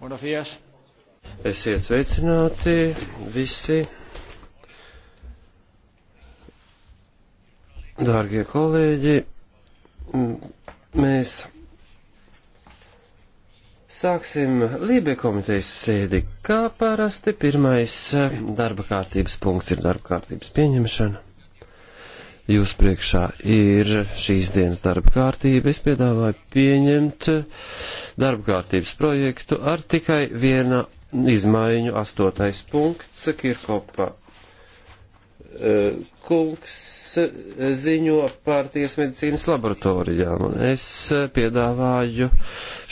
Buenos días. Esiet sveicināti visi. Dārgie kolēģi, mēs sāksim Lībe komitejas sēdi. Kā parasti pirmais eh, darba kārtības punkts ir darba kārtības pieņemšana. Jūs priekšā ir šīs dienas darba kārtība. Es piedāvāju pieņemt uh, darba kārtības projektu ar tikai viena izmaiņu astotais punkts Kirkopa e, kungs e, ziņo par tiesmedicīnas laboratorijām. Un es piedāvāju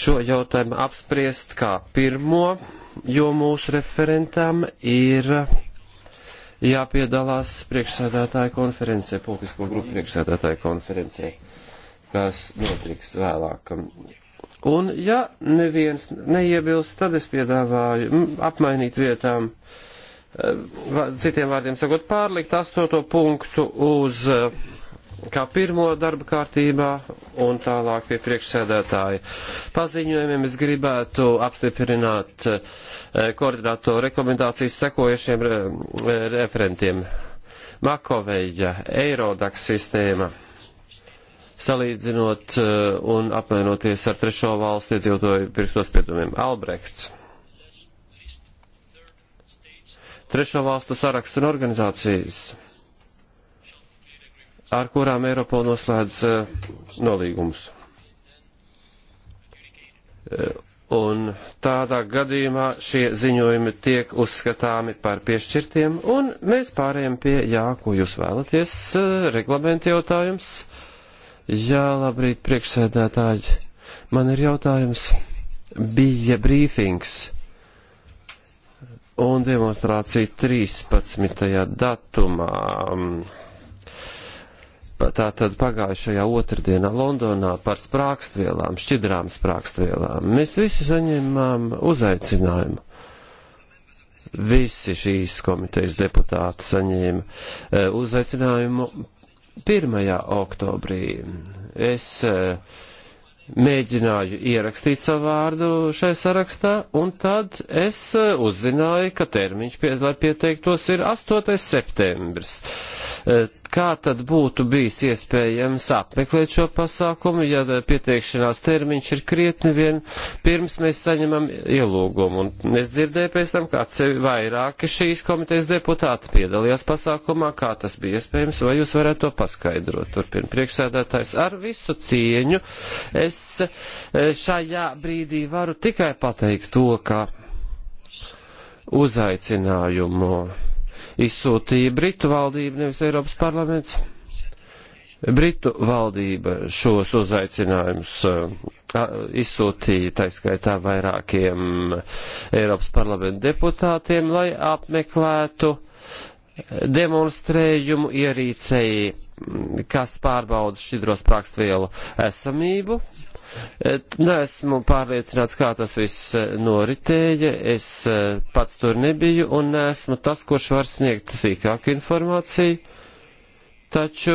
šo jautājumu apspriest kā pirmo, jo mūsu referentam ir jāpiedalās priekšsēdētāja konferencē, politisko grupu priekšsēdētāja konferencē, kas notiks vēlāk Un, ja neviens neiebilst, tad es piedāvāju apmainīt vietām, eh, citiem vārdiem sakot, pārlikt astoto punktu uz eh, kā pirmo darba kārtībā un tālāk pie priekšsēdētāja paziņojumiem es gribētu apstiprināt eh, koordinātoru rekomendācijas sekojušiem referentiem. Makoveja, Eirodax sistēma salīdzinot eh, un apmainoties ar trešo valstu iedzīvotāju pirkstospiedumiem. Albrechts. Trešo valstu sarakstu un organizācijas, ar kurām Eiropola noslēdz eh, nolīgumus. Eh, un tādā gadījumā šie ziņojumi tiek uzskatāmi par piešķirtiem, un mēs pārējām pie jā, ko jūs vēlaties, reglamenta jautājums. Uh, Jā, labrīt, priekšsēdētāji. Man ir jautājums. Bija brīfings un demonstrācija 13. datumā. Tātad pagājušajā otrdienā Londonā par sprākstvielām, šķidrām sprākstvielām. Mēs visi saņēmām uzaicinājumu. Visi šīs komitejas deputāti saņēma eh, uzaicinājumu 1. oktobrī es e, mēģināju ierakstīt savu vārdu šai sarakstā, un tad es e, uzzināju, ka termiņš, pie, lai pieteiktos, ir 8. septembris. E, kā tad būtu bijis iespējams apmeklēt šo pasākumu, ja pieteikšanās termiņš ir krietni vien pirms mēs saņemam ielūgumu. Un es dzirdēju pēc tam, kā vairāki šīs komitejas deputāti piedalījās pasākumā, kā tas bija iespējams, vai jūs varētu to paskaidrot. Turpin priekšsēdētājs ar visu cieņu. Es e, šajā brīdī varu tikai pateikt to, ka uzaicinājumu izsūtīja Britu valdība, nevis Eiropas parlaments. Britu valdība šos uzaicinājumus uh, izsūtīja taiskaitā vairākiem Eiropas parlamenta deputātiem, lai apmeklētu demonstrējumu ierīcei, kas pārbauda šķidros prākstvielu esamību Nesmu pārliecināts, kā tas viss eh, noritēja, es eh, pats tur nebiju un nesmu tas, kurš var sniegt sīkāku informāciju, taču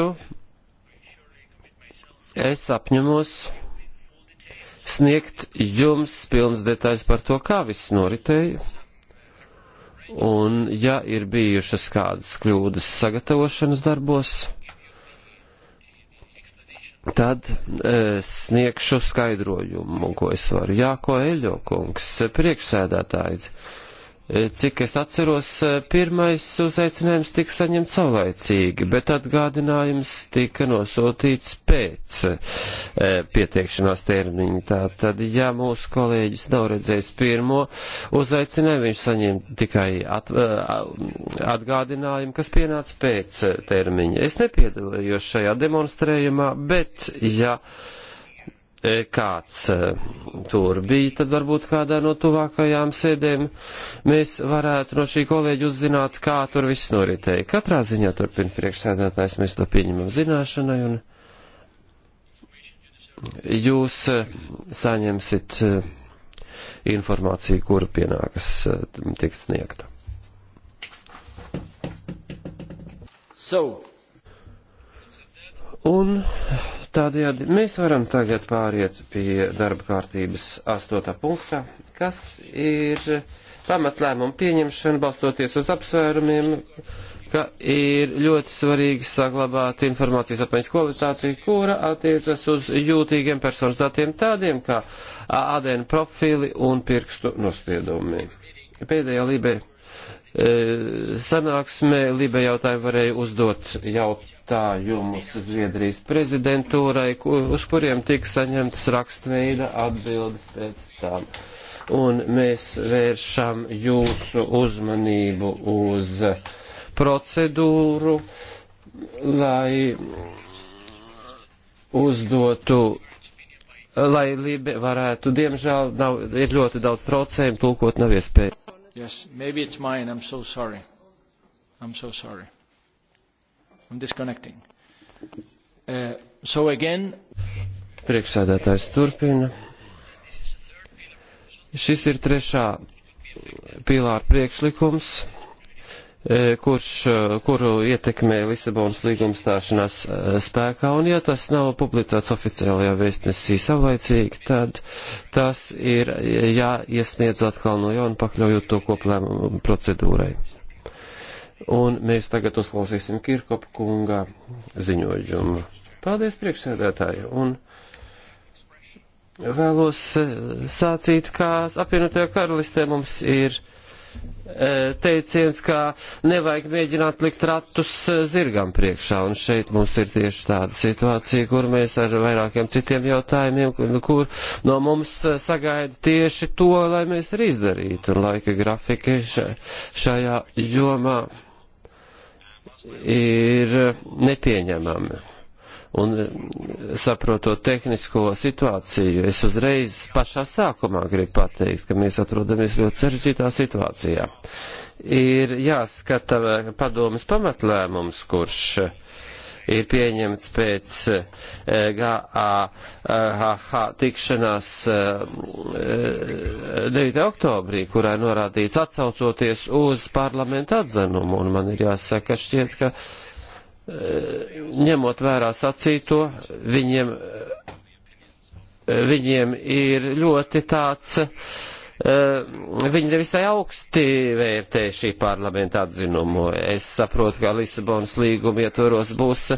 es apņemos sniegt jums pilnas detaļas par to, kā viss noritēja. Un, ja ir bijušas kādas kļūdas sagatavošanas darbos, Tad es sniegšu skaidrojumu, ko es varu. Jā, ko eļo kungs, priekšsēdētājs. Cik es atceros, e, pirmais uzaicinājums tika saņemts saulaicīgi, bet atgādinājums tika nosūtīts pēc e, pieteikšanās termiņa. Tātad, ja mūsu kolēģis nav redzējis pirmo uzaicinājumu, viņš saņem tikai at, e, atgādinājumu, kas pienāca pēc termiņa. Es nepiedalījos šajā demonstrējumā, bet ja. E, E, kāds e, tur bija, tad varbūt kādā no tuvākajām sēdēm mēs varētu no šī kolēģa uzzināt, kā tur viss noritēja. Katrā ziņā turpina priekšsēdētājs, mēs to pieņemam zināšanai un jūs e, saņemsit informāciju, kuru pienākas tiks sniegta. So, Un tādējādi mēs varam tagad pāriet pie darba kārtības astotā punktā, kas ir pamatlēmuma pieņemšana balstoties uz apsvērumiem, ka ir ļoti svarīgi saglabāt informācijas apmaiņas kvalitāti, kura attiecas uz jūtīgiem personas datiem tādiem kā ADN profili un pirkstu nospiedumi. Pēdējā lībē E, sanāksmē Libe jautāju varēja uzdot jautājumus Zviedrijas prezidentūrai, uz kuriem tika saņemtas rakstveida atbildes pēc tam. Un mēs vēršam jūsu uzmanību uz procedūru, lai uzdotu lai Libe varētu, diemžēl, nav, ir ļoti daudz traucējumu, tulkot nav iespēja. Yes, maybe it's mine. I'm so sorry. I'm so sorry. I'm disconnecting. Uh, so again... Priekšsēdētājs turpina. Šis ir trešā pilāra priekšlikums E, kurš, e, kuru ietekmē Lisabonas līguma stāšanās e, spēkā, un ja tas nav publicēts oficiālajā vēstnesī savlaicīgi, tad tas ir jāiesniedz atkal no jauna pakļaujot to koplēmumu procedūrai. Un mēs tagad uzklausīsim Kirkopa kunga ziņojumu. Paldies priekšsēdētāji! Un vēlos sācīt, kā apvienotajā karalistē mums ir E, teiciens, ka nevajag mēģināt likt ratus e, zirgam priekšā, un šeit mums ir tieši tāda situācija, kur mēs ar vairākiem citiem jautājumiem, kur nu, no mums e, sagaida tieši to, lai mēs arī izdarītu, un laika grafika šajā jomā ir nepieņemami un e, saprotot tehnisko situāciju, es uzreiz pašā sākumā gribu pateikt, ka mēs atrodamies ļoti sarežģītā situācijā. Ir jāskata e, padomas pamatlēmums, kurš e, ir pieņemts pēc GAH tikšanās 9. oktobrī, kurā norādīts atsaucoties uz parlamentu atzinumu, un man ir jāsaka, šķiet, ka Eh, ņemot vērā sacīto, viņiem, eh, viņiem ir ļoti tāds, eh, viņi nevisai augsti vērtē šī parlamenta atzinumu. Es saprotu, ka Lisabonas līguma ietvaros būs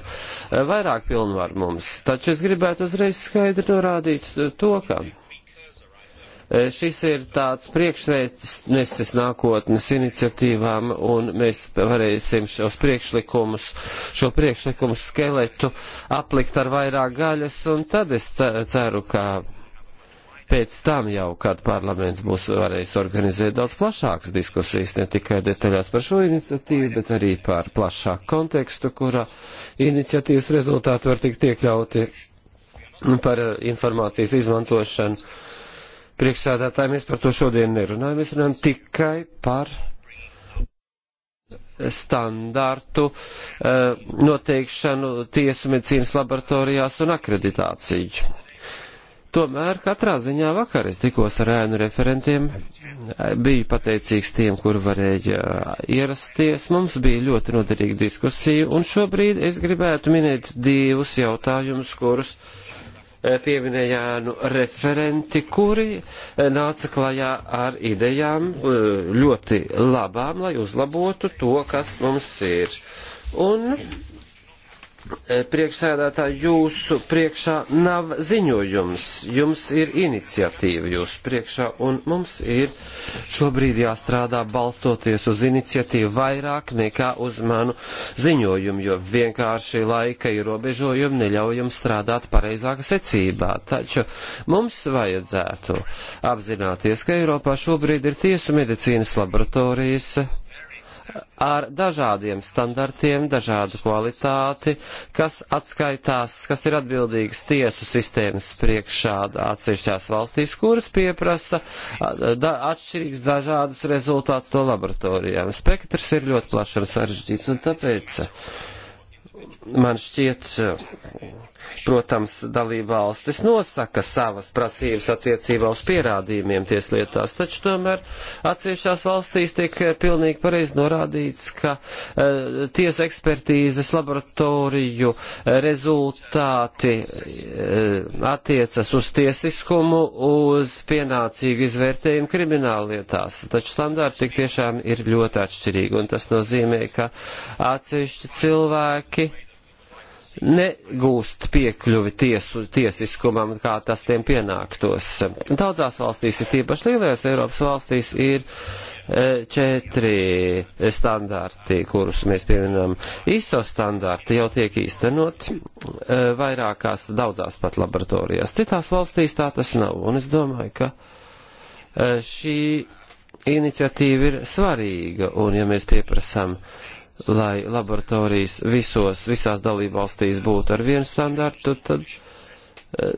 vairāk pilnvar mums, taču es gribētu uzreiz skaidri norādīt to, ka E, šis ir tāds priekšnesis nākotnes iniciatīvām, un mēs varēsim šos priekšlikumus, šo priekšlikumu skeletu aplikt ar vairāk gaļas, un tad es ceru, ka pēc tam jau, kad parlaments būs varējis organizēt daudz plašākas diskusijas, ne tikai detaļās par šo iniciatīvu, bet arī par plašāku kontekstu, kurā iniciatīvas rezultāti var tikt iekļauti par informācijas izmantošanu Priekšsēdētāji, mēs par to šodien nerunājam, mēs runājam tikai par standārtu eh, noteikšanu tiesu medicīnas laboratorijās un akreditāciju. Tomēr katrā ziņā vakar es tikos ar ēnu referentiem, biju pateicīgs tiem, kur varēja eh, ierasties, mums bija ļoti noderīga diskusija, un šobrīd es gribētu minēt divus jautājumus, kurus uh, Eh, pieminējānu referenti, kuri eh, nāca klajā ar idejām eh, ļoti labām, lai uzlabotu to, kas mums ir. Un Eh, priekšsēdētāji, jūsu priekšā nav ziņojums, jums ir iniciatīva jūsu priekšā, un mums ir šobrīd jāstrādā balstoties uz iniciatīvu vairāk nekā uz manu ziņojumu, jo vienkārši laika ierobežojumi neļauj jums strādāt pareizāka secībā. Taču mums vajadzētu apzināties, ka Eiropā šobrīd ir tiesu medicīnas laboratorijas ar dažādiem standartiem, dažādu kvalitāti, kas atskaitās, kas ir atbildīgas tiesu sistēmas priekšā atsevišķās valstīs, kuras pieprasa da atšķirīgs dažādus rezultātus no laboratorijām. Spektrs ir ļoti plašs un sarežģīts, un tāpēc man šķiet Protams, dalībvalstis nosaka savas prasības attiecībā uz pierādījumiem tieslietās, taču tomēr atsevišķās valstīs tiek pilnīgi pareizi norādīts, ka e, eh, tiesa ekspertīzes laboratoriju eh, rezultāti e, attiecas uz tiesiskumu, uz pienācīgu izvērtējumu krimināllietās, taču standarti tik tiešām ir ļoti atšķirīgi, un tas nozīmē, ka atsevišķi cilvēki negūst piekļuvi tiesu, tiesiskumam, kā tas tiem pienāktos. Daudzās valstīs, ir tīpaši lielajās Eiropas valstīs, ir e, četri standarti, kurus mēs pieminam. ISO standarti jau tiek īstenot e, vairākās, daudzās pat laboratorijās. Citās valstīs tā tas nav, un es domāju, ka e, šī iniciatīva ir svarīga, un ja mēs pieprasām uh, lai laboratorijas visos, visās dalībvalstīs būtu ar vienu standartu, tad Eh,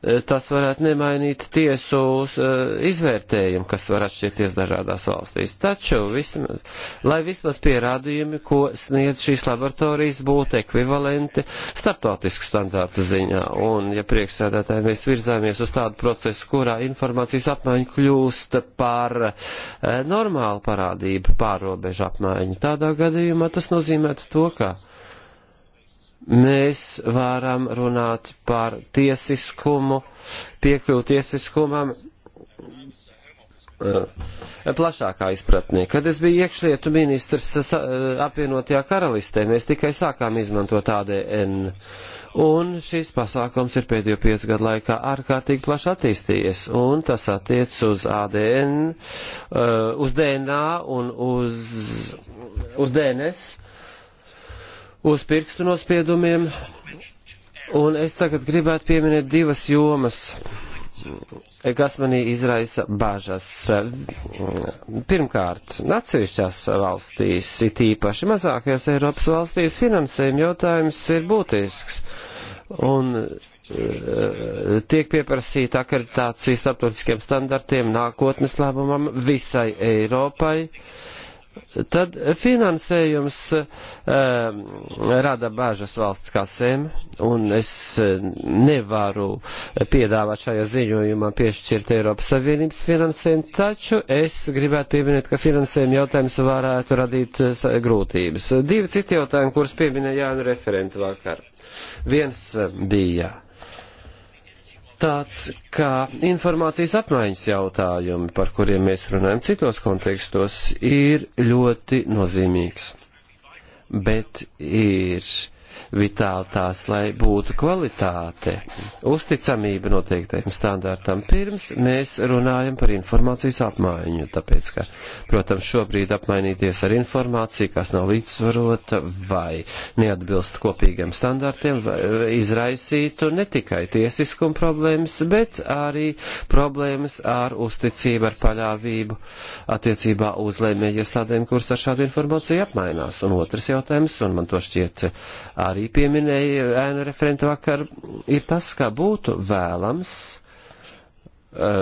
eh, tas varētu nemainīt tiesu eh, izvērtējumu, kas var atšķirties dažādās valstīs. Taču, vismaz, lai vismaz pierādījumi, ko sniedz šīs laboratorijas, būtu ekvivalenti starptautisku standārtu ziņā. Un, ja priekšsēdētāji mēs virzāmies uz tādu procesu, kurā informācijas apmaiņa kļūst par e, normālu parādību pārobežu apmaiņu, tādā gadījumā tas nozīmētu to, ka mēs varam runāt par tiesiskumu, piekļūt tiesiskumam eh, plašākā izpratnē. Kad es biju iekšlietu ministrs eh, apvienotajā karalistē, mēs tikai sākām izmantot ADN. Un šis pasākums ir pēdējo piecu gadu laikā ārkārtīgi plaši attīstījies, un tas attiec uz ADN, eh, uz DNA un uz, uz DNS uz pirkstu nospiedumiem. Un es tagad gribētu pieminēt divas jomas, kas manī izraisa bažas. Pirmkārt, atsevišķās valstīs, it īpaši mazākajās Eiropas valstīs, finansējuma jautājums ir būtisks. Un eh, tiek pieprasīta akreditācija starptautiskiem standartiem nākotnes labumam visai Eiropai. Uh, tad finansējums um, rada bāžas valsts kasēm, un es eh, nevaru piedāvāt šajā ziņojumā piešķirt Eiropas Savienības finansējumu, taču es gribētu pieminēt, ka finansējuma jautājums varētu radīt eh, grūtības. Divi citi jautājumi, kurus pieminēja Jāna referenta vakar. Viens bija tāds kā informācijas apmaiņas jautājumi, par kuriem mēs runājam citos kontekstos, ir ļoti nozīmīgs. Bet ir vitāli tās, lai būtu kvalitāte, uzticamība noteiktajam standārtam pirms mēs runājam par informācijas apmaiņu, tāpēc, ka, protams, šobrīd apmainīties ar informāciju, kas nav līdzsvarota vai neatbilst kopīgiem standārtiem, izraisītu ne tikai tiesiskuma problēmas, bet arī problēmas ar uzticību, ar paļāvību attiecībā uz lēmējiestādēm, kuras ar šādu informāciju apmainās. Un otrs jautājums, un man to šķiet arī pieminēja ēna referenta vakar, ir tas, kā būtu vēlams, uh,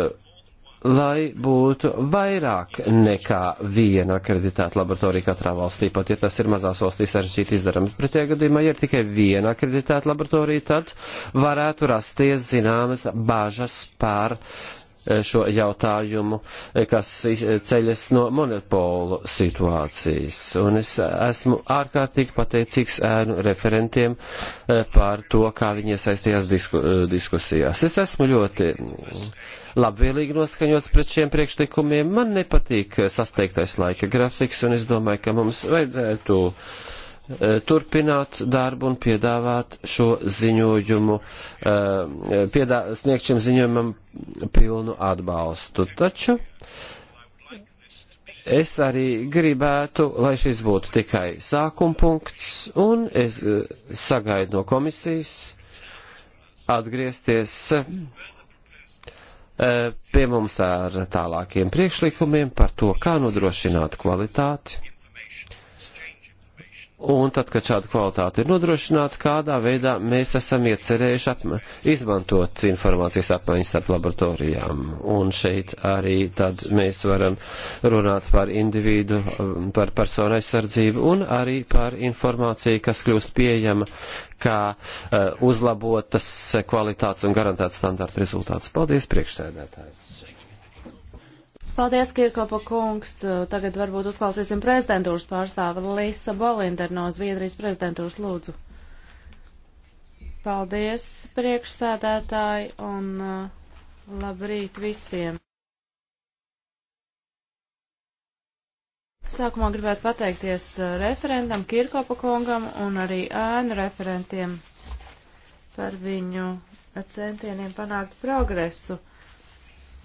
lai būtu vairāk nekā viena akreditēta laboratorija katrā valstī, pat ja tas ir mazās valstīs sarežģīti izdarams. Pretējā gadījumā, ja ir tikai viena akreditēta laboratorija, tad varētu rasties zināmas bažas par uh, Eh, šo jautājumu, eh, kas eh, ceļas no monopolu situācijas. Un es esmu ārkārtīgi pateicīgs ēnu referentiem par to, kā viņi iesaistījās disku, diskusijās. Es esmu ļoti labvēlīgi noskaņots pret šiem priekšlikumiem. Man nepatīk sasteigtais laika grafiks, un es domāju, ka mums vajadzētu uh, Eh, turpināt darbu un piedāvāt šo ziņojumu, eh, piedā, sniegt šim ziņojumam pilnu atbalstu. Taču es arī gribētu, lai šis būtu tikai sākuma punkts, un es eh, sagaidu no komisijas atgriezties pie mums ar tālākiem priekšlikumiem par to, kā nodrošināt kvalitāti Un tad, kad šāda kvalitāte ir nodrošināta, kādā veidā mēs esam iecerējuši apma izmantot informācijas apmaiņas starp laboratorijām. Un šeit arī tad mēs varam runāt par individu, par personu aizsardzību un arī par informāciju, kas kļūst pieejama kā uh, uzlabotas eh, kvalitātes un garantēts standārta rezultāts. Paldies, priekšsēdētāji! Paldies, Kirkopa kungs. Tagad varbūt uzklausīsim prezidentūras pārstāvi Lisa Bolinder no Zviedrijas prezidentūras lūdzu. Paldies, priekšsēdētāji, un uh, labrīt visiem. Sākumā gribētu pateikties uh, referentam Kirkopa kungam un arī ēnu referentiem par viņu centieniem panākt progresu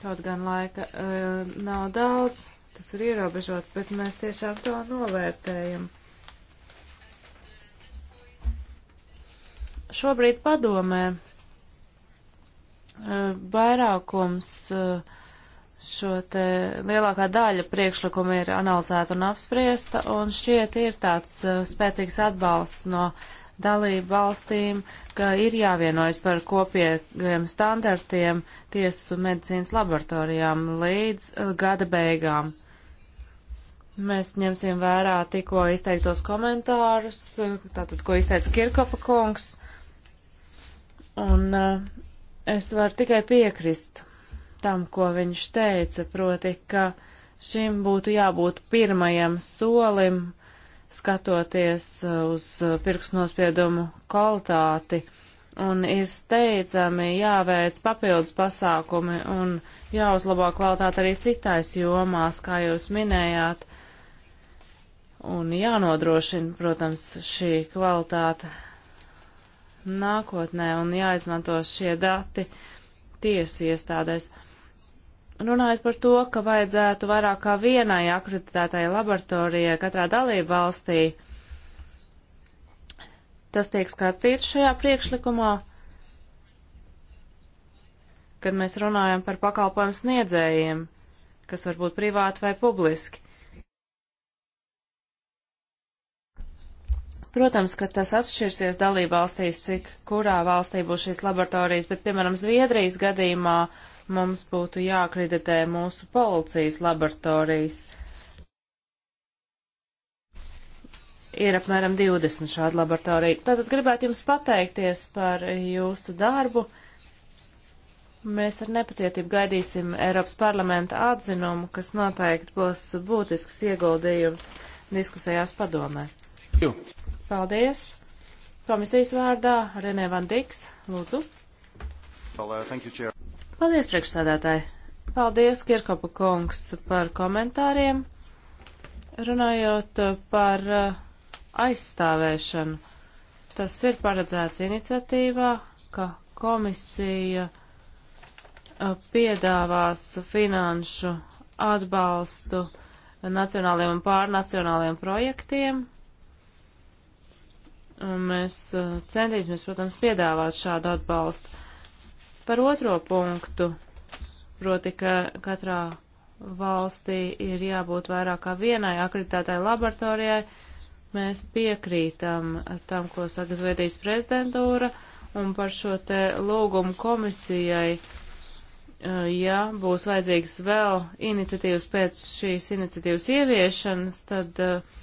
Kaut gan laika uh, nav daudz, tas ir ierobežots, bet mēs tiešām to novērtējam. Šobrīd padomē uh, vairākums uh, šo te lielākā daļa priekšlikuma ir analizēta un apspriesta, un šķiet ir tāds uh, spēcīgs atbalsts no uh, dalību valstīm, ka ir jāvienojas par kopiem standartiem tiesu medicīnas laboratorijām līdz eh, gada beigām. Mēs ņemsim vērā tikko izteiktos komentārus, eh, tātad, ko izteica Kirkopa kungs, un uh, es varu tikai piekrist tam, ko viņš teica, proti, ka šim būtu jābūt pirmajam solim, skatoties uh, uz uh, pirksnospiedumu kvalitāti, un ir steidzami jāveic papildus pasākumi un jāuzlabo kvalitāte arī citais jomās, kā jūs minējāt, un jānodrošina, protams, šī kvalitāte nākotnē un jāizmanto šie dati tiesu iestādēs. Runājot par to, ka vajadzētu vairāk kā vienai akreditētajai laboratorijai katrā dalība valstī, tas tiek skatīts šajā priekšlikumā, kad mēs runājam par pakalpojumu sniedzējiem, kas var būt privāti vai publiski. Protams, ka tas atšķirsies dalība valstīs, cik kurā valstī būs šīs laboratorijas, bet, piemēram, Zviedrijas gadījumā uh, mums būtu jāakreditē mūsu policijas laboratorijas. Ir apmēram 20 šādu laboratoriju. Tātad gribētu jums pateikties par jūsu darbu. Mēs ar nepacietību gaidīsim Eiropas parlamenta atzinumu, kas noteikti būs būtisks ieguldījums diskusējās padomē. Jū. Paldies! Komisijas vārdā Renē Vandiks, lūdzu. Well, uh, thank you, Chair. Paldies, priekšsādātāji! Paldies, Kirkopa kungs, par komentāriem. Runājot par uh, aizstāvēšanu, tas ir paredzēts iniciatīvā, ka komisija uh, piedāvās finanšu atbalstu nacionāliem un pārnacionāliem projektiem. Mēs uh, centīsimies, protams, piedāvāt šādu atbalstu par otro punktu, proti, ka katrā valstī ir jābūt vairāk kā vienai akreditētai laboratorijai, mēs piekrītam tam, ko saka Zviedrijas prezidentūra, un par šo te lūgumu komisijai, eh, ja būs vajadzīgs vēl iniciatīvas pēc šīs iniciatīvas ieviešanas, tad uh,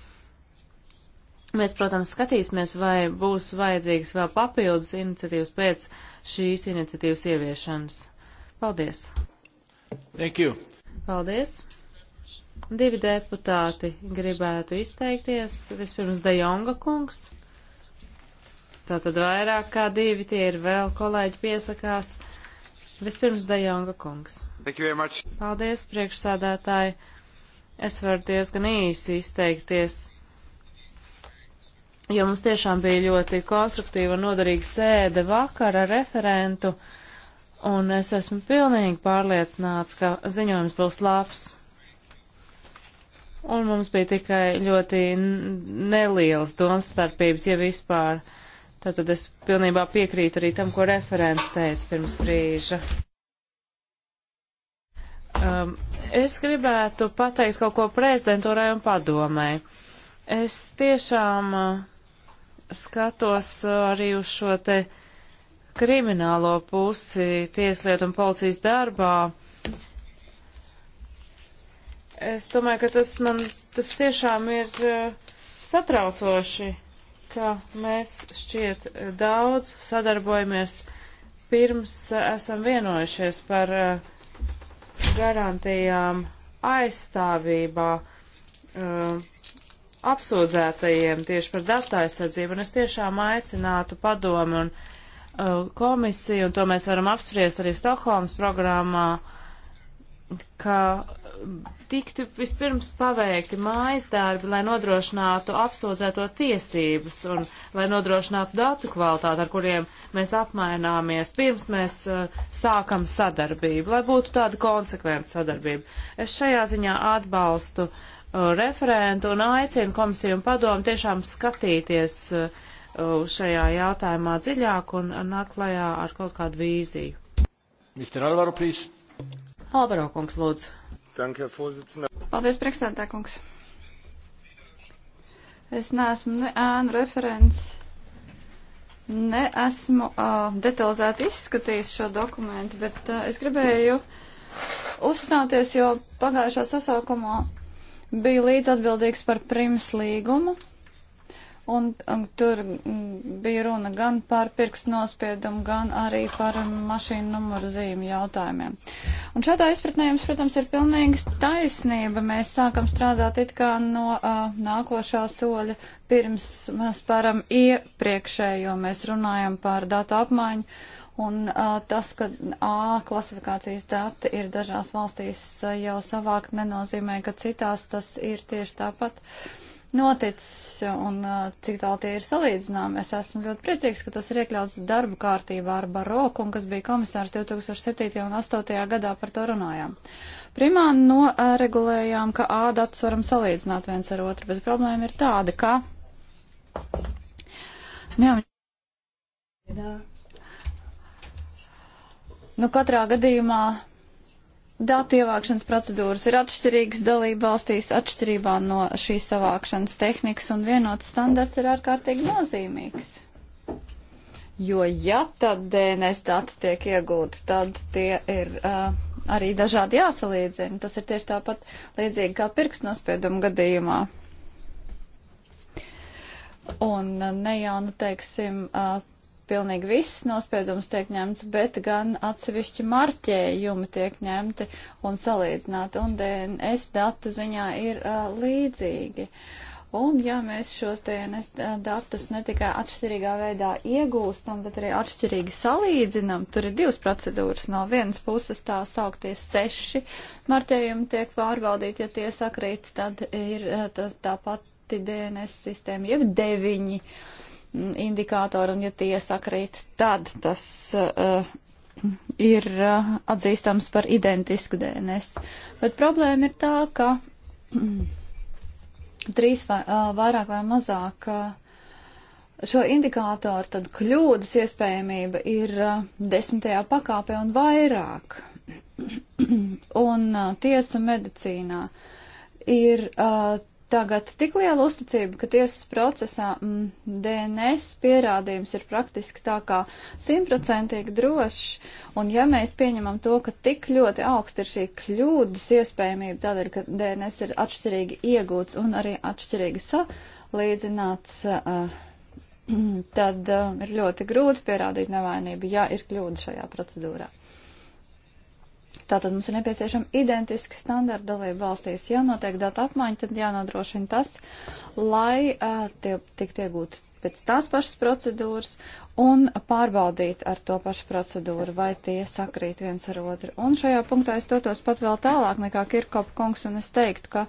Mēs, protams, skatīsimies, vai būs vajadzīgas vēl papildus iniciatīvas pēc šīs iniciatīvas ieviešanas. Paldies! Thank you! Paldies! Divi deputāti gribētu izteikties. Vispirms De Jonga kungs. Tātad vairāk kā divi tie ir vēl kolēģi piesakās. Vispirms De Jonga kungs. Paldies, priekšsādātāji. Es varu diezgan īsi izteikties jo mums tiešām bija ļoti konstruktīva un noderīga sēde vakar ar referentu, un es esmu pilnīgi pārliecināts, ka ziņojums būs labs. Un mums bija tikai ļoti nelielas domstarpības, ja vispār. Tātad es pilnībā piekrītu arī tam, ko referents teica pirms brīža. Um, es gribētu pateikt kaut ko prezidentūrai un padomēji. Es tiešām uh, skatos uh, arī uz šo te kriminālo pusi tieslietu un policijas darbā. Es domāju, ka tas man, tas tiešām ir uh, satraucoši, ka mēs šķiet uh, daudz sadarbojamies pirms esam vienojušies par garantijām aizstāvībā. Uh, apsūdzētajiem tieši par datu aizsardzību, un es tiešām aicinātu padomu un uh, komisiju, un to mēs varam apspriest arī Stokholmas programmā, ka tiktu vispirms paveikti mājas darbi, lai nodrošinātu apsūdzēto tiesības un lai nodrošinātu datu kvalitāti, ar kuriem mēs apmaināmies pirms mēs uh, sākam sadarbību, lai būtu tāda konsekventa sadarbība. Es šajā ziņā atbalstu uh, referentu un aicinu komisiju un padomu tiešām skatīties uh, šajā jautājumā dziļāk un nāk klajā ar kaut kādu vīziju. Mr. Alvaro, please. Alvaro kungs, lūdzu. Danke, Paldies, priekšsēdētāj kungs. Es neesmu ne ēnu referents, ne esmu uh, detalizēti izskatījis šo dokumentu, bet uh, es gribēju uzstāties, jo pagājušā sasaukumā bija līdzatbildīgs par prims līgumu, un, un tur mm, bija runa gan par pirkstu nospiedumu, gan arī par mašīnu numuru zīmu jautājumiem. Un šādā izpratnē jums, protams, ir pilnīgi taisnība. Mēs sākam strādāt it kā no uh, nākošā soļa pirms mēs param iepriekšējo. Mēs runājam par datu apmaiņu Un uh, tas, ka A klasifikācijas dati ir dažās valstīs uh, jau savākt, nenozīmē, ka citās tas ir tieši tāpat noticis un uh, cik tālu tie ir salīdzināmi. Es esmu ļoti priecīgs, ka tas ir iekļauts darba kārtībā ar Baroku, un kas bija komisārs 2007. un 2008. gadā par to runājām. Primāri noregulējām, ka A datus varam salīdzināt viens ar otru, bet problēma ir tāda, ka. Nu jā. Nu, katrā gadījumā datu ievākšanas procedūras ir atšķirīgas dalība valstīs atšķirībā no šīs savākšanas tehnikas un vienots standarts ir ārkārtīgi nozīmīgs. Jo ja tad DNS dati tiek iegūti, tad tie ir uh, arī dažādi jāsalīdzina. Tas ir tieši tāpat līdzīgi kā pirkstnospiedumu gadījumā. Un uh, ne jau, nu teiksim, uh, pilnīgi viss nospiedums tiek ņemts, bet gan atsevišķi marķējumi tiek ņemti un salīdzināti, un DNS datu ziņā ir uh, līdzīgi. Un ja mēs šos DNS datus ne tikai atšķirīgā veidā iegūstam, bet arī atšķirīgi salīdzinam, tur ir divas procedūras. No vienas puses tā saukties seši marķējumi tiek pārbaudīti, ja tie sakrīt, tad ir tā, tā pati DNS sistēma, jeb deviņi. Uh, indikātori, un ja tie sakrīt, tad tas uh, ir uh, atzīstams par identisku DNS. Bet problēma ir tā, ka trīs vai uh, vairāk vai mazāk uh, šo indikātoru tad kļūdas iespējamība ir uh, desmitajā pakāpē un vairāk. un uh, tiesa medicīnā ir uh, tagad tik liela uzticība, ka tiesas procesā m, mm, DNS pierādījums ir praktiski tā kā simtprocentīgi drošs, un ja mēs pieņemam to, ka tik ļoti augsta ir šī kļūdas iespējamība tādēļ, ka DNS ir atšķirīgi iegūts un arī atšķirīgi salīdzināts, uh, tad uh, ir ļoti grūti pierādīt nevainību, ja ir kļūda šajā procedūrā. Uh, Tātad mums ir nepieciešama identiska standarta dalība valstīs. Ja notiek datu apmaiņa, tad jānodrošina tas, lai uh, tie tiktu iegūti pēc tās pašas procedūras un pārbaudīt ar to pašu procedūru, vai tie sakrīt viens ar otru. Un šajā punktā es dotos pat vēl tālāk nekā Kirkopa kungs, un es teiktu, ka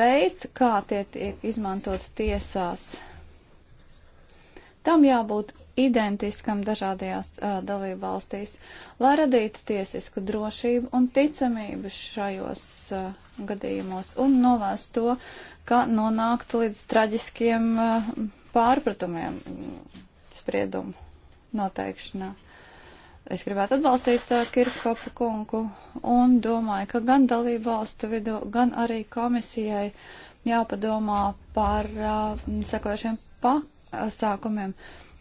veids, kā tie tiek izmantot tiesās, uh, Tam jābūt identiskam dažādajās uh, dalībvalstīs, lai radītu tiesisku drošību un ticamību šajos uh, gadījumos un novērst to, ka nonāktu līdz traģiskiem uh, pārpratumiem spriedumu noteikšanā. Es gribētu atbalstīt uh, Kirkhopa kungu un domāju, ka gan dalībvalstu vidū, gan arī komisijai jāpadomā par uh, sekojušiem pakāpieniem pasākumiem,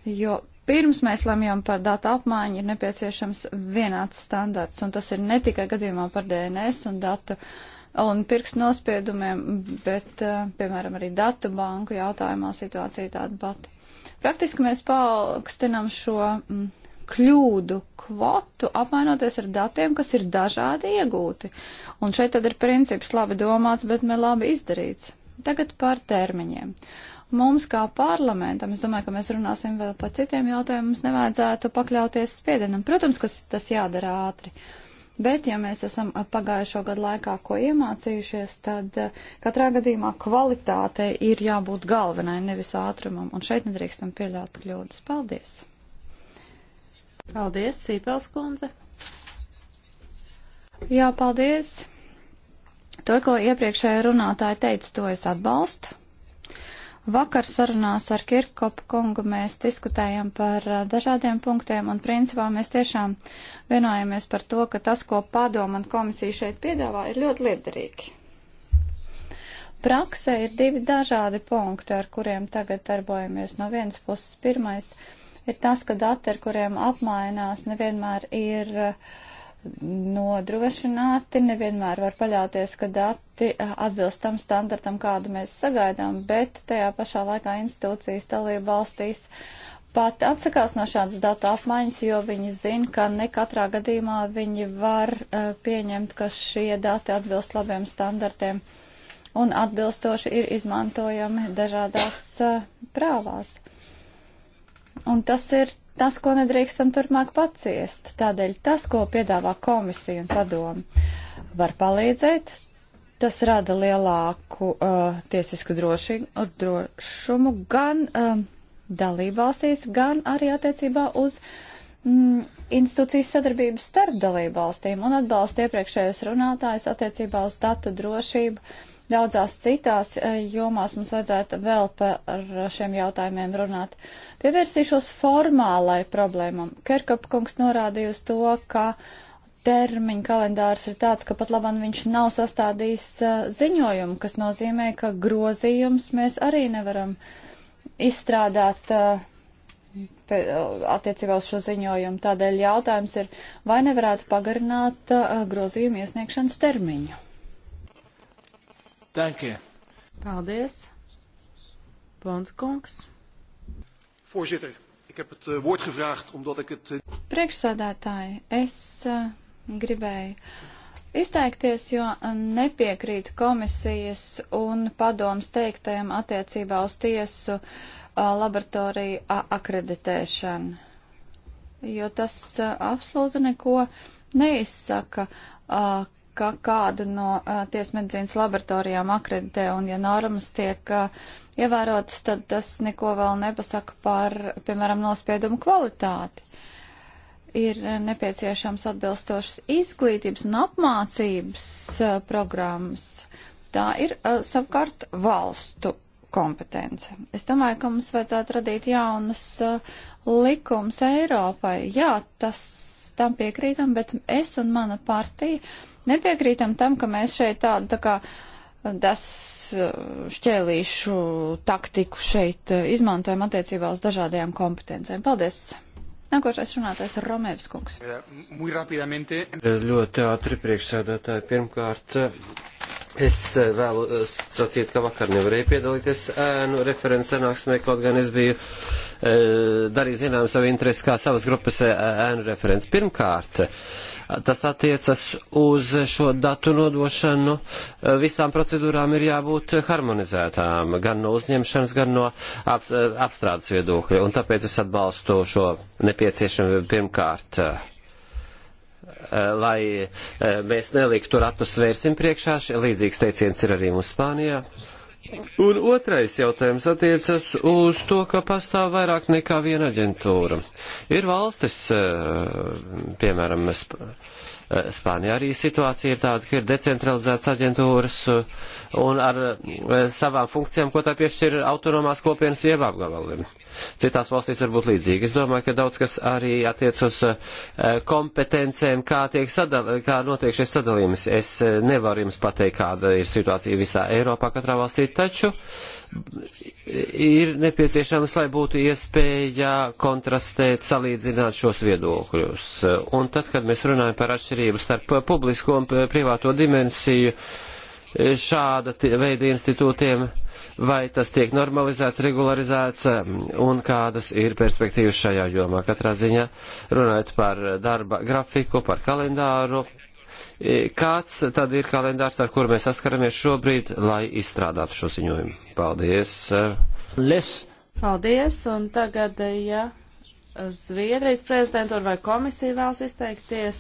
jo pirms mēs lemjam par datu apmaiņu, ir nepieciešams vienāds standarts, un tas ir ne tikai gadījumā par DNS un datu un pirkstu nospiedumiem, bet, eh, piemēram, arī datu banku jautājumā situācija tāda pati. Praktiski mēs paaugstinam šo mm, kļūdu kvotu apmainoties ar datiem, kas ir dažādi iegūti. Un šeit tad ir princips labi domāts, bet ne labi izdarīts. Tagad par termiņiem. Uh, mums kā parlamentam, es domāju, ka mēs runāsim vēl par citiem jautājumiem, mums nevajadzētu pakļauties spiedienam. Protams, ka tas jādara ātri. Bet, ja mēs esam pagājušo gadu laikā ko iemācījušies, tad eh, katrā gadījumā kvalitātei ir jābūt galvenai, nevis ātrumam. Un šeit nedrīkstam pieļaut kļūdas. Paldies! Paldies, Sīpels kundze! Jā, paldies! To, ko iepriekšējā runātāja teica, to es atbalstu. Vakar sarunās ar Kirkopu kungu mēs diskutējam par uh, dažādiem punktiem un principā mēs tiešām vienojamies par to, ka tas, ko padoma un komisija šeit piedāvā, ir ļoti liederīgi. Praksē ir divi dažādi punkti, ar kuriem tagad darbojamies. No vienas puses pirmais ir tas, ka dati, ar kuriem apmainās, nevienmēr ir uh, nodrošināti, nevienmēr var paļauties, ka dati eh, atbilst tam standartam, kādu mēs sagaidām, bet tajā pašā laikā institūcijas dalība valstīs pat atsakās no šādas datu apmaiņas, jo viņi zina, ka ne katrā gadījumā viņi var uh, pieņemt, ka šie dati atbilst labiem standartiem un atbilstoši ir izmantojami dažādās uh, prāvās. Un tas ir tas, ko nedrīkstam turpmāk paciest. Tādēļ tas, ko piedāvā komisija un padomu, var palīdzēt. Tas rada lielāku uh, tiesisku drošību, uh, drošumu gan uh, dalībvalstīs, gan arī attiecībā uz mm, institūcijas sadarbību starp dalībvalstīm un atbalsta iepriekšējos runātājus attiecībā uz datu drošību. Uh, Daudzās citās e, jomās mums vajadzētu vēl par šiem jautājumiem runāt. Pievērsīšos formālai problēmam. Kerkap kungs norādīja uz to, ka termiņa kalendārs ir tāds, ka pat labam viņš nav sastādījis e, ziņojumu, kas nozīmē, ka grozījums mēs arī nevaram izstrādāt uh, attiecībā uz šo ziņojumu. Tādēļ jautājums ir, vai nevarētu pagarināt uh, grozījumu iesniegšanas termiņu? Dankie. Paldies. Pontkungs. Voorzitter, ik heb het eh, woord gevraagd omdat ik het... Eh, Priekšsēdētāji, es eh, gribēju izteikties, jo nepiekrītu komisijas un padoms teiktajam attiecībā uz tiesu laboratoriju akreditēšanu, jo tas absolūti neko neizsaka, ka kādu no uh, tiesmedzīnas laboratorijām akreditē, un ja normas tiek uh, ievērotas, tad tas neko vēl nepasaka par, piemēram, nospiedumu kvalitāti. Ir nepieciešams atbilstošas izglītības un apmācības uh, programmas. Tā ir uh, savukārt valstu kompetence. Es domāju, ka mums vajadzētu radīt jaunus uh, likums Eiropai. Jā, tas tam piekrītam, bet es un mana partija nepiekrītam tam, ka mēs šeit tādu tā kā tas šķēlīšu taktiku šeit eh, izmantojam attiecībā uz dažādajām kompetencēm. Paldies! Nākošais runātais ir Romēvs kungs. Eh, Ļoti ātri priekšsēdētāji. Pirmkārt, es vēlu eh, sacīt, ka vakar nevarēju piedalīties ēnu referents sanāksmē, kaut gan es biju darīju zinām savu interesi kā savas grupas ēnu referents. Pirmkārt, uh, Tas attiecas uz šo datu nodošanu. Visām procedūrām ir jābūt harmonizētām, gan no uzņemšanas, gan no ap, apstrādes viedokļa. Un tāpēc es atbalstu šo nepieciešamību pirmkārt lai eh, mēs neliktu ratus svērsim priekšā. Līdzīgs teiciens ir arī mums Spānijā. Un otrais jautājums attiecas uz to, ka pastāv vairāk nekā viena aģentūra. Ir valstis, eh, piemēram, Eh, Spānijā arī situācija ir tāda, ka ir decentralizētas aģentūras eh, un ar eh, savām funkcijām, ko tā piešķir autonomās kopienas jeb apgabaliem. Citās valstīs var būt līdzīgi. Es domāju, ka daudz kas arī attiec uz kompetencēm, kā, tiek sadal, kā notiek šis sadalījums. Es nevaru jums pateikt, kāda ir situācija visā Eiropā katrā valstī, taču ir nepieciešams, lai būtu iespēja kontrastēt, salīdzināt šos viedokļus. Un tad, kad mēs runājam par atšķirību starp publisko un privāto dimensiju, šāda veida institūtiem, vai tas tiek normalizēts, regularizēts un kādas ir perspektīvas šajā jomā. Katrā ziņā runājot par darba grafiku, par kalendāru, E, kāds tad ir kalendārs, ar kuru mēs saskaramies šobrīd, lai izstrādātu šo ziņojumu? Paldies! Les. Paldies! Un tagad, e, ja Zviedrijas prezidentūra vai komisija vēlas izteikties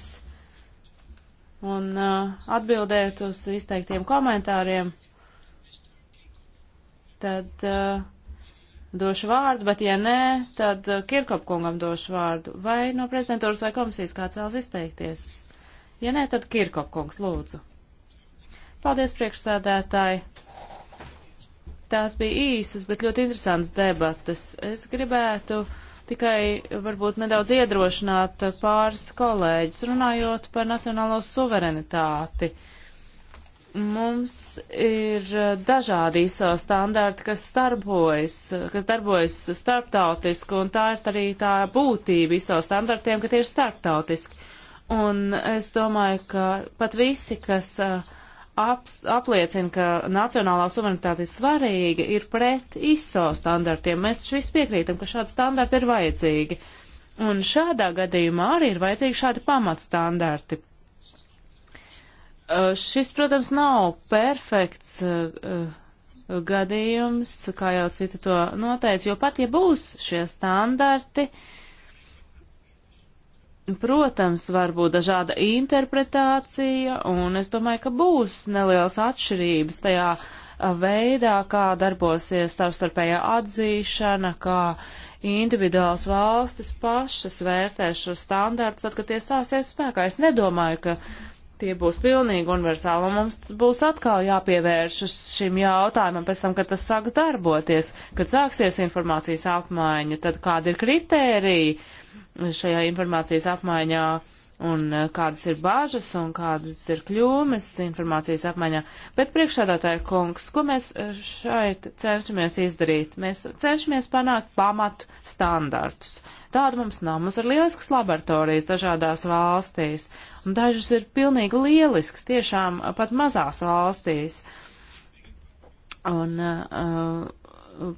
un uh, atbildēt uz izteiktiem komentāriem, tad uh, došu vārdu, bet ja nē, tad uh, Kirkopkungam došu vārdu. Vai no prezidentūras vai komisijas kāds vēlas izteikties? Ja nē, tad Kirkop kungs, lūdzu. Paldies, priekšsēdētāji. Tās bija īsas, bet ļoti interesantas debatas. Es gribētu tikai varbūt nedaudz iedrošināt pāris kolēģis, runājot par nacionālo suverenitāti. Mums ir dažādi ISO standarti, kas starbojas, kas darbojas starptautiski, un tā ir arī tā būtība ISO standartiem, ka tie ir starptautiski. Un es domāju, ka pat visi, kas ap, apliecina, ka nacionālā suverenitāte ir svarīga, ir pret ISO standartiem. Mēs taču visi piekrītam, ka šādi standarti ir vajadzīgi. Un šādā gadījumā arī ir vajadzīgi šādi pamatstandarti. Šis, protams, nav perfekts gadījums, kā jau citi to noteica, jo pat ja būs šie standarti, uh, Protams, var būt dažāda interpretācija, un es domāju, ka būs nelielas atšķirības tajā veidā, kā darbosies savstarpējā atzīšana, kā individuāls valstis pašas vērtēs šo standārtu, tad, kad tie stāsies spēkā. Es nedomāju, ka tie būs pilnīgi universāli, un mums būs atkal jāpievēršas šim jautājumam pēc tam, kad tas sāks darboties, kad sāksies informācijas apmaiņa, tad kādi ir kritēriji šajā informācijas apmaiņā un e, kādas ir bāžas un kādas ir kļūmes informācijas apmaiņā. Bet priekšsādātāja kungs, ko mēs e, šeit cenšamies izdarīt? Mēs cenšamies panākt pamat standartus. Tāda mums nav. Mums ir lielisks laboratorijas dažādās valstīs, un dažas ir pilnīgi lielisks, tiešām pat mazās valstīs. Un, uh,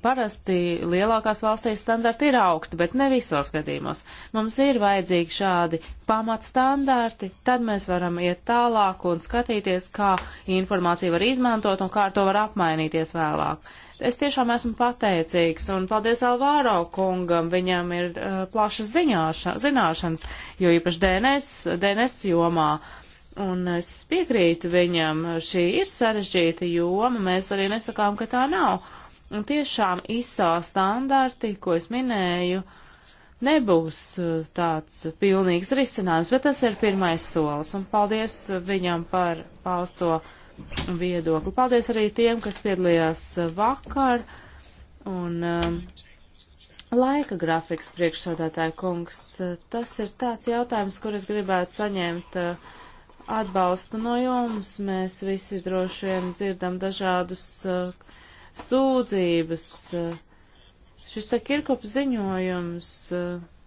parasti lielākās valstīs standarti ir augsti, bet ne visos gadījumos. Mums ir vajadzīgi šādi pamatstandarti, tad mēs varam iet tālāk un skatīties, kā informāciju var izmantot un kā ar to var apmainīties vēlāk. Es tiešām esmu pateicīgs un paldies Alvāro kungam, viņam ir uh, plašas ziņāša, zināšanas, jo īpaši DNS, DNS jomā. Un es piekrītu viņam, šī ir sarežģīta joma, mēs arī nesakām, ka tā nav. Un tiešām ISA standarti, ko es minēju, nebūs uh, tāds pilnīgs risinājums, bet tas ir pirmais solis. Un paldies uh, viņam par pausto viedokli. Paldies arī tiem, kas piedalījās uh, vakar. Un um, laika grafiks priekšsādātāja kungs, tas ir tāds jautājums, kur es gribētu saņemt. Uh, atbalstu no jums. Mēs visi droši vien dzirdam dažādus uh, sūdzības. Šis te Kirkops ziņojums eh,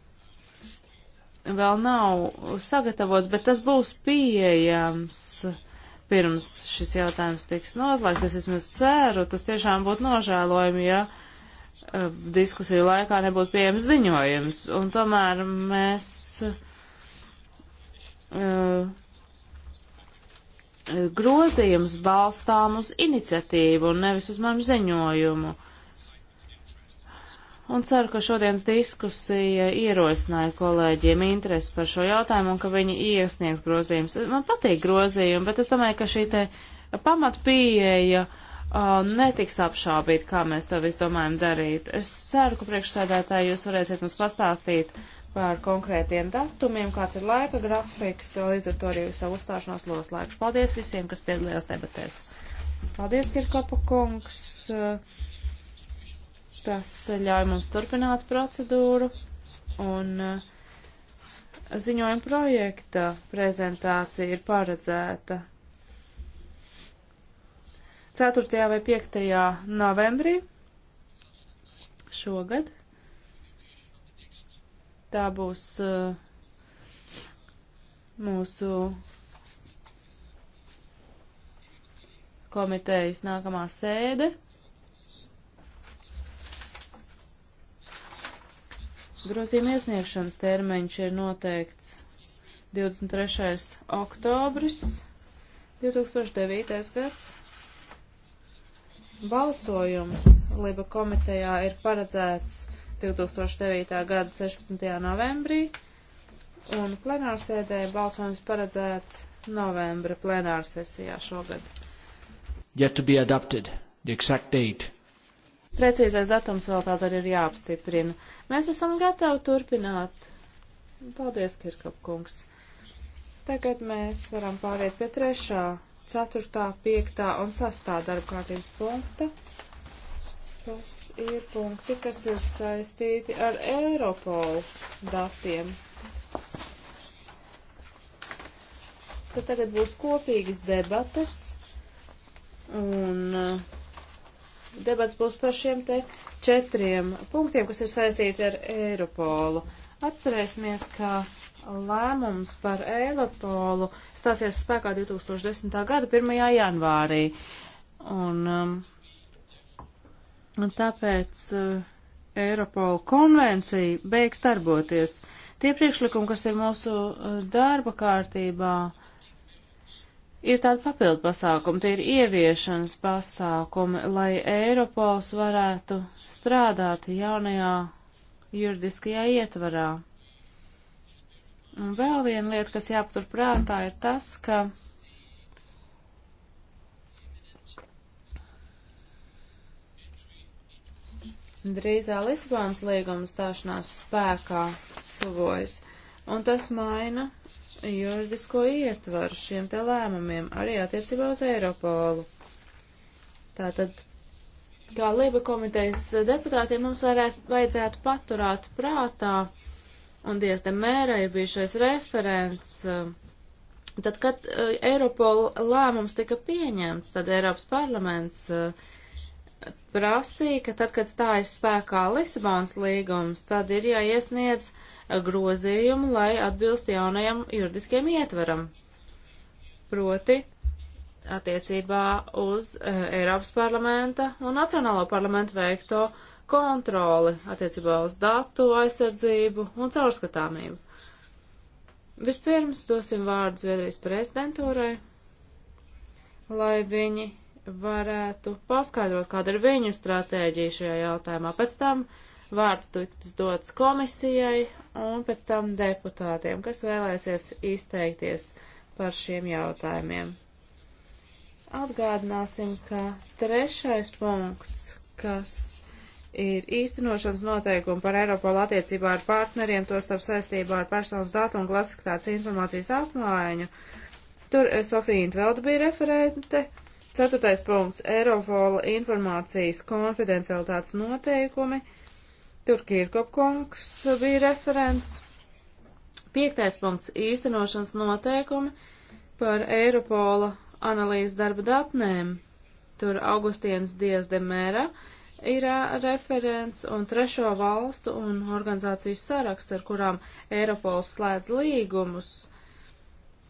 vēl nav sagatavots, bet tas būs pieejams pirms šis jautājums tiks noslēgts. Es vismaz ceru, tas tiešām būtu nožēlojami, ja uh, diskusiju laikā nebūtu pieejams ziņojums. Un tomēr mēs uh, grozījums balstām uz iniciatīvu un nevis uz manu ziņojumu. Un ceru, ka šodienas diskusija ierosināja kolēģiem interesi par šo jautājumu un ka viņi iesniegs grozījumus. Man patīk grozījumi, bet es domāju, ka šī te pamatpieeja uh, netiks apšābīt, kā mēs to visu domājam darīt. Es ceru, ka priekšsēdētāji jūs varēsiet mums pastāstīt, uh, par konkrētiem datumiem, kāds ir laika grafiks, līdz ar to arī savu uzstāšanos noslēgšu. Paldies visiem, kas piedalījās debatēs. Paldies, Kirkopa kungs. Tas ļauj mums turpināt procedūru un uh, ziņojuma projekta prezentācija ir paredzēta 4. vai 5. novembrī šogad. Tā būs uh, mūsu komitejas nākamā sēde. Grozījuma iesniegšanas termiņš ir noteikts 23. oktobris 2009. gads. Balsojums Liba komitejā ir paredzēts 2009. gada 16. novembrī, un plenārsēdē balsojums paredzēts novembra plenārsesijā šogad. Yet to be adopted, the exact date. Precīzais datums vēl tātad ir jāapstiprina. Mēs esam gatavi turpināt. Paldies, Kirkap kungs. Tagad mēs varam pāriet pie trešā, ceturtā, piektā un sastā darba kārtības punkta. Tas ir punkti, kas ir saistīti ar Eiropolu datiem. Tad tagad būs kopīgas debates, un uh, debats būs par šiem te četriem punktiem, kas ir saistīti ar Eiropolu. Atcerēsimies, ka lēmums par Eiropolu stāsies spēkā 2010. gada 1. janvārī. Un um, Un tāpēc uh, Eiropola konvencija beigs darboties. Tie priekšlikumi, kas ir mūsu eh, darba kārtībā, ir tādi papildu pasākumi, tie ir ieviešanas pasākumi, lai Eiropols varētu strādāt jaunajā juridiskajā ietvarā. Un vēl viena lieta, kas jāpatur prātā, ir tas, ka drīzā Lisbonas līguma stāšanās spēkā tuvojas, un tas maina juridisko ietvaru šiem te lēmumiem arī attiecībā uz Eiropolu. Tātad, kā Lība komitejas deputātiem mums varētu, vajadzētu paturēt prātā, un diezde mērai bija šais referents, tad, kad eh, Eiropola lēmums tika pieņemts, tad Eiropas parlaments uh, prasīja, ka tad, kad stājas spēkā Lisabons līgums, tad ir jāiesniedz grozījumi, lai atbilstu jaunajam juridiskiem ietveram. Proti attiecībā uz uh, Eiropas parlamenta un Nacionālo parlamentu veikto kontroli attiecībā uz datu aizsardzību un caurskatāmību. Vispirms dosim vārdu Zviedrijas prezidentūrai, lai viņi varētu paskaidrot, kāda ir viņu stratēģija šajā jautājumā. Pēc tam vārds tiks dots komisijai un pēc tam deputātiem, kas vēlēsies izteikties par šiem jautājumiem. Atgādināsim, ka trešais punkts, kas ir īstenošanas noteikumi par Eiropolu attiecībā ar partneriem, to starp saistībā ar personas datu un klasifikācijas informācijas apmaiņu. Tur eh, Sofija Intvelda bija referente, uh, Ceturtais punkts - Eirofola informācijas konfidencialitātes noteikumi. Tur Kirkopkungs bija referents. Piektais punkts - īstenošanas noteikumi par Eiropola analīzes darba datnēm. Tur Augustīns Dievs de Mēra ir referents un trešo valstu un organizāciju saraksts, ar kurām Eiropols slēdz līgumus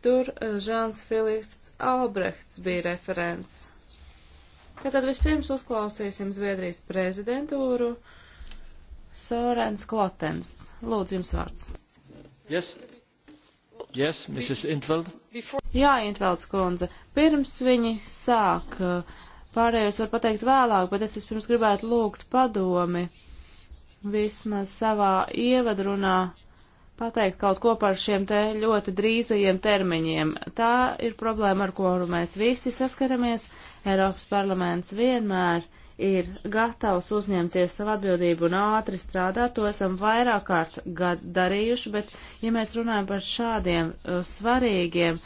Tur eh, Žāns Filips Albrechts bija referents. Tātad vispirms uzklausīsim Zviedrijas prezidentūru Sārens Klotens. Lūdzu, jums vārds. Yes. Yes, Mrs. Intveld. Jā, Intvelds kundze. Pirms viņi sāk, eh, pārējos var pateikt vēlāk, bet es vispirms gribētu lūgt padomi vismaz savā ievadrunā pateikt kaut ko par šiem te ļoti drīzajiem termiņiem. Tā ir problēma, ar kuru mēs visi saskaramies. Eiropas parlaments vienmēr ir gatavs uzņemties savu atbildību un ātri strādāt. To esam vairāk kārt darījuši, bet ja mēs runājam par šādiem uh, svarīgiem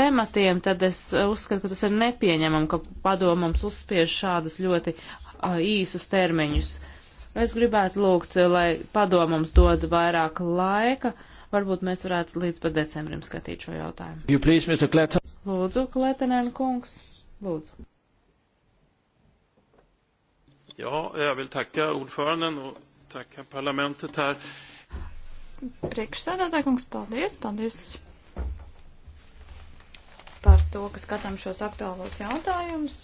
tematiem, tad es uh, uzskatu, ka tas ir nepieņemam, ka padomums uzspiež šādus ļoti uh, īsus termiņus. Uh, Es gribētu lūgt, lai padomums dod vairāk laika. Varbūt mēs varētu līdz pat decembrim skatīt šo jautājumu. You please, Mr. Kleten. Lūdzu, Kletenēn kungs. Lūdzu. Jā, jā, vēl takā ordföranden un takā parlamentet här. Priekšsēdētāj kungs, paldies, paldies par to, ka skatām šos aktuālos jautājumus.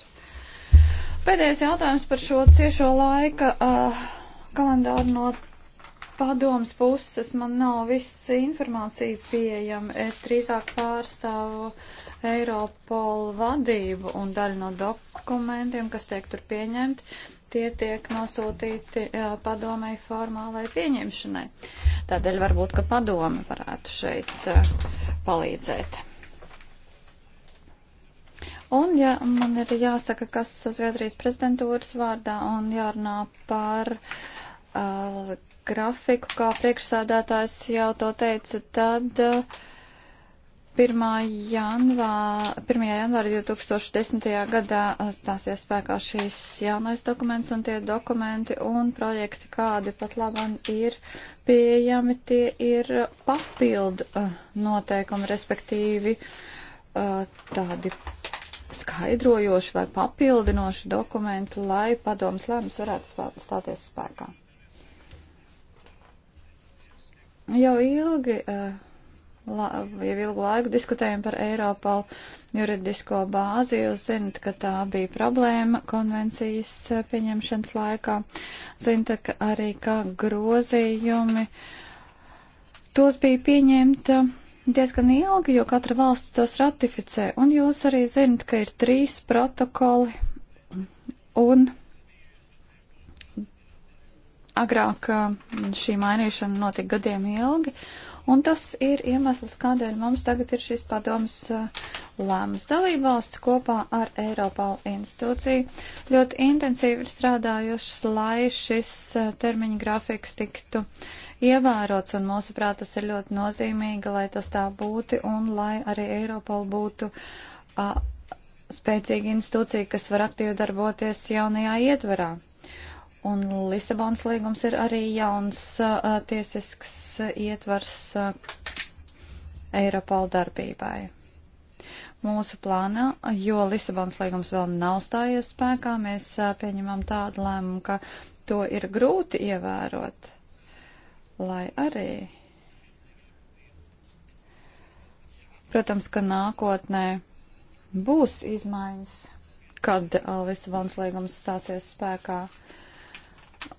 Pēdējais jautājums par šo ciešo laika. Uh, kalendāru no padomas puses man nav viss informācija pieejama. Es drīzāk pārstāvu Eiropolu vadību un daļu no dokumentiem, kas tiek tur pieņemti, tie tiek nosūtīti padomai formālai pieņemšanai. Tādēļ varbūt, ka padome varētu šeit palīdzēt. Un, ja man ir jāsaka, kas Zviedrijas prezidentūras vārdā un jārunā par uh, uh, grafiku, kā priekšsādātājs jau to teica, tad uh, 1. Janvā, 1. janvāra 2010. gadā uh, stāsies spēkā šīs jaunais dokuments un tie dokumenti un projekti, kādi pat labam ir pieejami, tie ir papildu uh, noteikumi, respektīvi uh, tādi skaidrojoši vai papildinoši dokumenti, lai padomas lēmums varētu stāties spēkā. Jau ilgi, eh, la, jau ilgu laiku diskutējam par Eiropalu juridisko bāzi. Jūs zinat, ka tā bija problēma konvencijas eh, pieņemšanas laikā. Zinat arī, kā grozījumi tos bija pieņemta diezgan ilgi, jo katra valsts tos ratificē. Un jūs arī zinat, ka ir trīs protokoli un agrāk eh, šī mainīšana notika gadiem ilgi, un tas ir iemesls, kādēļ mums tagad ir šis padoms eh, lēmums. Dalībvalsts kopā ar Eiropālu institūciju ļoti intensīvi ir strādājušas, lai šis eh, termiņu grafiks tiktu ievērots, un mūsuprāt tas ir ļoti nozīmīgi, lai tas tā būtu, un lai arī Eiropāla būtu. Uh, spēcīga institūcija, kas var aktīvi darboties jaunajā ietverā. Un Lisabonas līgums ir arī jauns uh, tiesisks ietvars uh, Eiropola darbībai. Mūsu plānā, jo Lisabonas līgums vēl nav stājies spēkā, mēs uh, pieņemam tādu lēmumu, ka to ir grūti ievērot, lai arī. Protams, ka nākotnē būs izmaiņas, kad uh, Lisabonas līgums stāsies spēkā. Uh,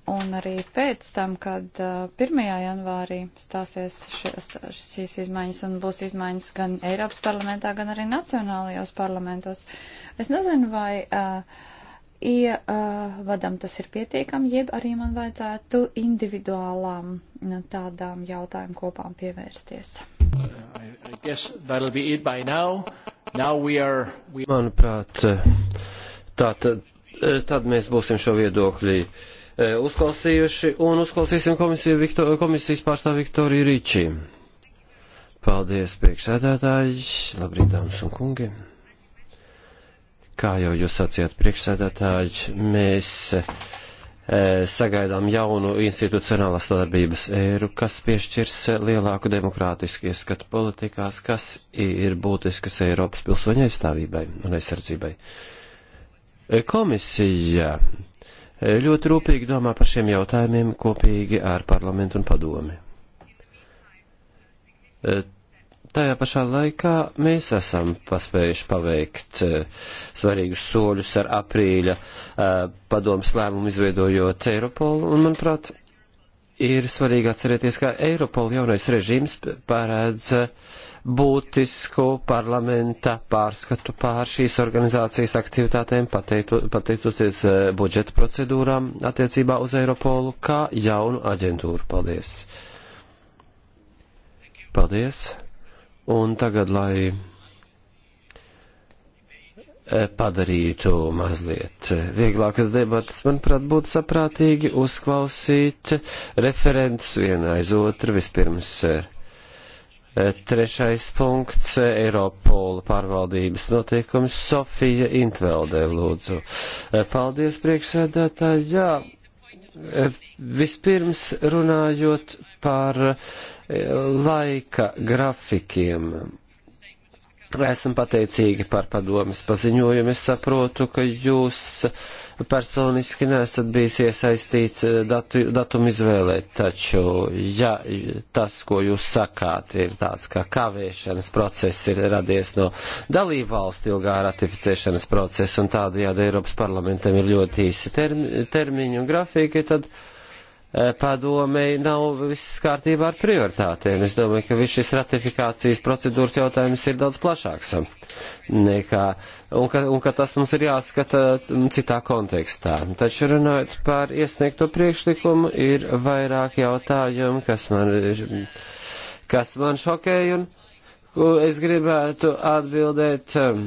Un arī pēc tam, kad uh, 1. janvārī stāsies šis, šīs izmaiņas un būs izmaiņas gan Eiropas parlamentā, gan arī nacionālajos parlamentos, es nezinu, vai uh, ievadam uh, tas ir pietiekami, jeb arī man vajadzētu individuālām uh, tādām jautājumu kopām pievērsties. Uh, I, I now. Now we are, we... Manuprāt, uh, tā tad, tad mēs būsim šo viedokļi E, uzklausījuši un uzklausīsim komisiju, Viktor, komisijas pārstāvu Viktoriju Rīčī. Paldies, priekšsēdētājs, labrīt, dāmas un kungi. Kā jau jūs sacījāt, priekšsēdētāji, mēs e, sagaidām jaunu institucionālās sadarbības ēru, kas piešķirs lielāku demokrātisku ieskatu politikās, kas ir būtiskas Eiropas pilsoņa aizstāvībai un aizsardzībai. E, komisija ļoti rūpīgi domā par šiem jautājumiem kopīgi ar parlamentu un padomi. E, tajā pašā laikā mēs esam paspējuši paveikt e, svarīgus soļus ar aprīļa e, padomas lēmumu izveidojot Eiropolu, un, manuprāt, ir svarīgi atcerēties, ka Eiropola jaunais režīms pārēdz būtisku parlamenta pārskatu pār šīs organizācijas aktivitātēm, pateicoties eh, budžeta procedūrām attiecībā uz Eiropolu kā jaunu aģentūru. Paldies! Paldies! Un tagad, lai eh, padarītu mazliet eh, vieglākas debatas, manuprāt, būtu saprātīgi uzklausīt referentus vienu aiz otru. Vispirms Trešais punkts - Eiropola pārvaldības noteikums Sofija Intveldē, lūdzu. Paldies, priekšsēdētāji. Jā, vispirms runājot par laika grafikiem Esam pateicīgi par padomas paziņojumu. Es saprotu, ka jūs personiski nesat bijis iesaistīts datu, datumu izvēlē, taču, ja tas, ko jūs sakāt, ir tāds, ka kavēšanas process ir radies no dalību valstu ilgā ratificēšanas procesa un tādajādi Eiropas parlamentam ir ļoti īsi termi, termiņi un grafiki, tad. Uh, Eh, padomei nav viss kārtībā ar prioritātēm. Es domāju, ka viss šis ratifikācijas procedūras jautājums ir daudz plašāks. Um, nekā, un, ka, un ka tas mums ir jāskata um, citā kontekstā. Taču runājot par iesniegto priekšlikumu, ir vairāk jautājumu, kas man, kas man šokēja. Un, Es gribētu atbildēt, um,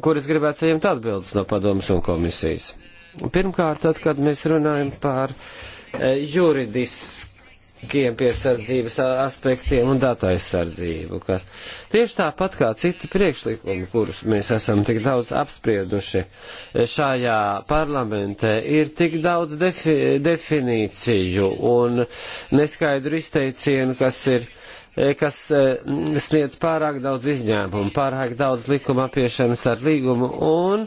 kur es gribētu saņemt atbildes no padomas un komisijas. Pirmkārt, tad, kad mēs runājam par uh, Eh, juridiskiem piesardzības aspektiem un datu aizsardzību. Ka tieši tāpat kā citi priekšlikumi, kurus mēs esam tik daudz apsprieduši eh, šajā parlamentē, ir tik daudz defi definīciju un neskaidru izteicienu, kas ir uh, Eh, kas eh, sniedz pārāk daudz izņēmumu, pārāk daudz likuma apiešanas ar līgumu, un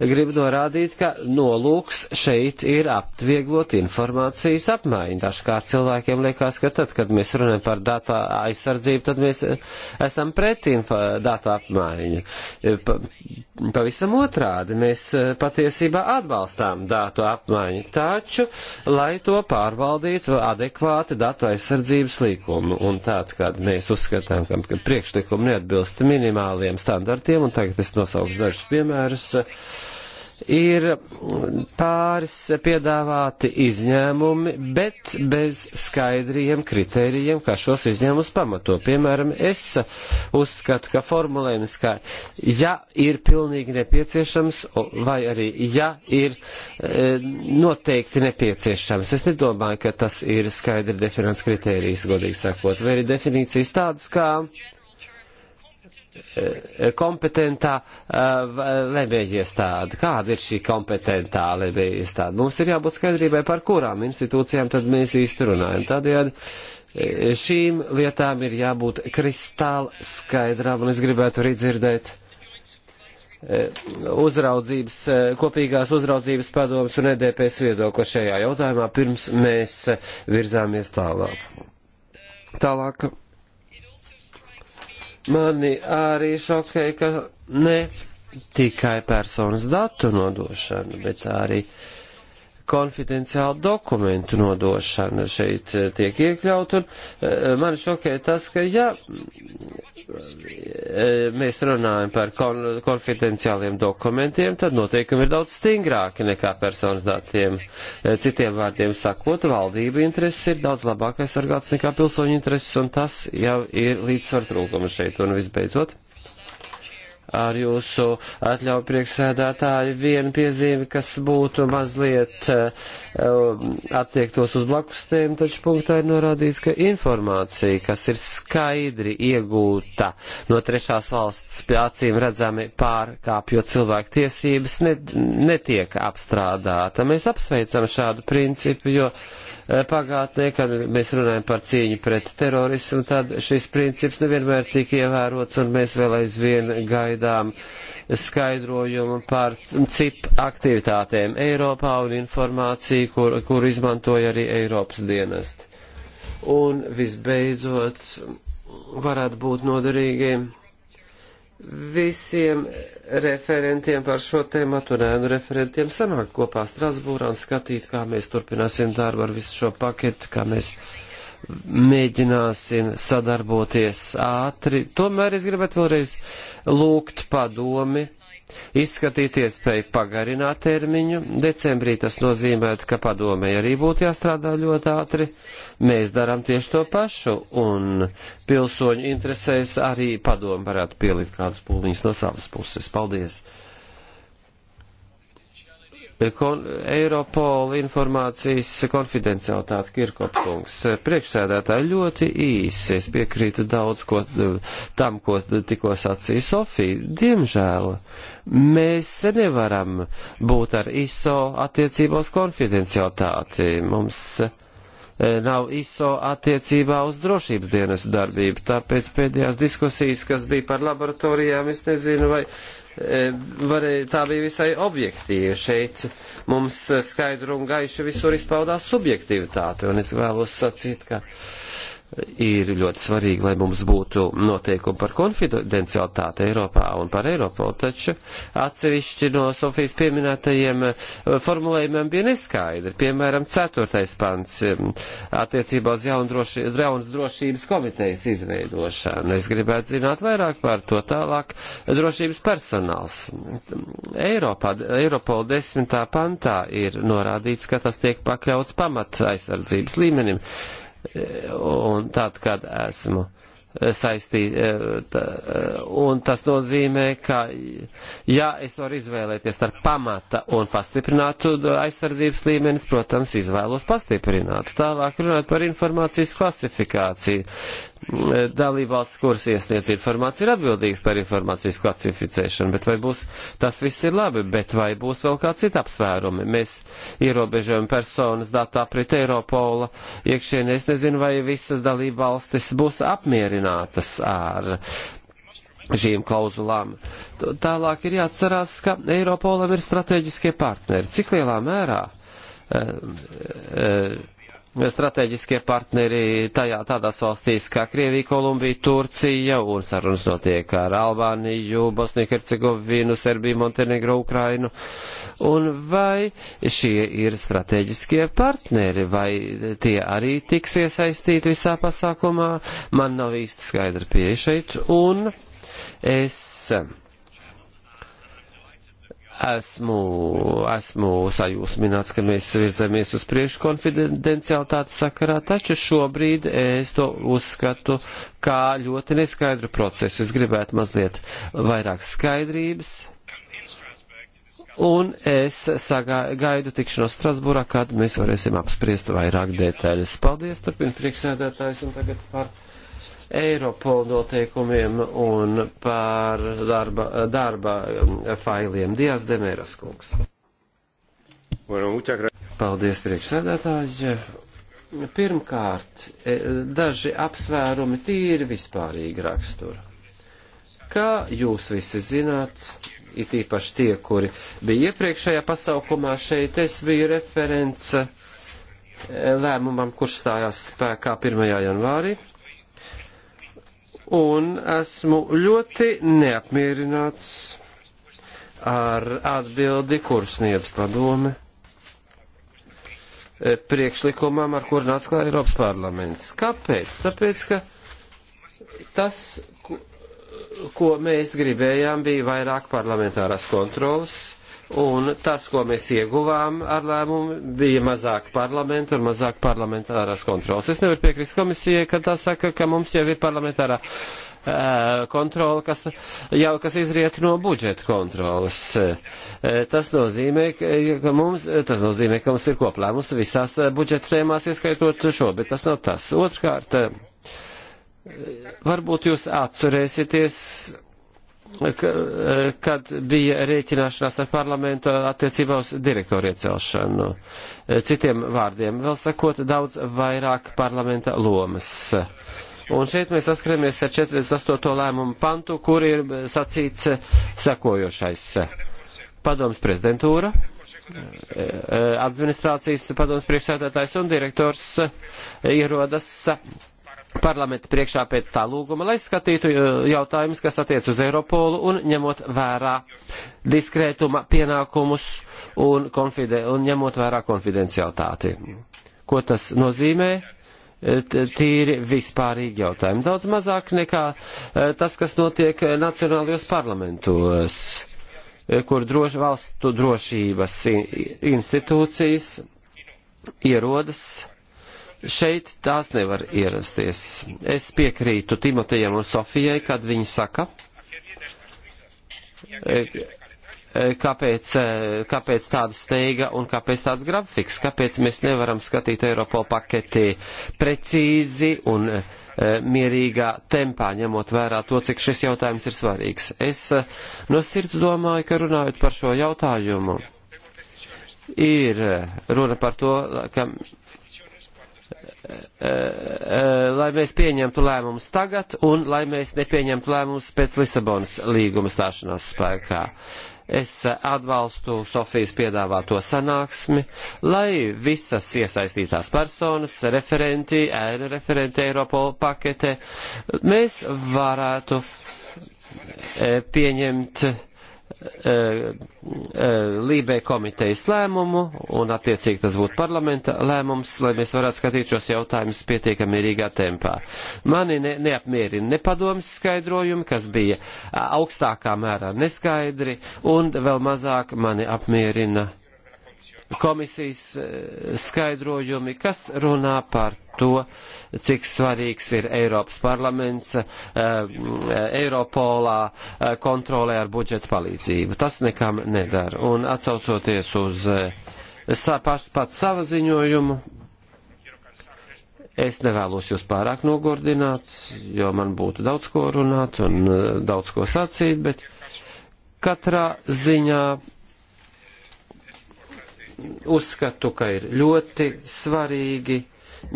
grib norādīt, ka nolūks šeit ir aptvieglot informācijas apmaiņu. Dažkārt cilvēkiem liekas, ka tad, kad mēs runājam par datu aizsardzību, tad mēs eh, esam pret datu apmaiņu. Pavisam otrādi, mēs patiesībā atbalstām datu apmaiņu, taču, lai to pārvaldītu adekvāti datu aizsardzības līkumu. Un tāds, kā kad mēs uzskatām, ka, ka priekšlikumi neatbilst minimāliem standartiem, un tagad es nosaukšu dažus piemērus ir pāris piedāvāti izņēmumi, bet bez skaidriem kritērijiem, kā šos izņēmumus pamato. Piemēram, es uzskatu, ka formulējums, ka ja ir pilnīgi nepieciešams, vai arī ja ir e, noteikti nepieciešams, es nedomāju, ka tas ir skaidri definēts kritērijs, godīgi sakot, vai arī definīcijas tādas kā. Ka Eh, eh, kompetentā eh, lemēja iestāde. Kāda ir šī kompetentā lemēja iestāde? Mums ir jābūt skaidrībai, par kurām institūcijām tad mēs īsti runājam. Tādējādi šīm lietām ir jābūt kristāli skaidrām, un es gribētu arī dzirdēt uzraudzības, kopīgās uzraudzības padomas un EDPS viedokli šajā jautājumā, pirms mēs virzāmies tālāk. Tālāk. Mani arī šokēja, ka ne tikai personas datu nodošana, bet arī uh, konfidenciālu dokumentu nodošana šeit eh, tiek iekļaut, un eh, man šokē tas, ka, ja eh, mēs runājam par kon konfidenciāliem dokumentiem, tad noteikumi ir daudz stingrāki nekā personas datiem. Citiem vārdiem sakot, valdība intereses ir daudz labāk aizsargāts nekā pilsoņu intereses, un tas jau ir līdzsvar trūkums šeit, un visbeidzot ar jūsu atļauju priekšsēdētāju vienu piezīmi, kas būtu mazliet eh, um, attiektos uz blakus tēmu, taču punktā ir norādīts, ka informācija, kas ir skaidri iegūta no trešās valsts acīm redzami pārkāpjot cilvēku tiesības, net, netiek apstrādāta. Mēs apsveicam šādu principu, jo Eh, pagātnē, kad mēs runājam par cīņu pret terorismu, tad šis princips nevienmēr tika ievērots, un mēs vēl aizvien gaidām skaidrojumu par CIP aktivitātēm Eiropā un informāciju, kur, kur izmantoja arī Eiropas dienesti. Un visbeidzot, varētu būt noderīgi visiem referentiem par šo tēmu un ēnu referentiem sanākt kopā Strasbūrā un skatīt, kā mēs turpināsim darbu ar visu šo paketu, kā mēs mēģināsim sadarboties ātri. Tomēr es gribētu vēlreiz lūgt padomi izskatīt iespēju pagarināt termiņu. Decembrī tas nozīmētu, ka padomē arī būtu jāstrādā ļoti ātri. Mēs darām tieši to pašu, un pilsoņu interesēs arī padomu varētu pielikt kādus pūliņus no savas puses. Paldies! kon, Eiropola informācijas konfidencialitāte Kirkopkungs. Priekšsēdētāji ļoti īsi, es piekrītu daudz ko, tam, ko tikko sacīja Sofija. Diemžēl mēs nevaram būt ar ISO attiecībos konfidencialitāti. Mums e, nav ISO attiecībā uz drošības dienas darbību, tāpēc pēdējās diskusijas, kas bija par laboratorijām, es nezinu, vai E, varēja, tā bija visai objektīva. Šeit mums skaidru un gaiši visur izpaudās subjektivitāte, un es vēlos sacīt, ka ir ļoti svarīgi, lai mums būtu noteikumi par konfidencialitāti Eiropā un par Eiropolu, taču atsevišķi no Sofijas pieminētajiem eh, formulējumiem bija neskaidri. Piemēram, ceturtais pants eh, attiecībā uz droši, jaunas drošības komitejas izveidošanu. Es gribētu zināt vairāk par to tālāk. Drošības personāls. Eiropā, Eiropola desmitā pantā ir norādīts, ka tas tiek pakļauts pamat aizsardzības līmenim un tad, kad esmu saistīt, e, e, un tas nozīmē, ka, ja es varu izvēlēties ar pamata un pastiprinātu aizsardzības līmenis, protams, izvēlos pastiprināt. Tālāk runāt par informācijas klasifikāciju dalībvalsts, kuras iesniedz informāciju, ir atbildīgas par informācijas klasificēšanu, bet vai būs, tas viss ir labi, bet vai būs vēl kāds cits apsvērumi? Mēs ierobežojam personas datā pret Eiropola iekšienē, es nezinu, vai visas dalībvalstis būs apmierinātas ar šīm klauzulām. Tālāk ir jāatcerās, ka Eiropolam ir strateģiskie partneri. Cik lielā mērā? Uh, uh, strateģiskie partneri tajā tādās valstīs kā Krievija, Kolumbija, Turcija, un sarunas notiek ar Albāniju, Bosniju, Hercegovinu, Serbiju, Montenegro, Ukrainu. Un vai šie ir strateģiskie partneri, vai tie arī tiks iesaistīti visā pasākumā? Man nav īsti skaidra pieeja šeit, un es Esmu, esmu sajūsmināts, ka mēs virzamies uz priekšu konfidencialitātes sakarā, taču šobrīd es to uzskatu kā ļoti neskaidru procesu. Es gribētu mazliet vairāk skaidrības. Un es sagaidu tikšanos Strasbūrā, kad mēs varēsim apspriest vairāk detaļas. Paldies, turpina priekšsēdētājs, un tagad par. Eiropola noteikumiem un par darba, darba um, failiem. Dijas Demēras kungs. Paldies, priekšsēdētāji. Pirmkārt, e, daži apsvērumi tīri vispārīgi rakstura. Kā jūs visi zināt, it īpaši tie, kuri bija iepriekšējā pasaukumā šeit, es biju referents e, lēmumam, kurš stājās spēkā 1. janvārī un esmu ļoti neapmierināts ar atbildi, kur sniedz padome e, priekšlikumam, ar kur nāca klāja Eiropas parlaments. Kāpēc? Tāpēc, ka tas, ko mēs gribējām, bija vairāk parlamentārās kontrolas Un tas, ko mēs ieguvām ar lēmumu, bija mazāk parlamenta un mazāk parlamentārās kontrolas. Es nevaru piekrist komisijai, ka tā saka, ka mums jau ir parlamentārā kontrola, kas jau kas izriet no budžeta kontrolas. Tas nozīmē, ka mums, tas nozīmē, ka mums ir koplēmums visās budžeta tēmās, ieskaitot šo, bet tas nav tas. Otrkārt, varbūt jūs atcerēsieties E, kad bija rēķināšanās ar parlamentu attiecībā uz direktoru iecelšanu. E, citiem vārdiem, vēl sakot, daudz vairāk parlamenta lomas. Un šeit mēs saskaramies ar 48. lēmumu pantu, kur ir sacīts sekojošais. Padoms prezidentūra, e, administrācijas padoms priekšsēdētājs un direktors ierodas parlamenta priekšā pēc tā lūguma, lai skatītu uh, jautājumus, kas attiec uz Eiropolu un ņemot vērā diskrētuma pienākumus un, konfide, un ņemot vērā konfidencialitāti. Ko tas nozīmē? Eh, tīri vispārīgi jautājumi. Daudz mazāk nekā eh, tas, kas notiek nacionālajos parlamentos, eh, kur droši valstu drošības institūcijas ierodas Šeit tās nevar ierasties. Es piekrītu Timotejam un Sofijai, kad viņi saka, e, e, kāpēc, e, kāpēc tāda steiga un kāpēc tāds grafiks, kāpēc mēs nevaram skatīt Eiropola paketi precīzi un mierīgā tempā, ņemot vērā to, cik šis jautājums ir svarīgs. Es no sirds domāju, ka runājot par šo jautājumu, ir runa par to, ka Eh, eh, lai mēs pieņemtu lēmumus tagad un lai mēs nepieņemtu lēmumus pēc Lisabonas līguma stāšanās spēkā. Es eh, atbalstu Sofijas piedāvāto sanāksmi, lai visas iesaistītās personas, referenti, ēna referenti Eiropola pakete, mēs varētu pieņemt E, e, Lībē komitejas lēmumu, un attiecīgi tas būtu parlamenta lēmums, lai mēs varētu skatīt šos jautājumus pietiekami rīgā tempā. Mani ne, neapmierina nepadomas skaidrojumi, kas bija augstākā mērā neskaidri, un vēl mazāk mani apmierina komisijas eh, skaidrojumi, kas runā par to, cik svarīgs ir Eiropas parlaments eh, eh, Eiropolā kontrolē ar budžeta palīdzību. Tas nekam nedara. Un atsaucoties uz pats sava ziņojumu, es nevēlos jūs pārāk nogurdināt, jo man būtu daudz ko runāt un daudz ko sacīt, bet katrā ziņā uzskatu, ka ir ļoti svarīgi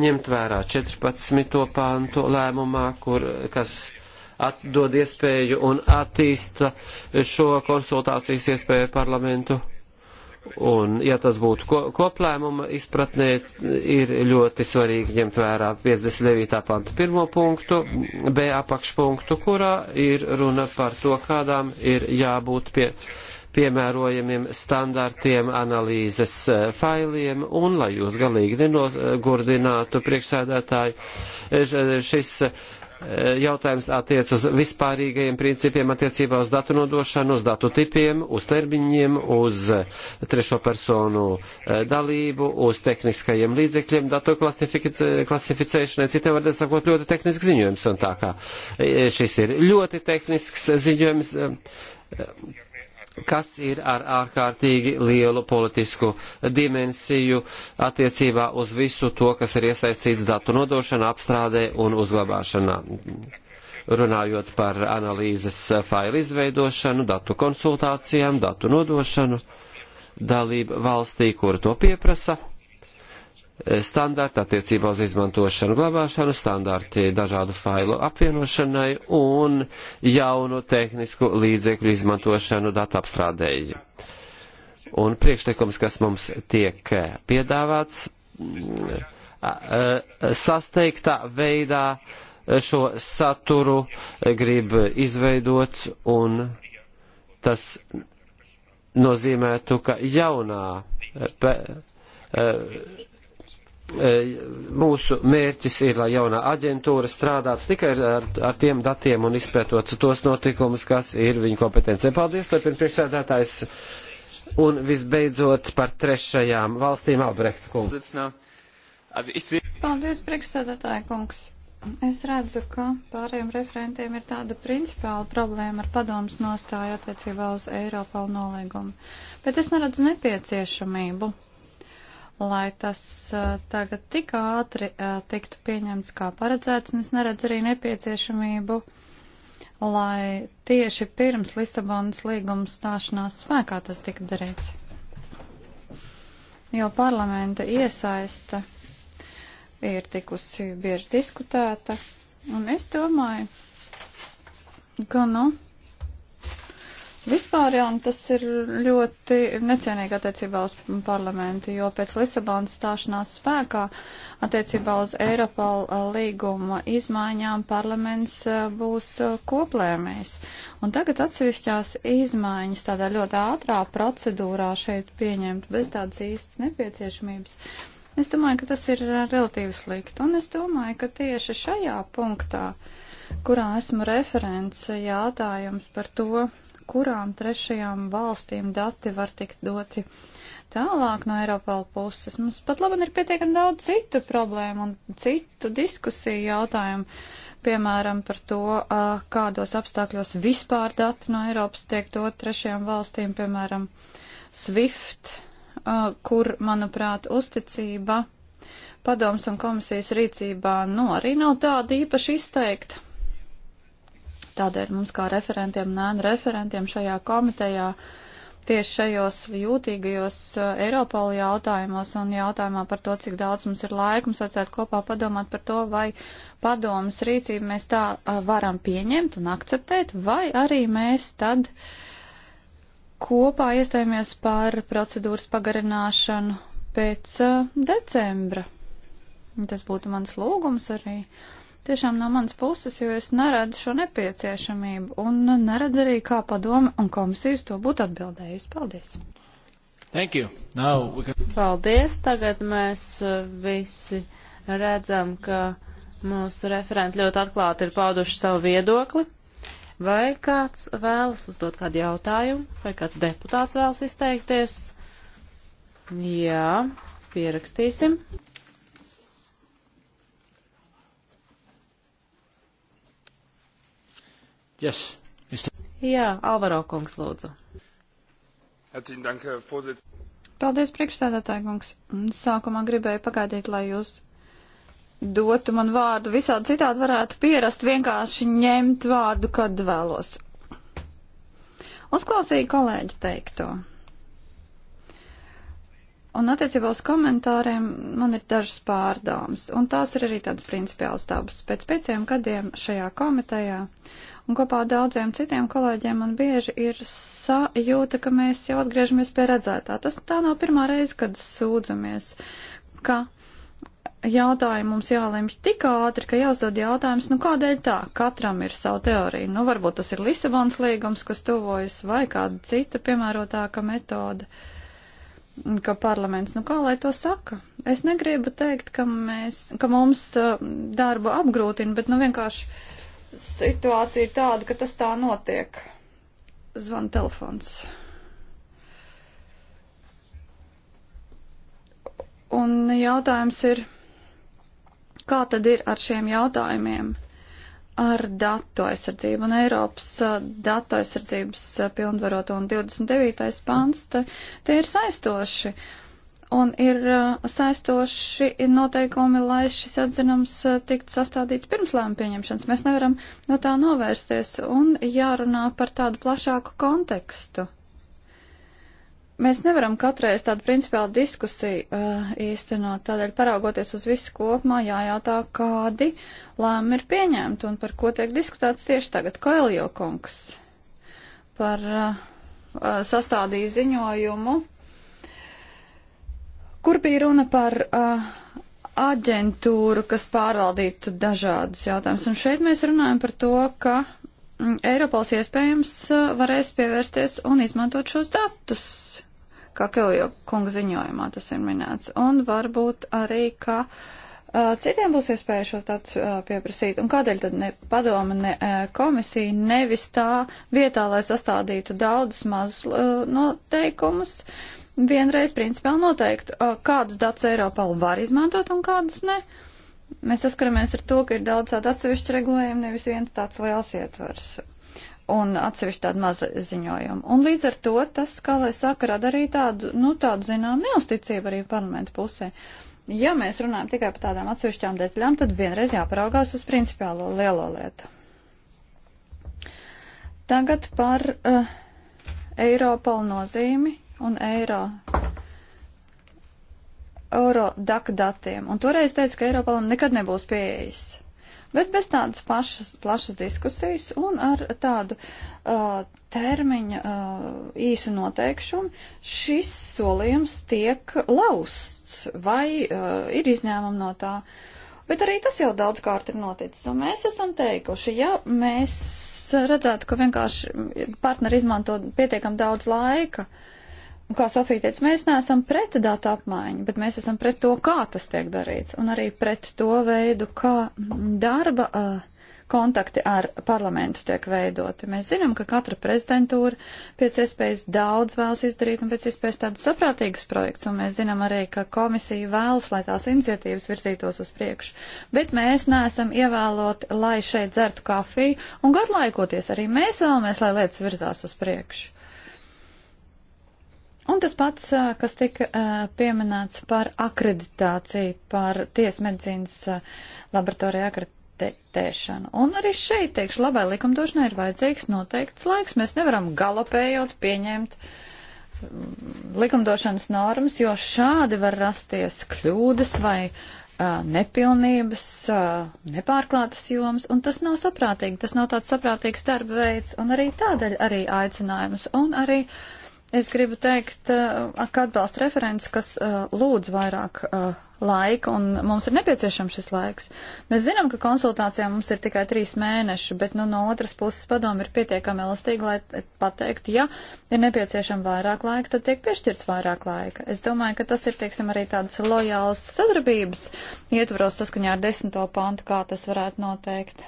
ņemt vērā 14. pāntu lēmumā, kur, kas dod iespēju un attīsta šo konsultācijas iespēju parlamentu. Un, ja tas būtu ko, koplēmuma izpratnē, ir ļoti svarīgi ņemt vērā 59. panta pirmo punktu, B apakšpunktu, kurā ir runa par to, kādām ir jābūt pie piemērojamiem standartiem, analīzes eh, failiem, un lai jūs galīgi nenogurdinātu priekšsēdētāju, eh, eh, šis jautājums attiec uz vispārīgajiem principiem attiecībā uz datu nodošanu, uz datu tipiem, uz termiņiem, uz trešo personu dalību, uz tehniskajiem līdzekļiem, datu klasificēšanai, citiem vārdiem sakot, ļoti tehnisks ziņojums, un tā kā šis ir ļoti tehnisks ziņojums, kas ir ar ārkārtīgi lielu politisku dimensiju attiecībā uz visu to, kas ir iesaistīts datu nodošanā, apstrādē un uzglabāšanā. Runājot par analīzes failu izveidošanu, datu konsultācijām, datu nodošanu, dalību valstī, kur to pieprasa Eh, standarti attiecībā uz izmantošanu, glabāšanu, standarti dažādu failu apvienošanai un jaunu tehnisku līdzekļu izmantošanu datu apstrādēji. Un priekšlikums, kas mums tiek eh, piedāvāts, mm, eh, sasteigtā veidā šo saturu grib izveidot un tas nozīmētu, ka jaunā E, mūsu mērķis ir, lai jaunā aģentūra strādātu tikai ar, ar tiem datiem un izpētot tos notikumus, kas ir viņa kompetencija. Paldies, turpin priekšsēdētājs. Un visbeidzot par trešajām valstīm Albrecht kungs. Paldies, priekšsēdētāja kungs. Es redzu, ka pārējiem referentiem ir tāda principāla problēma ar padomus nostāju attiecībā uz Eiropālu nolīgumu. Bet es neredzu nepieciešamību lai tas tagad tik ātri tiktu pieņemts kā paredzēts, un es neredzu arī nepieciešamību, lai tieši pirms Lisabonas līguma stāšanās spēkā tas tika darīts. Jo parlamenta iesaista ir tikusi bieži diskutēta, un es domāju, ka, nu, Vispār jau tas ir ļoti necienīgi attiecībā uz parlamentu, jo pēc Lisabonas stāšanās spēkā attiecībā uz Eiropa uh, līguma izmaiņām parlaments uh, būs uh, koplēmējs. Un tagad atsevišķās izmaiņas tādā ļoti ātrā procedūrā šeit pieņemt bez tādas īstas nepieciešamības. Es domāju, ka tas ir relatīvi slikti, un es domāju, ka tieši šajā punktā, kurā esmu referents jautājums par to, kurām trešajām valstīm dati var tikt doti tālāk no Eiropola puses. Mums pat labi ir pietiekami daudz citu problēmu un citu diskusiju jautājumu, piemēram, par to, kādos apstākļos vispār dati no Eiropas tiek dot trešajām valstīm, piemēram, SWIFT, kur, manuprāt, uzticība padoms un komisijas rīcībā, nu, arī nav tāda īpaši izteikta. Tādēļ mums kā referentiem un ēnu referentiem šajā komitejā tieši šajos jūtīgajos eh, Eiropola jautājumos un jautājumā par to, cik daudz mums ir laika, mums vajadzētu kopā padomāt par to, vai padomas rīcību mēs tā eh, varam pieņemt un akceptēt, vai arī mēs tad kopā iestājamies par procedūras pagarināšanu pēc eh, decembra. Tas būtu mans lūgums arī. Uh, tiešām no manas puses, jo es neredzu šo nepieciešamību un neredzu arī, kā padome un komisijas to būtu atbildējusi. Paldies! Thank you. Now we can... Paldies! Tagad mēs uh, visi redzam, ka mūsu referenti ļoti atklāti ir pauduši savu viedokli. Vai kāds vēlas uzdot kādu jautājumu, vai kāds deputāts vēlas izteikties? Jā, pierakstīsim. Yes, Mr. Jā, Alvaro kungs, lūdzu. Paldies, priekšstādātāji kungs. Sākumā gribēju pagaidīt, lai jūs dotu man vārdu. Visādi citādi varētu pierast vienkārši ņemt vārdu, kad vēlos. Uzklausīju kolēģi teikto. Un attiecībā uz komentāriem man ir dažas pārdomas, un tās ir arī tādas principiālas dabas. Pēc pieciem gadiem šajā komitejā un kopā ar daudziem citiem kolēģiem man bieži ir sajūta, ka mēs jau atgriežamies pie redzētā. Tas tā nav pirmā reize, kad sūdzamies, ka jautājumu mums jālemj tik ātri, ka jāuzdod jautājums, nu kādēļ tā? Katram ir sava teorija. Nu varbūt tas ir Lisabons līgums, kas tuvojas, vai kāda cita piemērotāka metode. Uh, ka parlaments, nu kā lai to saka? Es negribu teikt, ka, mēs, ka mums uh, darbu apgrūtina, bet nu vienkārši situācija ir tāda, ka tas tā notiek. Zvan telefons. Un jautājums ir, kā tad ir ar šiem jautājumiem? ar datu aizsardzību un Eiropas uh, datu aizsardzības uh, pilnvaroto un 29. pants, tie ir saistoši. Un ir uh, saistoši noteikumi, lai šis atzinums tiktu sastādīts pirms lēma pieņemšanas. Mēs nevaram no tā novērsties un jārunā par tādu plašāku kontekstu. Mēs nevaram katreiz tādu principiālu diskusiju uh, īstenot, tādēļ paraugoties uz visu kopumā, jājautā, kādi lēmumi ir pieņemti un par ko tiek diskutēts tieši tagad. Koeljo kungs par uh, uh sastādīju ziņojumu, kur bija runa par uh, aģentūru, kas pārvaldītu dažādus jautājumus. Un šeit mēs runājam par to, ka mm, Eiropals iespējams uh, varēs pievērsties un izmantot šos datus kā Kelio kunga ziņojumā tas ir minēts. Un varbūt arī, ka uh, citiem būs iespēja šos datus uh, pieprasīt. Un kādēļ tad ne padoma, ne uh, komisija nevis tā vietā, lai sastādītu daudzus mazus noteikumus, vienreiz principāli noteiktu, kādus datus Eiropā var izmantot un kādus ne. Mēs saskaramies ar to, ka ir daudz tādu atsevišķu regulējumu, nevis viens tāds liels ietvers un atsevišķi tādu mazu ziņojumu. Un līdz ar to tas, kā lai saka, rada arī tādu, nu, tādu, zinām, neusticību arī parlamentu pusē. Ja mēs runājam tikai par tādām atsevišķām detaļām, tad vienreiz jāparaugās uz principiālo lielo lietu. Tagad par uh, eh, Eiropalu nozīmi un eiro euro DAC datiem. Un toreiz teica, ka Eiropalam nekad nebūs pieejas Bet bez tādas pašas, plašas diskusijas un ar tādu uh, termiņa uh, īsu noteikšanu šis solījums tiek lausts vai uh, ir izņēmumi no tā. Bet arī tas jau daudz kārt ir noticis. Un mēs esam teikuši, ja mēs redzētu, ka vienkārši partneri izmanto pietiekam daudz laika, uh, Un nu, kā Sofija teica, mēs neesam pret datu apmaiņu, bet mēs esam pret to, kā tas tiek darīts, un arī pret to veidu, kā darba uh, kontakti ar parlamentu tiek veidoti. Mēs zinām, ka katra prezidentūra pēc iespējas daudz vēlas izdarīt un pēc iespējas tādas saprātīgas projekts, un mēs zinām arī, ka komisija vēlas, lai tās iniciatīvas virzītos uz priekšu. Bet mēs neesam ievēloti, lai šeit dzertu kafiju un garlaikoties. Arī mēs vēlamies, lai lietas virzās uz priekšu. Un tas pats, kas tika pieminēts par akreditāciju, par tiesmedzīnas laboratoriju akreditēšanu. Un arī šeit, teikšu, labai likumdošanai ir vajadzīgs noteikts laiks. Mēs nevaram galopējot pieņemt likumdošanas normas, jo šādi var rasties kļūdas vai nepilnības, nepārklātas jomas, un tas nav saprātīgi, tas nav tāds saprātīgs darba veids, un arī tādēļ arī aicinājums, un arī uh, Es gribu teikt, eh, ka atbalstu referents, kas eh, lūdz vairāk eh, laika, un mums ir nepieciešams šis laiks. Mēs zinām, ka konsultācijām mums ir tikai trīs mēneši, bet nu, no otras puses padomu ir pietiekami elastīgi, lai pateiktu, ja ir nepieciešama vairāk laika, tad tiek piešķirts vairāk laika. Es domāju, ka tas ir, teiksim, arī tādas lojālas sadarbības ietvaros saskaņā ar desmito pantu, kā tas varētu noteikt.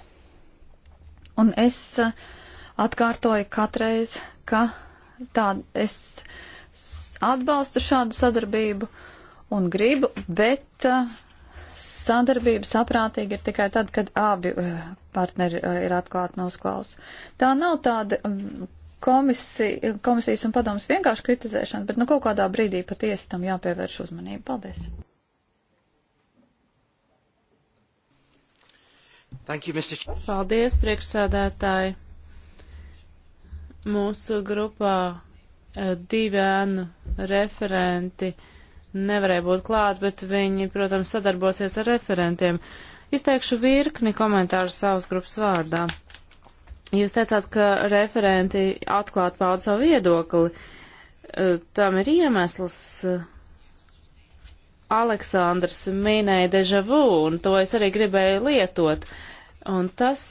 Un es atkārtoju katreiz, ka Tād, es atbalstu šādu sadarbību un gribu, bet uh, sadarbība saprātīga ir tikai tad, kad abi uh, partneri uh, ir atklāti un uzklausa. Tā nav tāda um, komisija, komisijas un padomas vienkārši kritizēšana, bet nu kaut kādā brīdī patiesi tam jāpievērš uzmanība. Paldies! Thank you, Mr. Paldies, priekšsēdētāji! Mūsu grupā e, divi ēnu referenti nevarēja būt klāt, bet viņi, protams, sadarbosies ar referentiem. Izteikšu virkni komentāru savas grupas vārdā. Jūs teicāt, ka referenti atklāt pauda savu viedokli. E, tam ir iemesls. Aleksandrs minēja deja vu, un to es arī gribēju lietot. Un tas,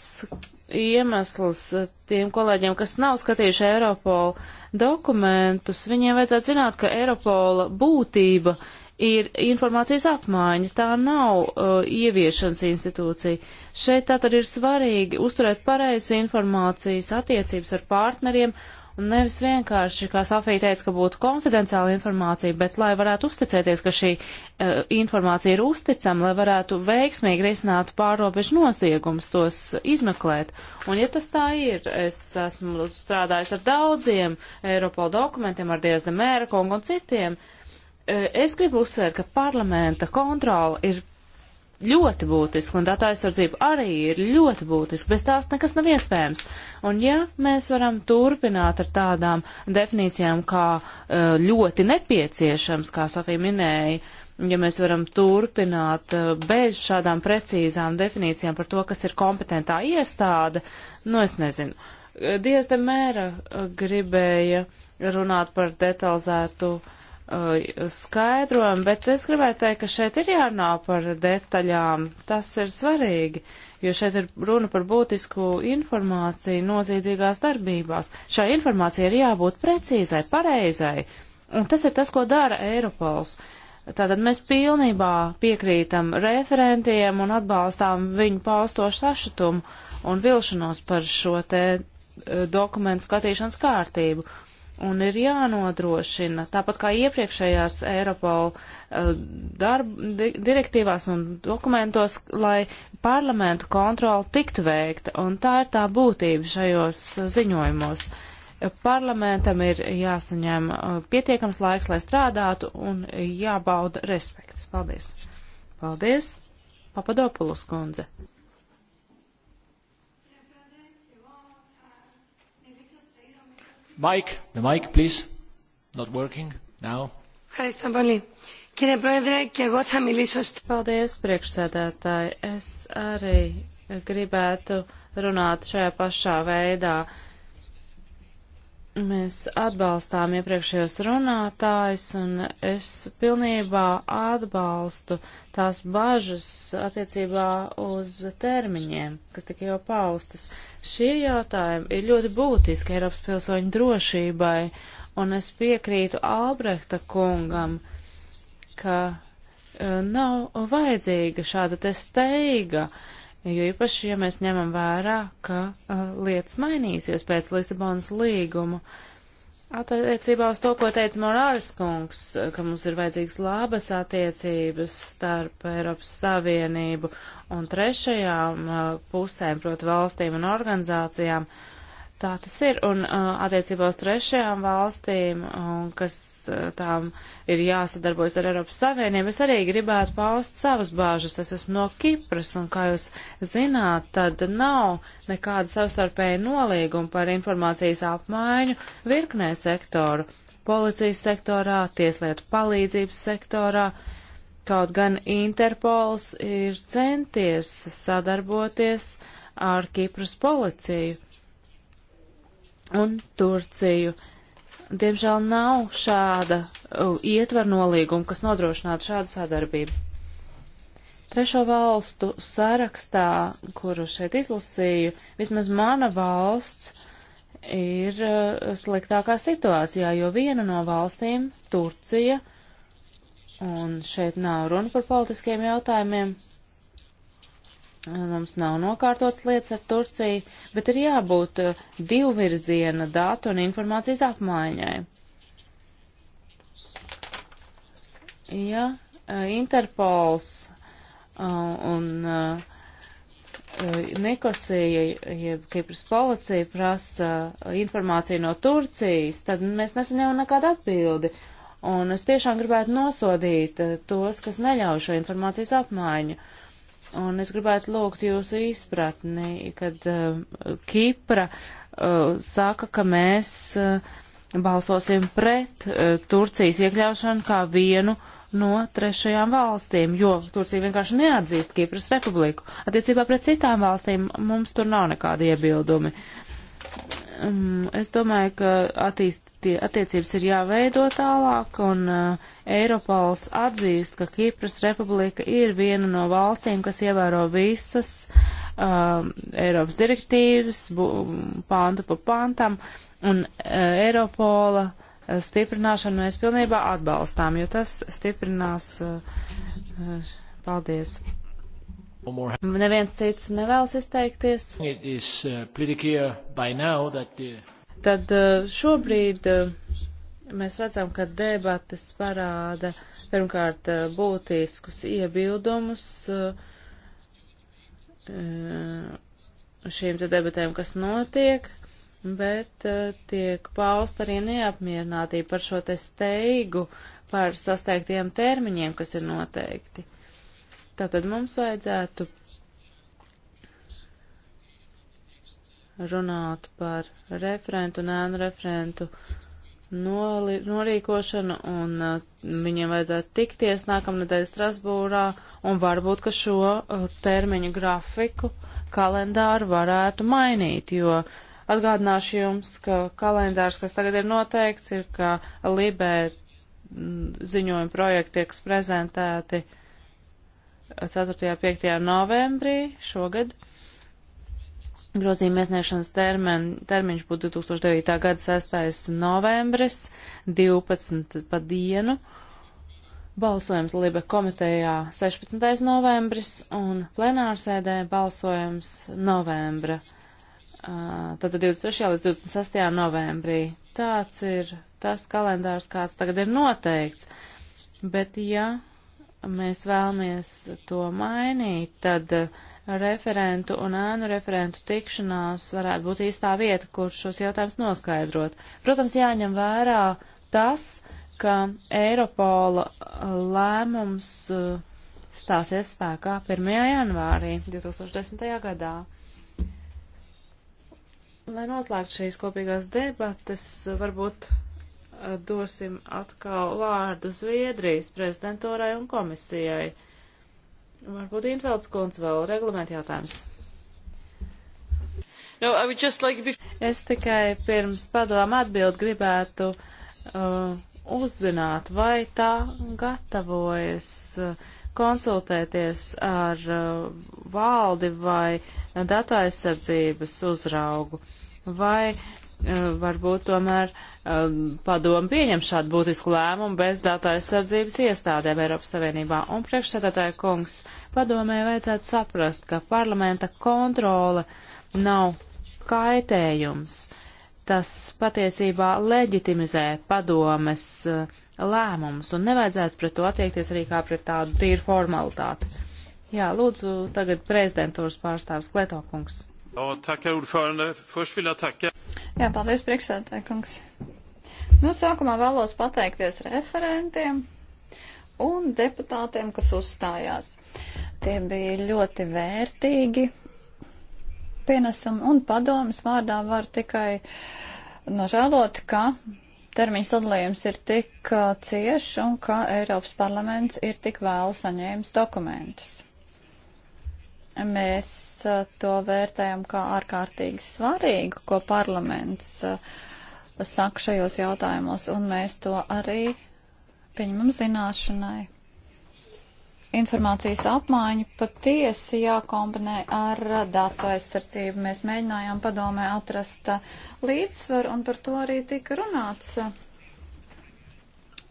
iemesls tiem kolēģiem, kas nav skatījuši Eiropola dokumentus. Viņiem vajadzētu zināt, ka Eiropola būtība ir informācijas apmaiņa, tā nav uh, ieviešanas institūcija. Šeit tātad ir svarīgi uzturēt pareizi informācijas attiecības ar partneriem Un nevis vienkārši, kā Safija teica, ka būtu konfidenciāla informācija, bet lai varētu uzticēties, ka šī uh, informācija ir uzticama, lai varētu veiksmīgi risināt pārobežu noziegumus, tos izmeklēt. Un ja tas tā ir, es esmu strādājis ar daudziem Eiropola dokumentiem, ar Diezde Mēra kungu un citiem, uh, es gribu uzsvērt, ka parlamenta kontrola ir ļoti būtiska, un datu aizsardzība arī ir ļoti būtiska. Bez tās nekas nav iespējams. Un ja mēs varam turpināt ar tādām definīcijām, kā eh, ļoti nepieciešams, kā Sofija minēja, ja mēs varam turpināt eh, bez šādām precīzām definīcijām par to, kas ir kompetentā iestāde, nu es nezinu. Eh, Dievs de mēra gribēja runāt par detalizētu uh, Uh, skaidrojumu, bet es gribētu teikt, ka šeit ir jārunā par detaļām. Tas ir svarīgi, jo šeit ir runa par būtisku informāciju noziedzīgās darbībās. Šai informācijai ir jābūt precīzai, pareizai, un tas ir tas, ko dara Eiropols. Tātad mēs pilnībā piekrītam referentiem un atbalstām viņu paustošu sašutumu un vilšanos par šo te eh, dokumentu skatīšanas kārtību. Uh, un ir jānodrošina, tāpat kā iepriekšējās Eiropola eh, darba direktīvās un dokumentos, lai parlamentu kontroli tiktu veikta, un tā ir tā būtība šajos ziņojumos. Parlamentam ir jāsaņem eh, pietiekams laiks, lai strādātu, un jābauda respekts. Paldies! Paldies! Papadopulus kundze! Mike, the mic, please. Not working now. Ευχαριστώ πολύ. Κύριε Πρόεδρε, και εγώ θα μιλήσω... Paldies, priekšsēdētāji. Es arī gribētu runāt šajā pašā veidā. Uh, Mēs atbalstām iepriekšējos runātājus, un es pilnībā atbalstu tās bažas attiecībā uz termiņiem, kas tika jau paustas. Šie jautājumi ir ļoti būtiski Eiropas pilsoņu drošībai, un es piekrītu Albrehta kungam, ka uh, nav vajadzīga šāda te steiga. Uh, jo īpaši, ja mēs ņemam vērā, ka uh, lietas mainīsies pēc Lisabonas līguma. Attiecībā uz to, ko teica Morāles kungs, uh, ka mums ir vajadzīgas labas attiecības starp Eiropas Savienību un trešajām uh, pusēm, proti valstīm un organizācijām, uh, tā tas ir. Un uh, attiecībā uz trešajām valstīm, un kas uh, tām ir jāsadarbojas ar Eiropas Savienību, es arī gribētu paust savas bāžas. Es esmu no Kipras, un kā jūs zināt, tad nav nekāda savstarpēja nolīguma par informācijas apmaiņu virknē sektoru - policijas sektorā, tieslietu palīdzības sektorā. Kaut gan Interpols ir centies sadarboties ar Kipras policiju un Turciju. Diemžēl nav šāda uh, ietver nolīguma, kas nodrošinātu šādu sadarbību. Trešo valstu sarakstā, kuru šeit izlasīju, vismaz mana valsts ir uh, sliktākā situācijā, jo viena no valstīm, Turcija, un šeit nav runa par politiskiem jautājumiem, Mums nav nokārtotas lietas ar Turciju, bet ir jābūt uh, divvirziena datu un informācijas apmaiņai. Ja uh, Interpols uh, un Nikosija, jeb Kipras policija prasa informāciju no Turcijas, tad mēs nesaņemam nekādu atbildi. Un es tiešām gribētu nosodīt tos, kas neļauj šo informācijas apmaiņu. Uh, Un es gribētu lūgt jūsu izpratni, kad uh, Kipra uh, saka, ka mēs uh, balsosim pret uh, Turcijas iekļaušanu kā vienu no trešajām valstīm, jo Turcija vienkārši neatzīst Kipras republiku. Attiecībā pret citām valstīm mums tur nav nekādi iebildumi. Um, es domāju, ka attīsti, attiecības ir jāveido tālāk un uh, Eiropols atzīst, ka Kipras republika ir viena no valstīm, kas ievēro visas um, Eiropas direktīvas bu, pāntu pa pāntam, un uh, Eiropola uh, stiprināšanu mēs pilnībā atbalstām, jo tas stiprinās. Uh, uh, paldies! Neviens cits nevēlas izteikties. Is, uh, now, that, uh... Tad uh, šobrīd uh, Mēs redzam, ka debatas parāda pirmkārt eh, būtiskus iebildumus eh, šīm te debatēm, kas notiek, bet eh, tiek paust arī neapmierinātība par šo te steigu, par sasteigtiem termiņiem, kas ir noteikti. Tātad mums vajadzētu runāt par referentu, nēnu referentu. Uh, norīkošanu, un uh, viņiem vajadzētu tikties nākamnedēļ Strasbūrā, un varbūt, ka šo uh, termiņu grafiku kalendāru varētu mainīt, jo atgādināšu jums, ka kalendārs, kas tagad ir noteikts, ir, ka Libē mm, ziņojuma projekti tiek prezentēti 4. un 5. novembrī šogad. Uh, Grozījuma iesniegšanas termen, termiņš būtu 2009. gada 6. novembris, 12 pa dienu. Balsojums Libe komitejā 16. novembris un plenārsēdē balsojums novembra. Tātad 23. līdz 26. novembrī. Tāds ir tas kalendārs, kāds tagad ir noteikts. Bet ja mēs vēlamies to mainīt, tad. Uh, referentu un ēnu referentu tikšanās varētu būt īstā vieta, kur šos jautājumus noskaidrot. Protams, jāņem vērā tas, ka Eiropola uh, lēmums uh, stāsies spēkā 1. janvārī 2010. gadā. Lai noslēgtu šīs kopīgās debates, varbūt uh, dosim atkal vārdu Zviedrijas prezidentūrai un komisijai. Varbūt Intvelds kundze vēl reglamenta jautājums. No, like be... Es tikai pirms padomu atbild gribētu uh, uzzināt, vai tā gatavojas uh, konsultēties ar uh, valdi vai datu aizsardzības uzraugu, vai uh, varbūt tomēr uh, Um, padomu pieņem šādu būtisku lēmumu bez datu aizsardzības iestādēm Eiropas Savienībā. Un priekšsēdētāja kungs padomē vajadzētu saprast, ka parlamenta kontrole nav kaitējums. Tas patiesībā leģitimizē padomes uh, lēmumus un nevajadzētu pret to attiekties arī kā pret tādu tīru formalitāti. Jā, lūdzu, tagad prezidentūras pārstāvs Kleto kungs. Jā, paldies priekšsētāji, kungs. Nu, sākumā vēlos pateikties referentiem un deputātiem, kas uzstājās. Tie bija ļoti vērtīgi pienesumi un padomas vārdā var tikai nožēlot, ka termiņš sadalījums ir tik uh, ciešs un ka Eiropas parlaments ir tik vēlu saņēmis dokumentus. Mēs to vērtējam kā ārkārtīgi svarīgu, ko parlaments saka šajos jautājumos, un mēs to arī pieņemam zināšanai. Informācijas apmaiņa patiesi jākombinē ar datu aizsardzību. Mēs mēģinājām padomē atrast līdzsvaru, un par to arī tika runāts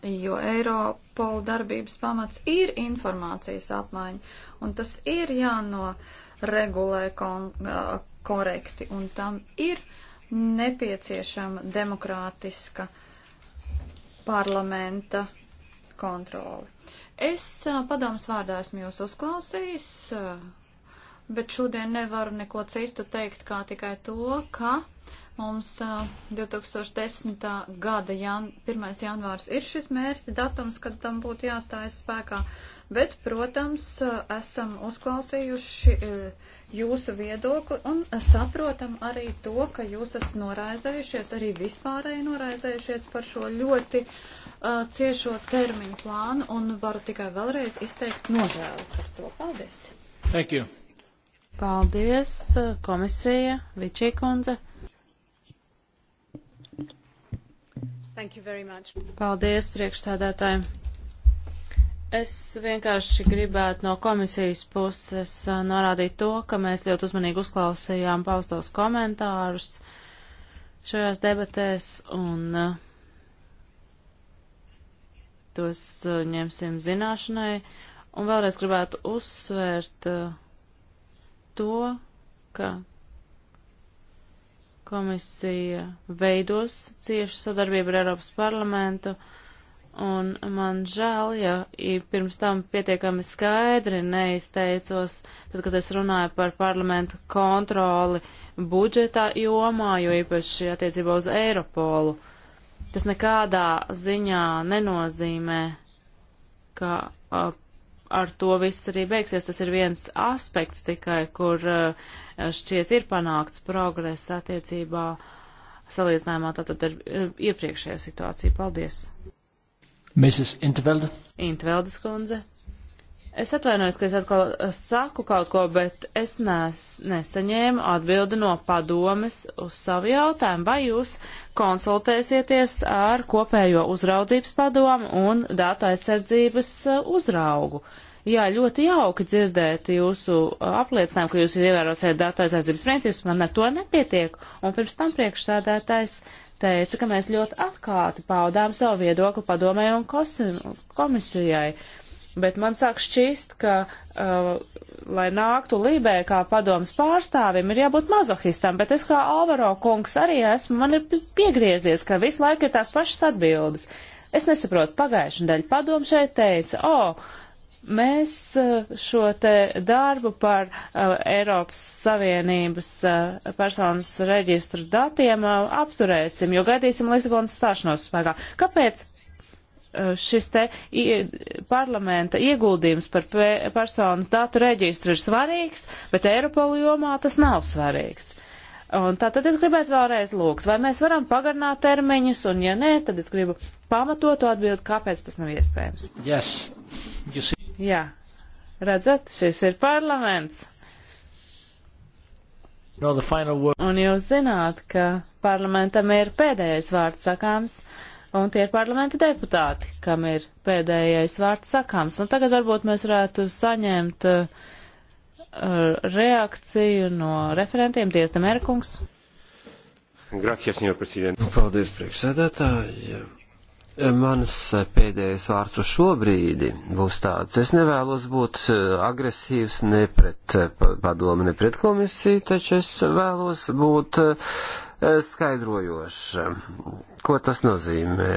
jo Eiropola darbības pamats ir informācijas apmaiņa. Un tas ir jānoregulē kon, uh, korekti, un tam ir nepieciešama demokrātiska parlamenta kontroli. Es uh, padomas vārdā esmu jūs uzklausījis, uh, bet šodien nevaru neko citu teikt, kā tikai to, ka mums uh, 2010. gada jan 1. janvārs ir šis mērķi datums, kad tam būtu jāstājas spēkā, Bet, protams, esam uzklausījuši e, jūsu viedokli un saprotam arī to, ka jūs esat noraizējušies, arī vispārēji noraizējušies par šo ļoti uh, ciešo termiņu plānu un varu tikai vēlreiz izteikt nožēlu par to. Paldies! Thank you! Paldies, komisija, Vičī kundze. Thank you very much. Paldies priekšsēdētājiem. Es vienkārši gribētu no komisijas puses uh, norādīt to, ka mēs ļoti uzmanīgi uzklausījām paustos komentārus šajās debatēs un uh, tos uh, ņemsim zināšanai. Un vēlreiz gribētu uzsvērt to, ka komisija veidos ciešu sadarbību ar Eiropas parlamentu un man žēl, ja pirms tam pietiekami skaidri neizteicos, tad, kad es runāju par parlamentu kontroli budžetā jomā, jo īpaši attiecībā uz Eiropolu, tas nekādā ziņā nenozīmē, ka a, ar to viss arī beigsies. Tas ir viens aspekts tikai, kur a, šķiet ir panākts progress attiecībā salīdzinājumā tātad ar iepriekšējo situāciju. Paldies! Mrs. Intvelde. Intveldes kundze. Es atvainojos, ka es atkal eh, saku kaut ko, bet es nes, nesaņēmu atbildi no padomes uz savu jautājumu. Vai jūs konsultēsieties ar kopējo uzraudzības padomu un datu aizsardzības eh, uzraugu? Jā, ļoti jauki dzirdēt jūsu eh, apliecinājumu, ka jūs ievērosiet datu aizsardzības principus. Man ar to nepietiek. Un pirms tam priekšsādātājs teica, ka mēs ļoti atklāti paudām savu viedokli padomē un komisijai. Bet man sāk šķist, ka, uh, lai nāktu Lībē kā padomas pārstāvim, ir jābūt mazohistam, bet es kā Alvaro kungs arī esmu, man ir piegriezies, ka visu laiku ir tās pašas atbildes. Es nesaprotu, pagājušajā nedēļa padomu šeit teica, o, oh, Mēs eh, šo te darbu par uh, Eiropas Savienības uh, personas reģistru datiem uh, apturēsim, jo gaidīsim Lisabonas stāšanos spēkā. Kāpēc šis te parlamenta ieguldījums par personas datu reģistru ir svarīgs, bet Eiropolu jomā tas nav svarīgs. Un tātad es gribētu vēlreiz lūgt, vai mēs varam pagarināt termiņus, un ja nē, tad es gribu pamatotu atbildi, kāpēc tas nav iespējams. Yes. Jā, redzat, šis ir parlaments. Un jūs zināt, ka parlamentam ir pēdējais vārds sakāms, un tie ir parlamenta deputāti, kam ir pēdējais vārds sakāms. Un tagad varbūt mēs varētu saņemt uh, reakciju no referentiem, tiesa Merkungs. Gracias, senor presidente. Paldies, priekšsēdētāji. Mans pēdējais vārds uz šobrīd būs tāds. Es nevēlos būt eh, agresīvs ne pret eh, padomu, ne pret komisiju, taču es vēlos būt eh, skaidrojošs. Ko tas nozīmē?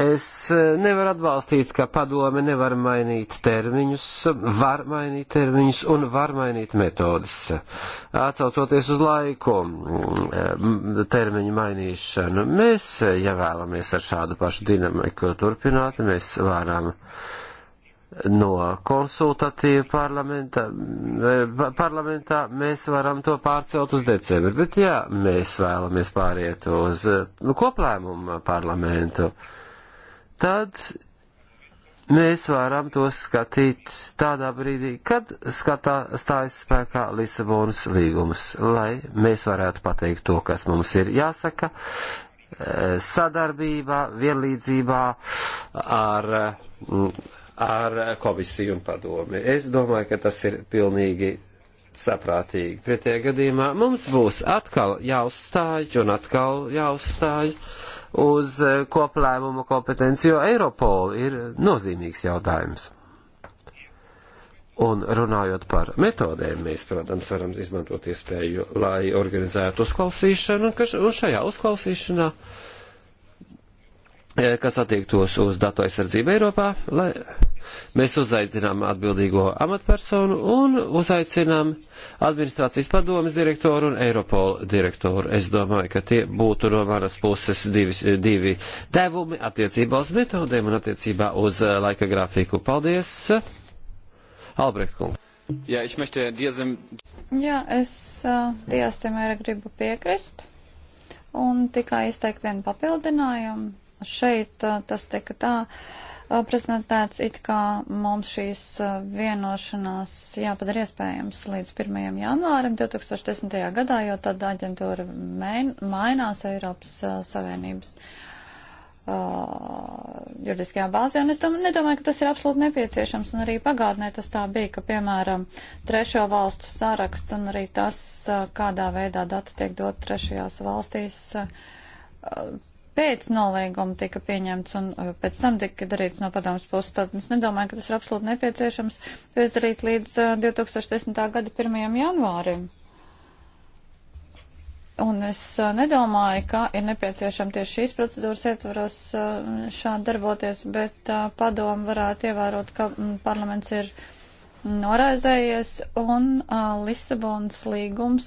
Es eh, nevaru atbalstīt, ka padome nevar mainīt termiņus, var mainīt termiņus un var mainīt metodas. Atcaucoties uz laiku mm, eh, termiņu mainīšanu, mēs, eh, ja vēlamies ar šādu pašu dinamiku turpināt, mēs varam no konsultatīva parlamenta, mm, parlamentā mēs varam to pārcelt uz decembri, bet jā, mēs vēlamies pāriet uz nu, koplēmumu parlamentu. Uh, tad mēs varam tos skatīt tādā brīdī, kad skatā, stājas spēkā Lisabonas līgums, lai mēs varētu pateikt to, kas mums ir jāsaka, eh, sadarbībā, vienlīdzībā ar, mm, ar komisiju un padomi. Es domāju, ka tas ir pilnīgi saprātīgi. Pretējā gadījumā mums būs atkal jāuzstāj un atkal jāuzstāj uz eh, koplēmumu kompetenci, jo Eiropola ir nozīmīgs jautājums. Un runājot par metodēm, mēs, protams, varam izmantot iespēju, lai organizētu uzklausīšanu, un šajā uzklausīšanā, eh, kas attiektos uz datu aizsardzību Eiropā, lai Mēs uzaicinām atbildīgo amatpersonu un uzaicinām administrācijas padomas direktoru un Eiropola direktoru. Es domāju, ka tie būtu no manas puses divi, divi devumi attiecībā uz metodēm un attiecībā uz eh, laika grafiku. Paldies! Albrecht kungs. Jā, es möchte diesem... Jā, es uh, eh, diastemēra gribu piekrist un tikai izteikt vienu papildinājumu. Šeit uh, tas tika tā. Uh, Uh, prezentēts, it kā mums šīs uh, vienošanās jāpadara iespējams līdz 1. janvārim 2010. gadā, jo tad aģentūra main, mainās Eiropas uh, Savienības uh, juridiskajā bāzē, un es domāju, nedomāju, ka tas ir absolūti nepieciešams, un arī pagātnē tas tā bija, ka, piemēram, trešo valstu saraksts un arī tas, uh, kādā veidā dati tiek dot trešajās valstīs, uh, pēc nolīguma tika pieņemts un uh, pēc tam tika darīts no padomas puses. Tad es nedomāju, ka tas ir absolūti nepieciešams, to es darītu līdz 2010. Uh, gada 1. janvārim. Un es uh, nedomāju, ka ir nepieciešama tieši šīs procedūras ietvaros šādi darboties, bet padomu varētu ievērot, ka mm, parlaments ir noraizējies un Lisabonas līgums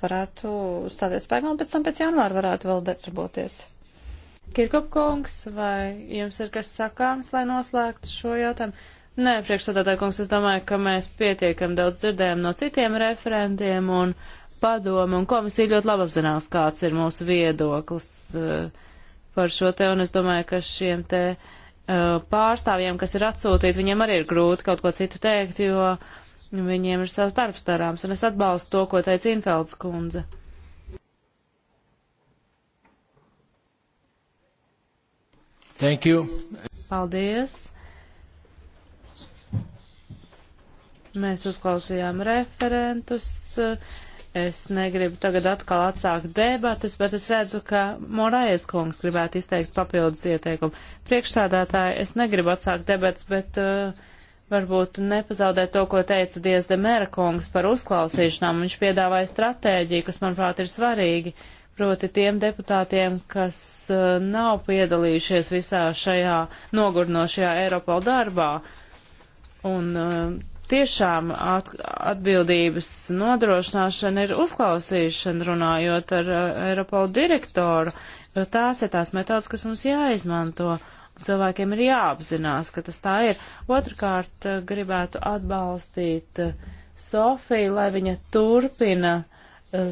varētu stāties spēkā un pēc tam pēc janvāra varētu vēl darboties. Kirkopkungs, vai jums ir kas sakāms, lai noslēgtu šo jautājumu? Nē, priekšsādātāja kungs, es domāju, ka mēs pietiekam daudz dzirdējam no citiem referentiem un padomu, un komisija ļoti labi apzinās, kāds ir mūsu viedoklis eh, par šo te, un es domāju, ka šiem te eh, pārstāvjiem, kas ir atsūtīti, viņiem arī ir grūti kaut ko citu teikt, jo viņiem ir savs darbs darāms, un es atbalstu to, ko teica Infelds kundze. Thank you. Paldies. Mēs uzklausījām referentus. Es negribu tagad atkal atsākt debatas, bet es redzu, ka Morājas kungs gribētu izteikt papildus ieteikumu. Priekšsādātāji, es negribu atsākt debatas, bet uh, varbūt nepazaudēt to, ko teica Diezde Mēra kungs par uzklausīšanām. Viņš piedāvāja stratēģiju, kas, manuprāt, ir svarīgi. Uh, proti tiem deputātiem, kas eh, nav piedalījušies visā šajā nogurnošajā Eiropola darbā. Un eh, tiešām at, atbildības nodrošināšana ir uzklausīšana runājot ar eh, Eiropola direktoru, jo tās ir tās metodas, kas mums jāizmanto. Cilvēkiem ir jāapzinās, ka tas tā ir. Otrkārt, gribētu atbalstīt Sofiju, lai viņa turpina uh,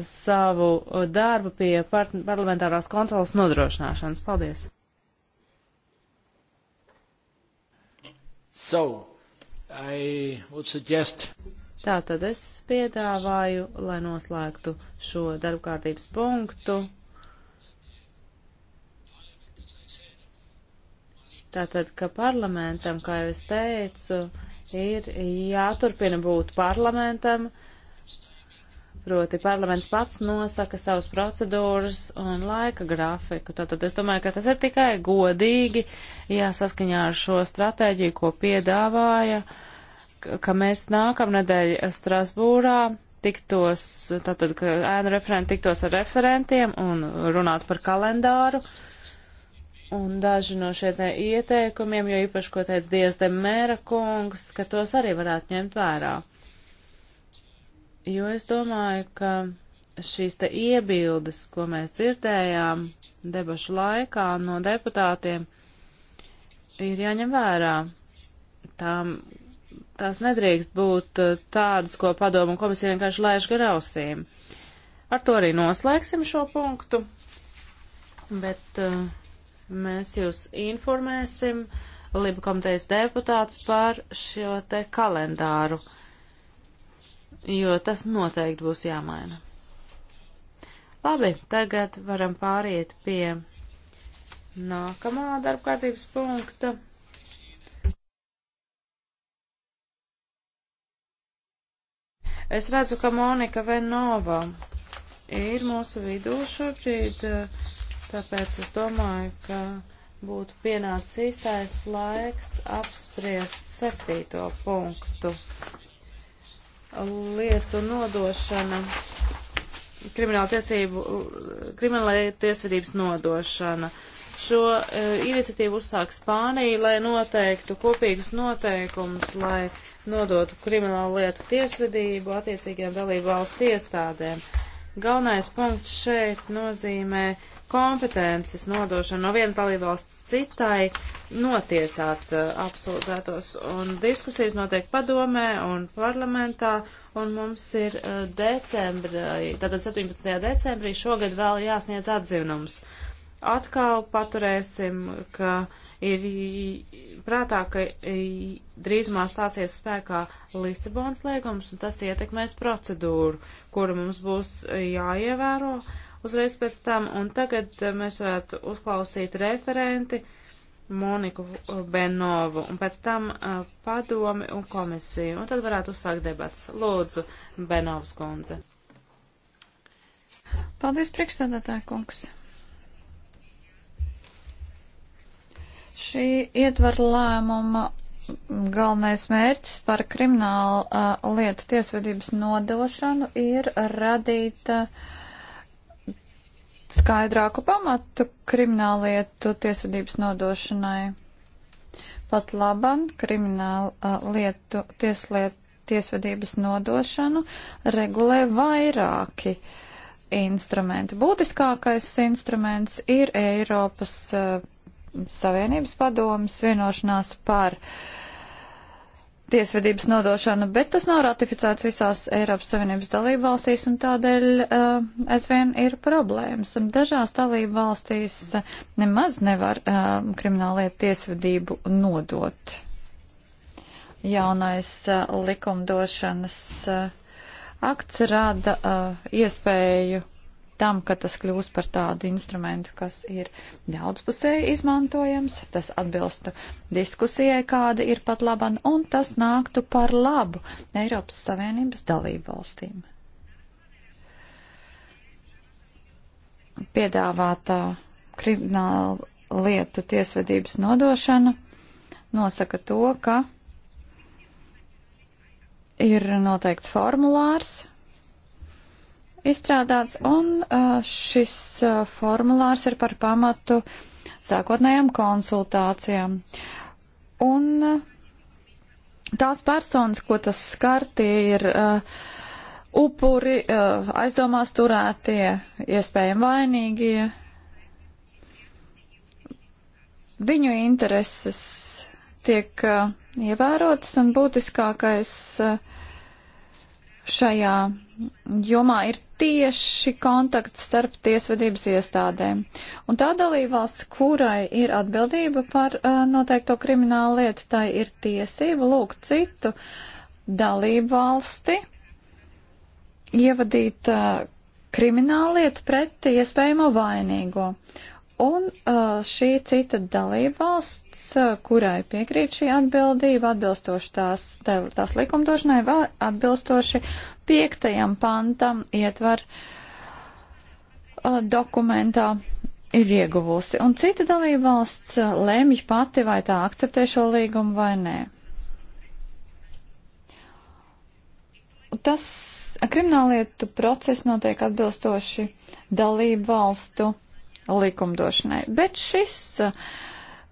savu darbu pie par parlamentārās kontrolas nodrošināšanas. Paldies! So, I would suggest... Tātad es piedāvāju, lai noslēgtu šo darbkārtības punktu. Tātad, ka parlamentam, kā jau es teicu, ir jāturpina būt parlamentam. Uh, Proti parlaments pats nosaka savas procedūras un laika grafiku. Tātad es domāju, ka tas ir tikai godīgi, ja saskaņā ar šo stratēģiju, ko piedāvāja, ka mēs nākamnedēļ Strasbūrā tiktos, tātad, ka ēnu referenti tiktos ar referentiem un runātu par kalendāru. Un daži no šiem ieteikumiem, jo īpaši, ko teica Dievs Demēra kungs, ka tos arī varētu ņemt vērā jo es domāju, ka šīs te iebildes, ko mēs dzirdējām debašu laikā no deputātiem, ir jāņem vērā. Tām, tās nedrīkst būt eh, tādas, ko padomu komisija vienkārši laiž gar ausīm. Ar to arī noslēgsim šo punktu, bet uh, mēs jūs informēsim Liba komitejas deputātus par šo te kalendāru. Uh, jo tas noteikti būs jāmaina. Labi, tagad varam pāriet pie nākamā darbkārtības punkta. Es redzu, ka Monika Venova ir mūsu vidū šobrīd, tāpēc es domāju, ka būtu pienācis īstais laiks apspriest septīto punktu lietu nodošana, krimināla tiesību, krimināla tiesvedības nodošana. Šo uh, iniciatīvu uzsāk Spānija, lai noteiktu kopīgus noteikumus, lai nodotu kriminālu lietu tiesvedību attiecīgiem dalību valstu iestādēm. Galvenais punkts šeit nozīmē uh, kompetences nodošana no vienas dalībvalsts citai notiesāt uh, apsūdzētos. Un diskusijas notiek padomē un parlamentā, un mums ir uh, decembrī, tātad 17. decembrī šogad vēl jāsniedz atzinums. Atkal paturēsim, ka ir prātā, ka drīzumā stāsies spēkā Lisabonas liegums, un tas ietekmēs procedūru, kuru mums būs uh, jāievēro. Uh, uzreiz pēc tam, un tagad eh, mēs varētu uzklausīt referenti Moniku eh, Benovu, un pēc tam uh, padomi un komisiju, un tad varētu uzsākt debats. Lūdzu, Benovs kundze. Paldies, priekšstādātāja kungs. Šī ietver lēmuma galvenais mērķis par kriminālu uh, lietu tiesvedības nodošanu ir radīt uh, skaidrāku pamatu krimināllietu tiesvedības nodošanai. Pat laban kriminālu lietu tieslietu tiesvedības nodošanu regulē vairāki instrumenti. Būtiskākais instruments ir Eiropas uh, Savienības padomas vienošanās par uh, tiesvedības nodošanu, bet tas nav ratificēts visās Eiropas Savienības dalību valstīs, un tādēļ uh, aizvien ir problēmas. Dažās dalību valstīs uh, nemaz nevar uh, krimināliet tiesvedību nodot. Jaunais uh, likumdošanas uh, akts rada uh, iespēju tam, ka tas kļūs par tādu instrumentu, kas ir daudzpusēji izmantojams, tas atbilstu diskusijai, kāda ir pat laban, un tas nāktu par labu Eiropas Savienības dalību valstīm. Piedāvātā krimināla lietu tiesvedības nodošana nosaka to, ka ir noteikts formulārs, izstrādāts, un uh, šis uh, formulārs ir par pamatu sākotnējām konsultācijām. Un uh, tās personas, ko tas skar, tie ir uh, upuri, uh, aizdomās turētie, iespējami vainīgie. Viņu intereses tiek uh, ievērotas un būtiskākais uh, šajā jomā ir tieši kontakts starp tiesvedības iestādēm. Un tā dalībvalsts, kurai ir atbildība par uh, noteikto kriminālu lietu, tai ir tiesība lūgt citu dalībvalsti ievadīt uh, kriminālu lietu pret iespējamo vainīgo. Un uh, šī cita dalībvalsts, uh, kurai piekrīt šī atbildība, atbilstoši tās, tās likumdošanai, vai atbilstoši piektajam pantam ietver uh, dokumentā ir ieguvusi. Un cita dalībvalsts lemj pati, vai tā akceptē šo līgumu vai nē. Tas krimināllietu process notiek atbilstoši dalību valstu likumdošanai. Bet šis uh,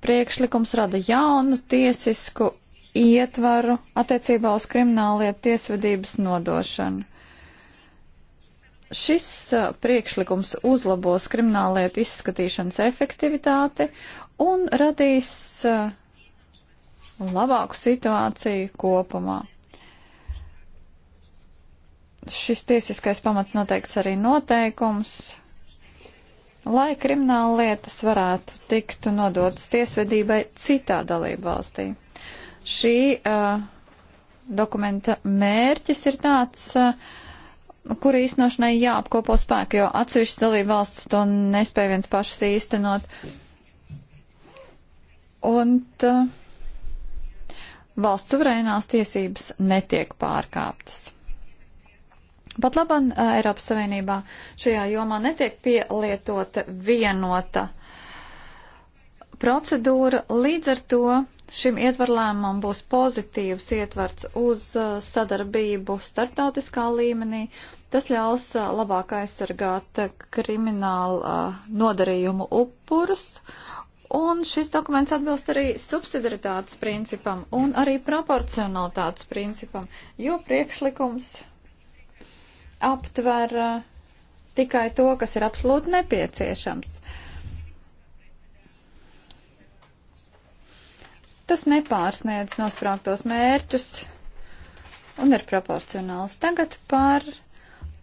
priekšlikums rada jaunu tiesisku ietvaru attiecībā uz krimināllietu tiesvedības nodošanu. Šis uh, priekšlikums uzlabos krimināllietu izskatīšanas efektivitāti un radīs uh, labāku situāciju kopumā. Šis tiesiskais pamats noteikts arī noteikums, lai krimināla lietas varētu tikt nodotas tiesvedībai citā dalību valstī. Šī uh, dokumenta mērķis ir tāds, uh, kur īstenošanai jāapkopo spēku, jo atsevišķas dalību valsts to nespēja viens pašas īstenot. Un uh, valsts suverēnās tiesības netiek pārkāptas. Pat labam Eiropas Savienībā šajā jomā netiek pielietota vienota procedūra, līdz ar to šim ietvarlēmumam būs pozitīvs ietvarts uz sadarbību starptautiskā līmenī. Tas ļaus labāk aizsargāt kriminālu nodarījumu upurus. Un šis dokuments atbilst arī subsidaritātes principam un arī proporcionalitātes principam, jo priekšlikums aptver uh, tikai to, kas ir absolūti nepieciešams. Tas nepārsniedz nosprāgtos mērķus un ir proporcionāls. Tagad par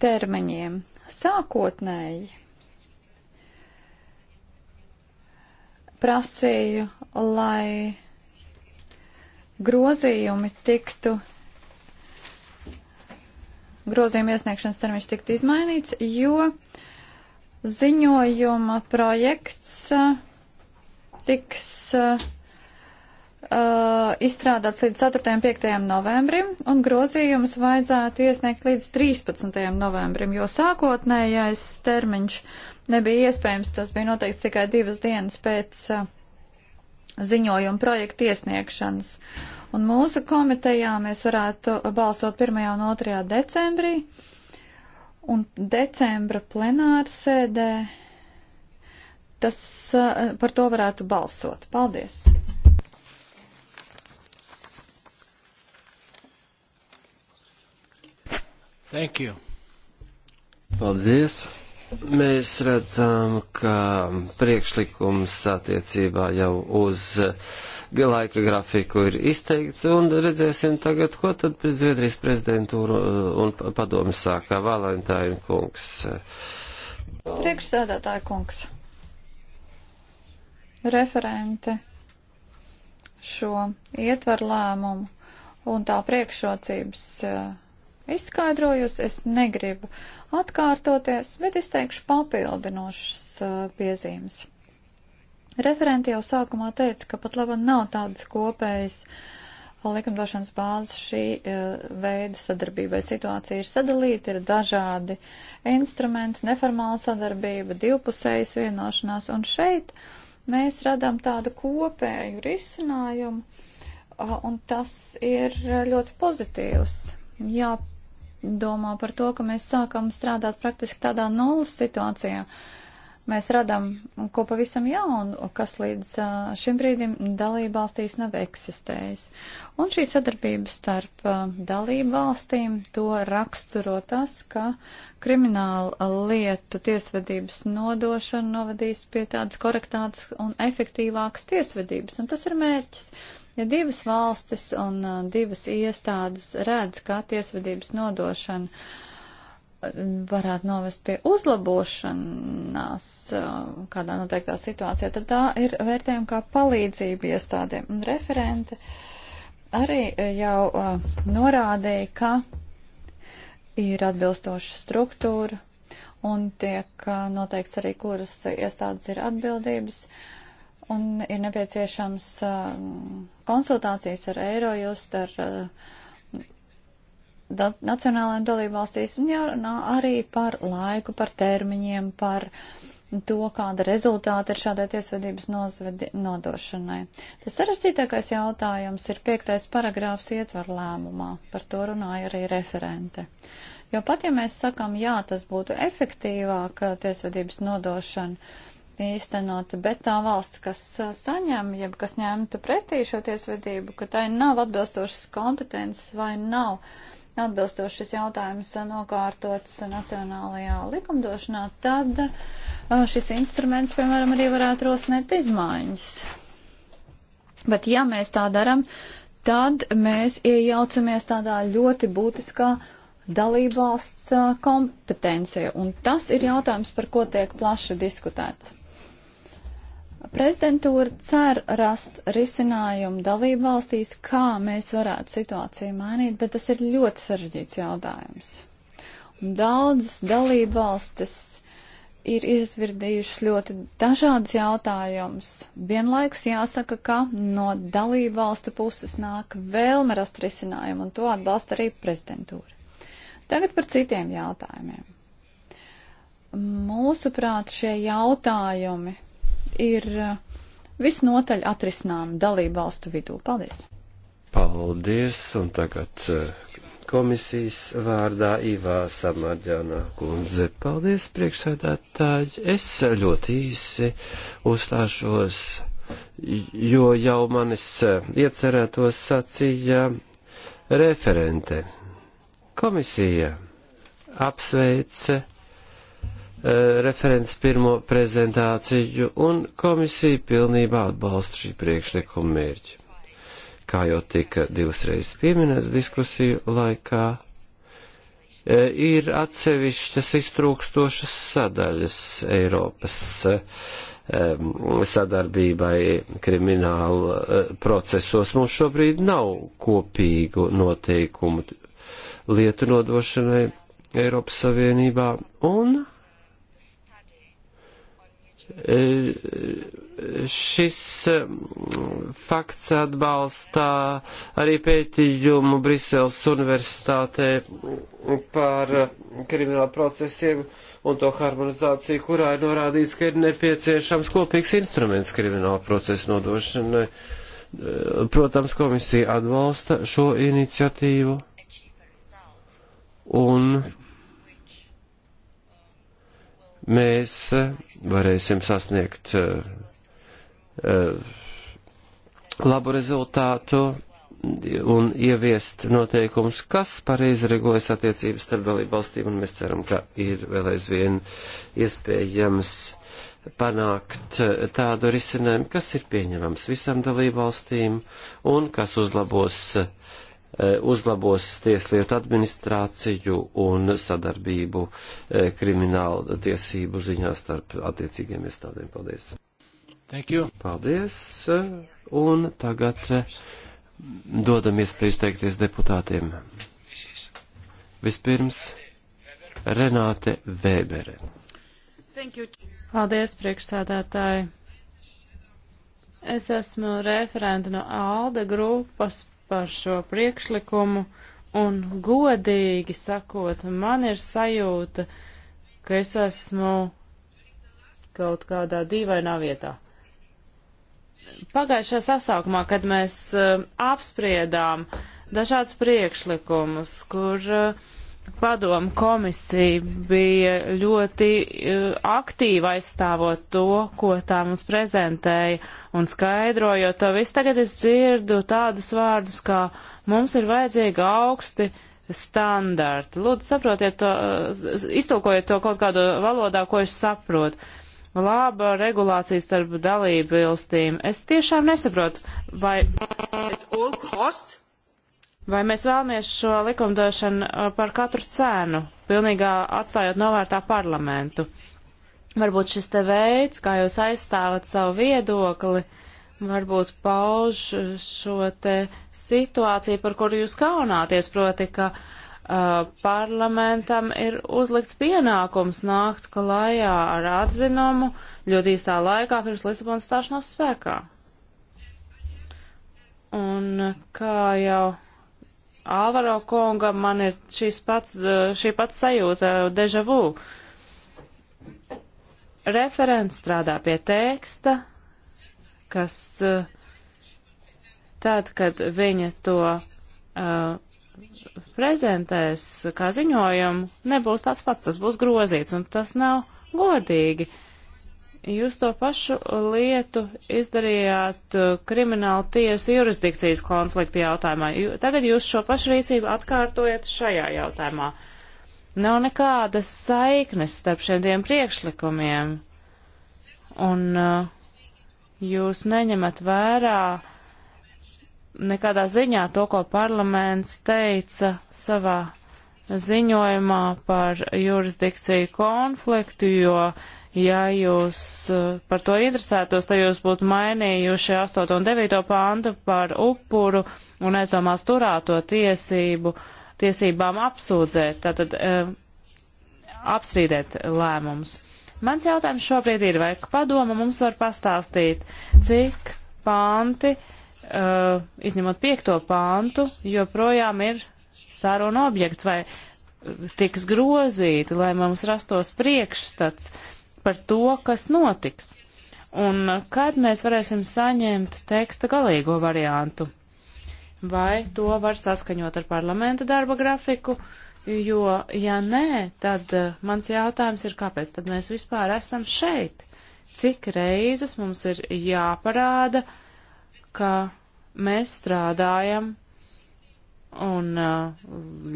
termiņiem. Sākotnēji prasīju, lai grozījumi tiktu grozījuma iesniegšanas termiņš tiktu izmainīts, jo ziņojuma projekts tiks uh, izstrādāts līdz 4. un 5. novembrim, un grozījumus vajadzētu iesniegt līdz 13. novembrim, jo sākotnējais termiņš nebija iespējams, tas bija noteikts tikai divas dienas pēc uh, ziņojuma projekta iesniegšanas. Uh, Un mūsu komitejā mēs varētu balsot 1. un 2. decembrī. Un decembra plenārsēdē tas eh, par to varētu balsot. Paldies! Thank you. Paldies! Mēs redzam, ka priekšlikums attiecībā jau uz laika grafiku ir izteikts, un redzēsim tagad, ko tad Zviedrijas prezidentūra uh, un padomi sākā Valentāina kungs. Priekšsēdētāja kungs. Referente šo ietvaru lēmumu un tā priekšrocības. Uh, izskaidrojusi, es negribu atkārtoties, bet izteikšu papildinošas uh, piezīmes. Referenti jau sākumā teica, ka pat laba nav tādas kopējas likumdošanas bāzes šī uh, veida sadarbībai. Situācija ir sadalīta, ir dažādi instrumenti, neformāla sadarbība, divpusējas vienošanās, un šeit mēs radām tādu kopēju risinājumu, uh, un tas ir ļoti pozitīvs. Jā, jādomā par to, ka mēs sākam strādāt praktiski tādā nulles situācijā. Mēs radam ko pavisam jaunu, kas līdz šim brīdim dalībvalstīs nav eksistējis. Un šī sadarbība starp dalībvalstīm to raksturo tas, ka krimināla lietu tiesvedības nodošana novadīs pie tādas korektātas un efektīvākas tiesvedības. Un tas ir mērķis Ja divas valstis un uh, divas iestādes redz, kā tiesvedības nodošana uh, varētu novest pie uzlabošanās uh, kādā noteiktā situācijā, tad tā ir vērtējuma kā palīdzība iestādēm. Un referente arī uh, jau uh, norādīja, ka ir atbilstoša struktūra un tiek uh, noteikts arī, kuras iestādes ir atbildības. Uh, Un ir nepieciešams konsultācijas ar Eirojust, ar nacionālajiem dalībvalstīs, un jārunā arī par laiku, par termiņiem, par to, kāda rezultāta ir šādai tiesvedības nozvedi, nodošanai. Tas sarežģītākais jautājums ir piektais paragrāfs ietver lēmumā, par to runāja arī referente. Jo pat ja mēs sakam, jā, tas būtu efektīvāk tiesvedības nodošana, īstenota, bet tā valsts, kas uh, saņem, jeb kas ņemtu pretī šo tiesvedību, ka tai nav atbilstošas kompetences vai nav atbilstoši šis jautājums nokārtots nacionālajā likumdošanā, tad uh, šis instruments, piemēram, arī varētu rosināt izmaiņas. Bet ja mēs tā daram, tad mēs iejaucamies tādā ļoti būtiskā dalībvalsts uh, kompetencija, un tas ir jautājums, par ko tiek plaši diskutēts. Prezidentūra cer rast risinājumu dalību valstīs, kā mēs varētu situāciju mainīt, bet tas ir ļoti sarežģīts jautājums. Un daudzas dalību valstis ir izvirdījušas ļoti dažādas jautājumus. Vienlaikus jāsaka, ka no dalību valstu puses nāk vēlme rast risinājumu, un to atbalsta arī prezidentūra. Tagad par citiem jautājumiem. Mūsuprāt, šie jautājumi ir eh, visnotaļ atrisinām dalību valstu vidū. Paldies! Paldies! Un tagad eh, komisijas vārdā Ivā Samarģānā kundze. Paldies, priekšsēdētāji! Es ļoti īsi uzstāšos, jo jau manis eh, iecerētos sacīja referente. Komisija apsveice Eh, referents pirmo prezentāciju, un komisija pilnībā atbalsta šī priekšlikuma mērķi. Kā jau tika divas reizes pieminēts diskusiju laikā, eh, ir atsevišķas iztrūkstošas sadaļas Eiropas eh, sadarbībai kriminālu procesos. Mums šobrīd nav kopīgu noteikumu lietu nodošanai Eiropas Savienībā, un šis mm, fakts atbalstā arī pētījumu Briseles universitātē par kriminālu procesiem un to harmonizāciju, kurā ir norādīts, ka ir nepieciešams kopīgs instruments kriminālu procesu nodošanai. Protams, komisija atbalsta šo iniciatīvu un mēs eh, varēsim sasniegt eh, eh, labu rezultātu un ieviest noteikums, kas pareizi regulēs attiecības starp dalību valstīm, un mēs ceram, ka ir vēl aizvien iespējams panākt tādu risinājumu, kas ir pieņemams visām dalību valstīm un kas uzlabos E, uzlabos tieslietu administrāciju un sadarbību e, krimināla tiesību ziņā starp attiecīgiem iestādēm. Paldies! Thank you! Paldies! Un tagad e, dodam iespēju izteikties deputātiem. Vispirms Renāte Vēbere. Paldies, priekšsēdētāji! Es esmu referenta no ALDE grupas par šo priekšlikumu, un godīgi sakot, man ir sajūta, ka es esmu kaut kādā dīvainā vietā. Pagājušajā sasaukumā, kad mēs uh, apspriedām dažādas priekšlikumus, kur uh, padomu komisija bija ļoti eh, aktīva aizstāvot to, ko tā mums prezentēja un skaidrojot to visu. Tagad es dzirdu tādus vārdus, kā mums ir vajadzīgi augsti standarti. Lūdzu, saprotiet to, eh, iztulkojiet to kaut kādu valodā, ko es saprotu. Laba regulācija starp dalību valstīm. Es tiešām nesaprotu, vai. At all costs Vai mēs vēlamies šo likumdošanu uh, par katru cēnu, pilnīgā atstājot novērtā parlamentu? Varbūt šis te veids, kā jūs aizstāvat savu viedokli, varbūt pauž šo te situāciju, par kuru jūs kaunāties, proti, ka uh, parlamentam ir uzlikts pienākums nākt klajā ar atzinumu ļoti īsā laikā pirms Lisabonas stāšanās spēkā. Un kā jau Alvaro kungam man ir šis pats, eh, šī pats sajūta deja vu. Referents strādā pie teksta, kas eh, tad, kad viņa to uh, prezentēs kā ziņojumu, nebūs tāds pats, tas būs grozīts, un tas nav godīgi. Uh, Jūs to pašu lietu izdarījāt uh, krimināla tiesu jurisdikcijas konflikta jautājumā. Tagad jūs šo pašu rīcību atkārtojat šajā jautājumā. Nav nekādas saiknes starp šiem diviem priekšlikumiem. Un uh, jūs neņemat vērā nekādā ziņā to, ko parlaments teica savā ziņojumā par jurisdikciju konfliktu, jo Ja jūs eh, par to interesētos, tad jūs būtu mainījuši 8 un 9 pāntu par upuru un aizdomās turēto tiesību, tiesībām apsūdzēt, tātad eh, apstrīdēt lēmumus. Mans jautājums šobrīd ir, vai padoma mums var pastāstīt, cik panti, uh, eh, izņemot piekto pantu, joprojām ir saruna objekts vai tiks grozīti, lai mums rastos priekšstats par to, kas notiks un kad mēs varēsim saņemt teksta galīgo variantu. Vai to var saskaņot ar parlamenta darba grafiku, jo, ja nē, tad eh, mans jautājums ir, kāpēc tad mēs vispār esam šeit? Cik reizes mums ir jāparāda, ka mēs strādājam un uh,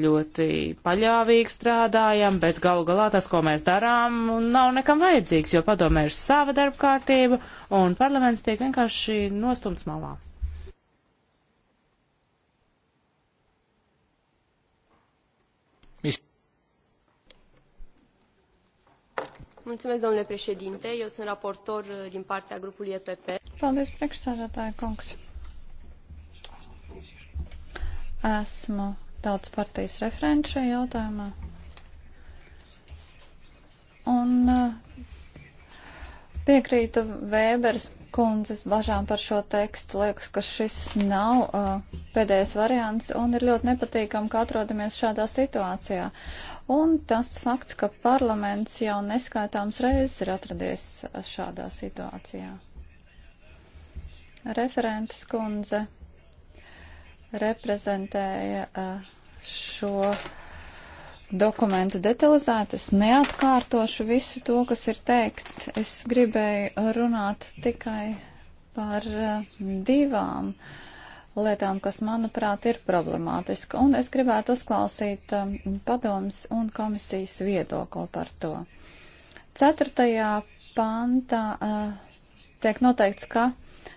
ļoti paļāvīgi strādājam, bet galu galā tas, ko mēs darām, nav nekam vajadzīgs, jo padomē ir sava darba kārtība un parlaments tiek vienkārši nostumts malā. Mulțumesc, domnule președinte. Eu sunt raportor uh, din partea grupului EPP. Paldies, priekšsādātāja kungs. Esmu tautas partijas referents šajā jautājumā. Un uh, piekrītu Vēberas kundzes bažām par šo tekstu. Liekas, ka šis nav uh, pēdējais variants un ir ļoti nepatīkam, ka atrodamies šādā situācijā. Un tas fakts, ka parlaments jau neskaitāms reizes ir atradies šādā situācijā. Referentes kundze reprezentēja šo dokumentu detalizēti. Es neatkārtošu visu to, kas ir teikts. Es gribēju runāt tikai par divām lietām, kas, manuprāt, ir problemātiska. Un es gribētu uzklausīt padoms un komisijas viedokli par to. Ceturtajā pantā tiek noteikts, ka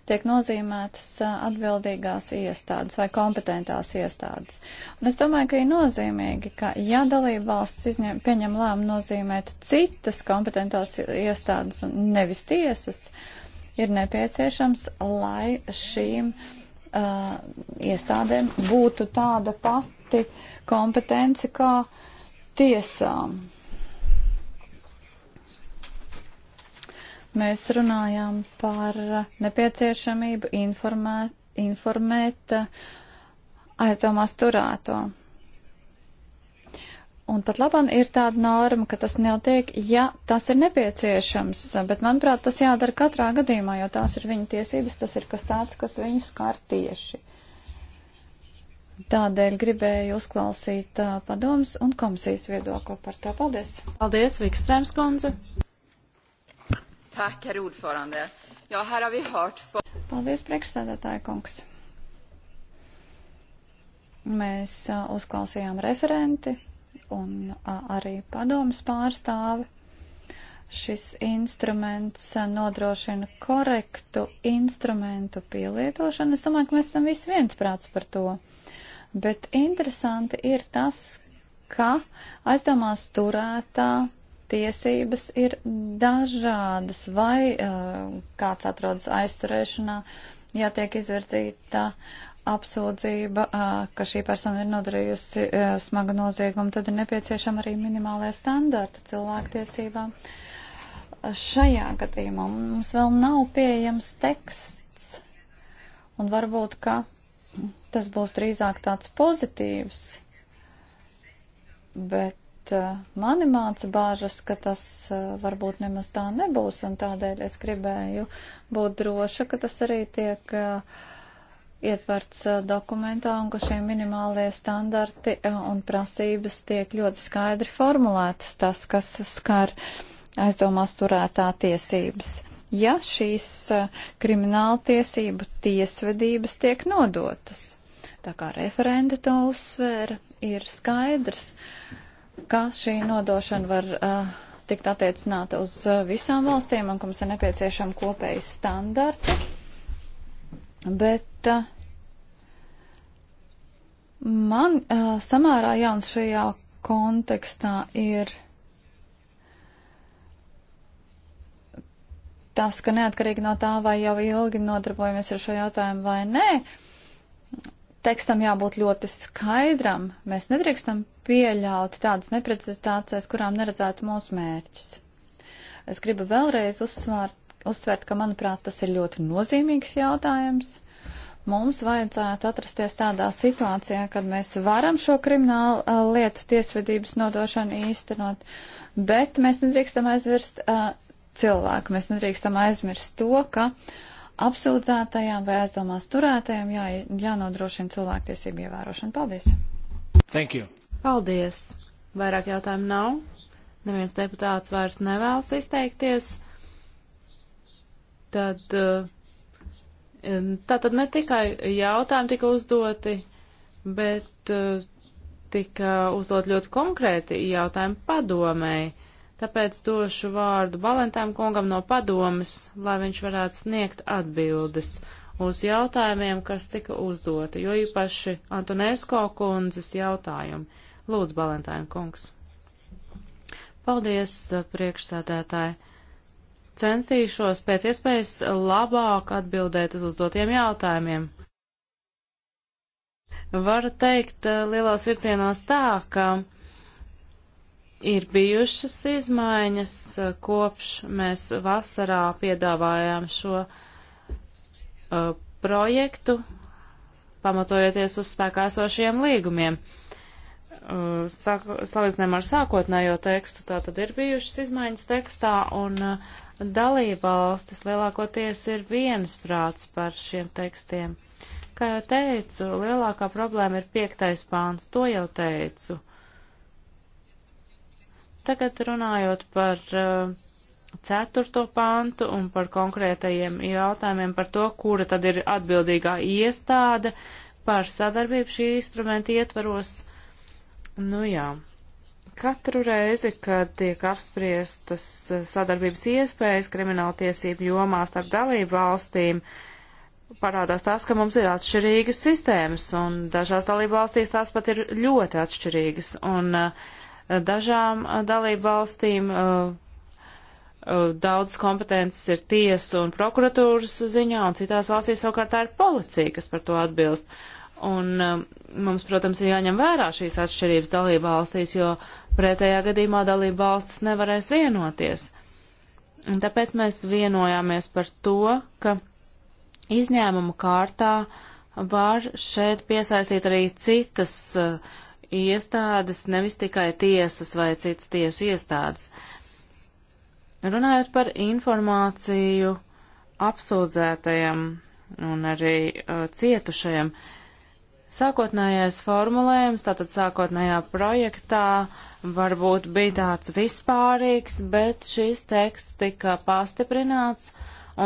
tiek nozīmētas atbildīgās iestādes vai kompetentās iestādes. Un es domāju, ka ir nozīmīgi, ka ja dalība valsts izņem, pieņem lēmumu nozīmēt citas kompetentās iestādes un nevis tiesas, ir nepieciešams, lai šīm uh, iestādēm būtu tāda pati kompetence kā tiesām. Uh, mēs runājām par nepieciešamību informēt, informēt eh, aizdomās turēto. Un pat labam ir tāda norma, ka tas notiek, ja tas ir nepieciešams, bet manuprāt, tas jādara katrā gadījumā, jo tās ir viņa tiesības, tas ir kas tāds, kas viņu skar tieši. Tādēļ gribēju uzklausīt uh, padomus un komisijas viedokli par to. Paldies! Paldies, Vikstrēms kundze! Tack, herr ordförande. Ja, här har vi hört... Paldies, priekšstādātāja kungs. Mēs a, uzklausījām referenti un a, arī padomas pārstāvi. Šis instruments a, nodrošina korektu instrumentu pielietošanu. Es domāju, ka mēs esam visi viensprāts par to. Bet interesanti ir tas, ka aizdomās turētā tiesības ir dažādas, vai uh, kāds atrodas aizturēšanā, ja tiek izvirzīta apsūdzība, uh, ka šī persona ir nodarījusi uh, smagu noziegumu, tad ir nepieciešama arī minimālajā standarta cilvēktiesībām. Šajā gadījumā mums vēl nav pieejams teksts, un varbūt, ka tas būs drīzāk tāds pozitīvs, bet bet eh, mani māca bāžas, ka tas eh, varbūt nemaz tā nebūs, un tādēļ es gribēju būt droša, ka tas arī tiek eh, ietverts dokumentā un ka šie minimālie standarti un prasības tiek ļoti skaidri formulētas, tas, kas skar aizdomās turētā tiesības. Ja šīs krimināla tiesību tiesvedības tiek nodotas, tā kā referenda to uzsvēra, ir skaidrs, ka šī nodošana var uh, tikt attiecināta uz uh, visām valstīm un ka mums ir nepieciešama kopēja standarta. Bet uh, man uh, samērā jauns šajā kontekstā ir tas, ka neatkarīgi no tā, vai jau ilgi nodarbojamies ar šo jautājumu vai nē, uh, tekstam jābūt ļoti skaidram. Mēs nedrīkstam pieļaut tādas neprecizitācijas, kurām neredzētu mūsu mērķus. Es gribu vēlreiz uzsvērt, uzsvērt, ka, manuprāt, tas ir ļoti nozīmīgs jautājums. Mums vajadzētu atrasties tādā situācijā, kad mēs varam šo kriminālu uh, lietu tiesvedības nodošanu īstenot, bet mēs nedrīkstam aizvirst uh, cilvēku, mēs nedrīkstam aizmirst to, ka uh, apsūdzētajām vai aizdomās turētajām jā, jānodrošina cilvēktiesību ievērošana. Paldies! Thank you! Paldies! Vairāk jautājumu nav. Neviens deputāts vairs nevēlas izteikties. Tad, eh, tā tad ne tikai jautājumi tika uzdoti, bet eh, tika uzdot ļoti konkrēti jautājumi padomēji Tāpēc došu vārdu Valentām kungam no padomas, lai viņš varētu sniegt atbildes uz jautājumiem, kas tika uzdoti, jo īpaši Antonēsko kundzes jautājumi. Lūdzu, Valentāna kungs. Paldies, priekšsēdētāji. Censtīšos pēc iespējas labāk atbildēt uz uzdotiem jautājumiem. Var teikt eh, lielās vircienos tā, ka ir bijušas izmaiņas, eh, kopš mēs vasarā piedāvājām šo uh, projektu, pamatojoties uz spēkā esošajiem līgumiem. Uh, Salīdzinām ar sākotnējo tekstu, tā tad ir bijušas izmaiņas tekstā, un uh, dalībvalstis lielākoties ir viensprāts par šiem tekstiem. Kā jau teicu, lielākā problēma ir piektais pāns, to jau teicu. Uh, Tagad runājot par uh, ceturto pantu un par konkrētajiem jautājumiem par to, kura tad ir atbildīgā iestāde par sadarbību šī instrumenta ietvaros. Nu jā, katru reizi, kad tiek apspriestas uh, sadarbības iespējas krimināltiesību jomā starp dalību valstīm, parādās tās, ka mums ir atšķirīgas sistēmas, un dažās dalību valstīs tās pat ir ļoti atšķirīgas. Un, uh, dažām dalību valstīm. Daudz kompetences ir tiesu un prokuratūras ziņā, un citās valstīs savukārt tā ir policija, kas par to atbilst. Un mums, protams, ir jāņem vērā šīs atšķirības dalību valstīs, jo pretējā gadījumā dalību valstis nevarēs vienoties. Un tāpēc mēs vienojāmies par to, ka izņēmumu kārtā var šeit piesaistīt arī citas uh, iestādes, nevis tikai tiesas vai citas tiesu iestādes. Runājot par informāciju apsūdzētajam un arī uh, cietušajam, sākotnējais formulējums, tātad sākotnējā projektā varbūt bija tāds vispārīgs, bet šīs teksts tika pastiprināts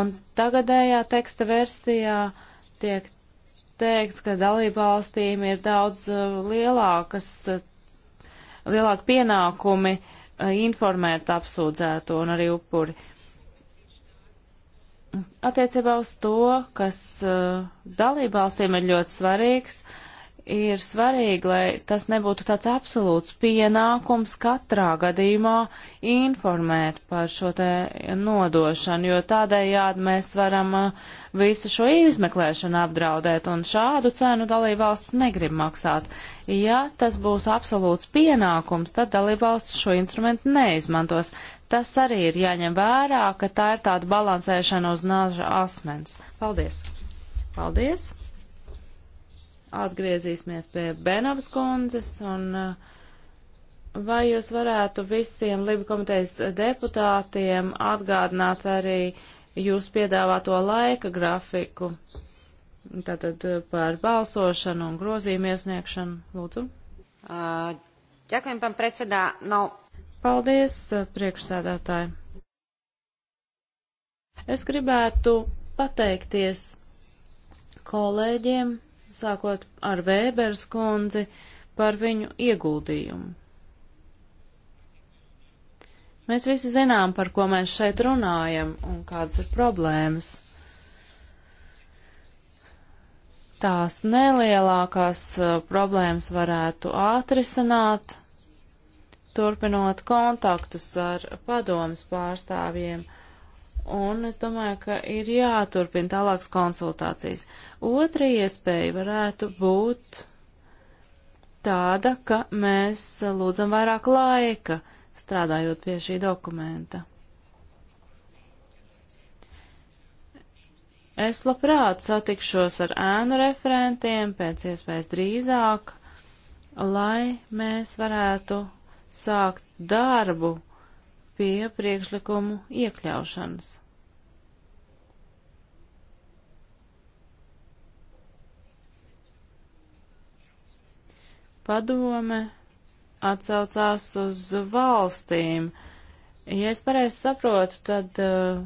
un tagadējā teksta versijā tiek teikts, ka dalībvalstīm ir daudz uh, lielākas, uh, lielāki pienākumi uh, informēt apsūdzēto un arī upuri. Attiecībā uz to, kas dalībvalstīm ir ļoti svarīgs, uh, ir svarīgi, lai tas nebūtu tāds absolūts pienākums katrā gadījumā informēt par šo te nodošanu, jo tādējādi mēs varam uh, visu šo izmeklēšanu apdraudēt, un šādu cenu dalībvalsts negrib maksāt. Ja tas būs absolūts pienākums, tad dalībvalsts šo instrumentu neizmantos. Tas arī ir jāņem vērā, ka tā ir tāda balansēšana uz nāža asmens. Paldies! Paldies! atgriezīsimies pie Benavas kundzes un uh, vai jūs varētu visiem Libu komitejas deputātiem atgādināt arī jūs piedāvāto laika grafiku, tātad uh, par balsošanu un grozījumu iesniegšanu? Lūdzu. Uh, ďakujem, pán predsedā. No. Paldies, uh, priekšsēdētāji. Es gribētu pateikties kolēģiem sākot ar Vēbers kundzi par viņu ieguldījumu. Mēs visi zinām, par ko mēs šeit runājam un kādas ir problēmas. Tās nelielākās uh, problēmas varētu atrisināt, turpinot kontaktus ar padomas pārstāvjiem. Uh, un es domāju, ka ir jāturpina tālākas konsultācijas. Otra iespēja varētu būt tāda, ka mēs lūdzam vairāk laika strādājot pie šī dokumenta. Es labprāt satikšos ar ēnu referentiem pēc iespējas drīzāk, lai mēs varētu sākt darbu pie priekšlikumu iekļaušanas. Padome atsaucās uz valstīm. Ja es pareizi saprotu, tad uh,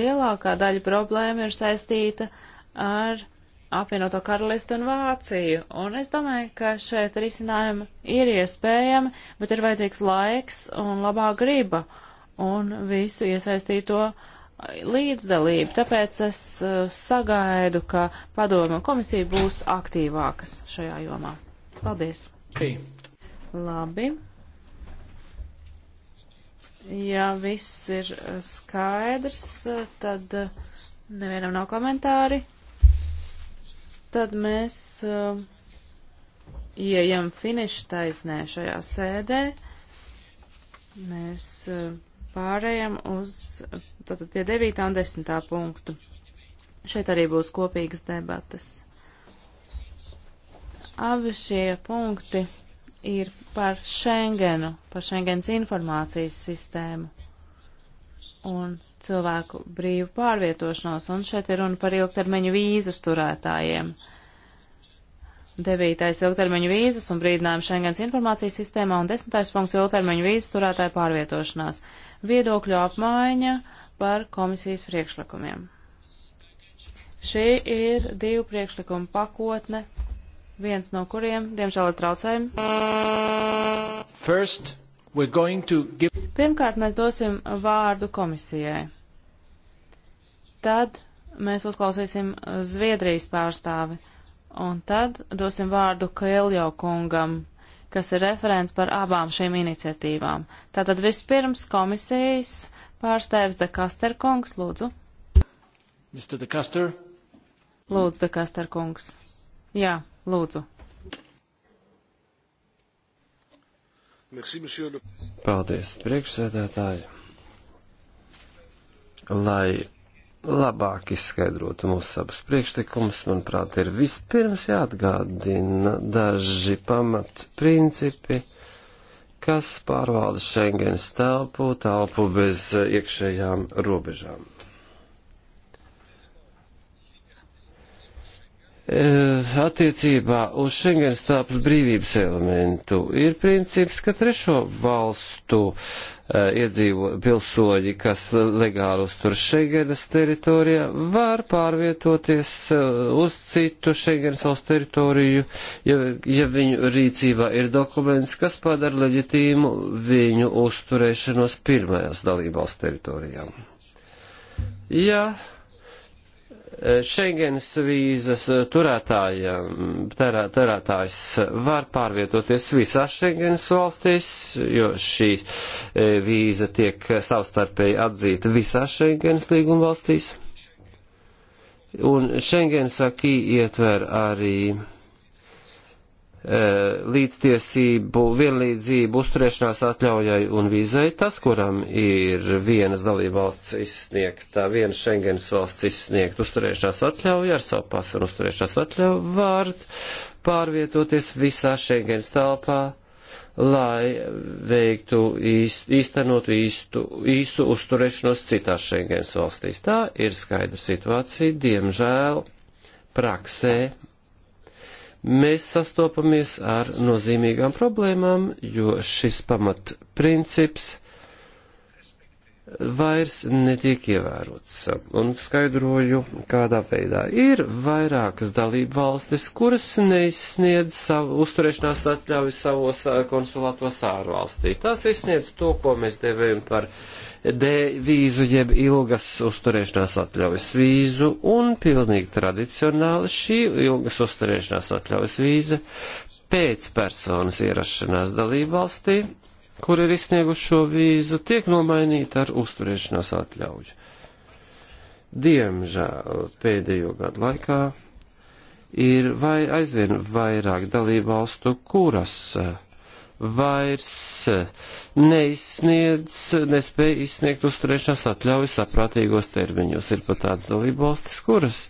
lielākā daļa problēma ir saistīta ar apvienoto karalistu un Vāciju. Un es domāju, ka šeit risinājumi ir iespējami, bet ir vajadzīgs laiks un labā griba un visu iesaistīto līdzdalību. Tāpēc es uh, sagaidu, ka padoma komisija būs aktīvākas šajā jomā. Paldies! Okay. Labi. Ja viss ir uh, skaidrs, uh, tad nevienam nav komentāri tad mēs uh, ieejam finišu taisnē šajā sēdē. Mēs uh, pārējam uz, tātad pie 9. un 10. punktu. Šeit arī būs kopīgas debatas. Abi šie punkti ir par Schengenu, par Schengens informācijas sistēmu. Un cilvēku brīvu pārvietošanos, un šeit ir runa par ilgtermiņu vīzas turētājiem. Devītais ilgtermiņu vīzas un brīdinājums Schengens informācijas sistēmā un desmitais punkts ilgtermiņu vīzas turētāju pārvietošanās. Viedokļu apmaiņa par komisijas priekšlikumiem. Šī ir divu priekšlikumu pakotne, viens no kuriem, diemžēl, ir traucējumi. First, give... Pirmkārt, mēs dosim vārdu komisijai. Tad mēs uzklausīsim Zviedrijas pārstāvi, un tad dosim vārdu Kailjo kungam, kas ir referents par abām šīm iniciatīvām. Tātad vispirms komisijas pārstāvis De Kaster kungs, lūdzu. Mr. De Kaster. Lūdzu, De Kaster kungs. Jā, lūdzu. Paldies, priekšsēdētāji. Lai labāk izskaidrotu mūsu abus priekšlikumus, manuprāt, ir vispirms jāatgādina daži pamats principi, kas pārvalda Schengens telpu, telpu bez iekšējām robežām. E, attiecībā uz Schengens telpas brīvības elementu ir princips, ka trešo valstu uh, Eh, iedzīvo pilsoņi, kas legāli uztur Šeigenas teritorijā, var pārvietoties eh, uz citu Šeigenas valsts teritoriju, ja, ja viņu rīcībā ir dokuments, kas padara leģitīmu viņu uzturēšanos pirmajās dalībvalsts teritorijām. Ja Šengens eh, vīzas eh, turētājiem, terā, terētājs var pārvietoties visās Šengens valstīs, jo šī eh, vīza tiek savstarpēji atzīta visās Šengens līguma valstīs. Un Šengens akī ietver arī E, līdztiesību, vienlīdzību, uzturēšanās atļaujai un vīzai, tas, kuram ir vienas dalībvalsts izsniegta, viena Schengens valsts izsniegta uzturēšanās atļauja ar savu pasu un uzturēšanās atļauju, var pārvietoties visā Schengens telpā, lai veiktu īs, īstenot īstu, īsu uzturēšanos citās Schengens valstīs. Tā ir skaidra situācija, diemžēl praksē mēs sastopamies ar nozīmīgām problēmām, jo šis pamatprincips vairs netiek ievērots. Un skaidroju, kādā veidā ir vairākas dalība valstis, kuras neizsniedz savu uzturēšanās atļauju savos konsulātos ārvalstī. Tas izsniedz to, ko mēs devējam par uh, devīzu jeb ilgas uzturēšanās atļaujas vīzu un pilnīgi tradicionāli šī ilgas uzturēšanās atļaujas vīza pēc personas ierašanās dalību valstī, kur ir izsnieguši šo vīzu, tiek nomainīta ar uzturēšanās atļauju. Diemžēl pēdējo gadu laikā ir vai aizvien vairāk dalību valstu, kuras uh, vairs eh, neizsniedz, nespēja izsniegt uzturēšanās atļauju saprātīgos termiņos. Ir pat tādas dalība valstis, kuras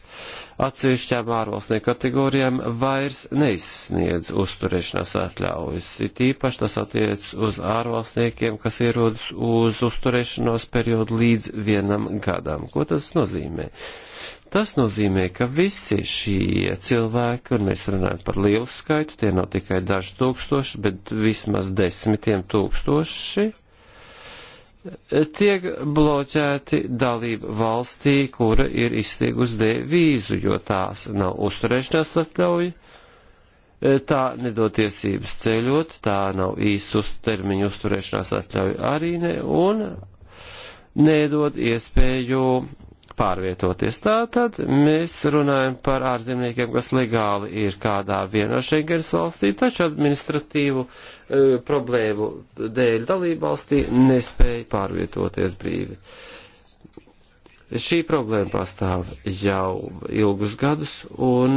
atsevišķām ārvalstnieku kategorijām vairs neizsniedz uzturēšanās atļaujas. It īpaši tas attiec uz ārvalstniekiem, kas ierodas uz uzturēšanos periodu līdz vienam gadam. Ko tas nozīmē? Tas nozīmē, ka visi šie cilvēki, un mēs runājam par lielu skaitu, tie nav tikai daži tūkstoši, bet vismaz desmitiem tūkstoši, tiek bloķēti dalība valstī, kura ir izstiegus D vīzu, jo tās nav uzturēšanās atļauja, tā nedod tiesības ceļot, tā nav īsu termiņu uzturēšanās atļauja arī ne, un nedod iespēju pārvietoties. Tātad mēs runājam par ārzemniekiem, kas legāli ir kādā vienā Schengens valstī, taču administratīvu e, problēmu dēļ dalībvalstī nespēja pārvietoties brīvi. Šī problēma pastāv jau ilgus gadus, un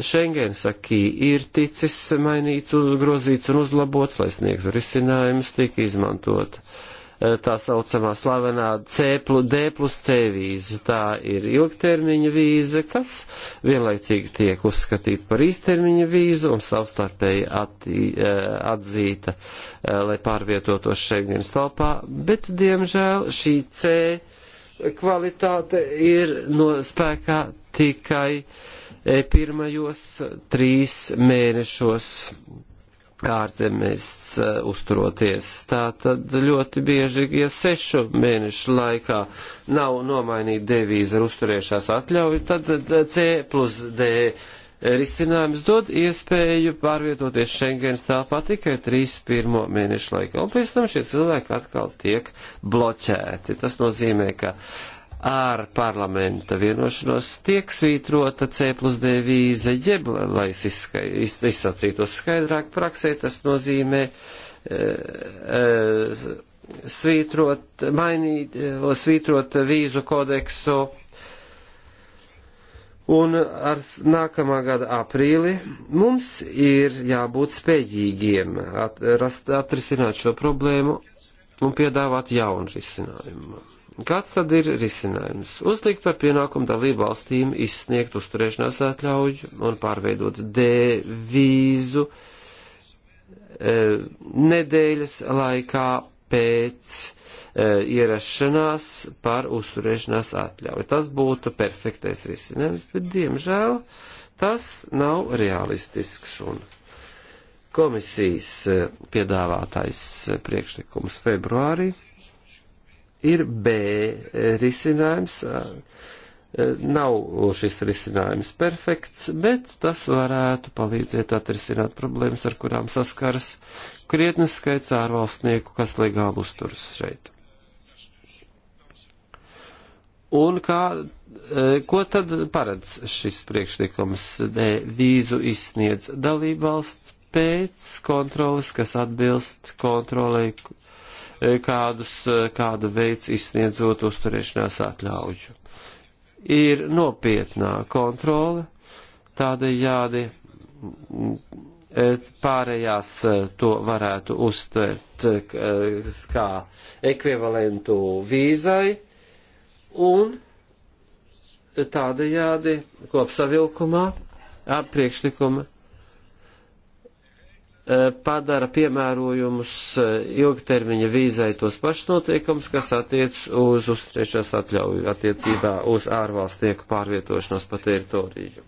Schengens akī ir ticis mainīts, grozīts un uzlabots, lai sniegtu risinājumus, tika izmantot uh, Eh, tā saucamā slavenā C plus, D plus C vīza. Tā ir ilgtermiņa vīza, kas vienlaicīgi tiek uzskatīta par īstermiņa vīzu un savstarpēji atti, eh, atzīta, eh, lai pārvietotos Schengens telpā, bet diemžēl šī C kvalitāte ir no spēkā tikai pirmajos trīs mēnešos ārzemēs uh, eh, uzturoties. Tā tad ļoti bieži, ja sešu mēnešu laikā nav nomainīta devīza ar uzturēšanās atļauju, tad eh, C plus D risinājums dod iespēju pārvietoties Schengens telpā tikai 3-1 mēnešu laikā. Un pēc tam šie cilvēki atkal tiek bloķēti. Tas nozīmē, ka uh, ar parlamenta vienošanos tiek svītrota C plus D vīze, jeb, lai es izsacītos skaidrāk, praksē tas nozīmē e, e, svītrot, mainīt, e, svītrot vīzu kodeksu Un ar nākamā gada aprīli mums ir jābūt spējīgiem at, rast, atrisināt šo problēmu un piedāvāt jaunu risinājumu. Kāds tad ir risinājums? Uzlikt par pienākumu dalību valstīm izsniegt uzturēšanās atļauju un pārveidot devīzu e, nedēļas laikā pēc e, ierašanās par uzturēšanās atļauju. Tas būtu perfektais risinājums, bet diemžēl tas nav realistisks un komisijas e, piedāvātais e, priekšlikums februārī ir B risinājums. Nav šis risinājums perfekts, bet tas varētu palīdzēt atrisināt problēmas, ar kurām saskaras krietnes skaits ārvalstnieku, kas legāli uzturas šeit. Un kā, e, ko tad paredz šis priekšlikums? D. E, vīzu izsniedz dalībvalsts pēc kontrolas, kas atbilst kontrolei, kādus, kāda veids izsniedzot uzturēšanās atļauju. Ir nopietnā kontrole, tādējādi mm, e, pārējās e, to varētu uztvert e, kā ekvivalentu vīzai un tādējādi kopsavilkumā ar priekšlikuma Eh, padara piemērojumus eh, ilgtermiņa vīzai tos pašnoteikums, kas attiec uz uzturēšanās atļauju attiecībā uz ārvalstnieku pārvietošanos pa teritoriju.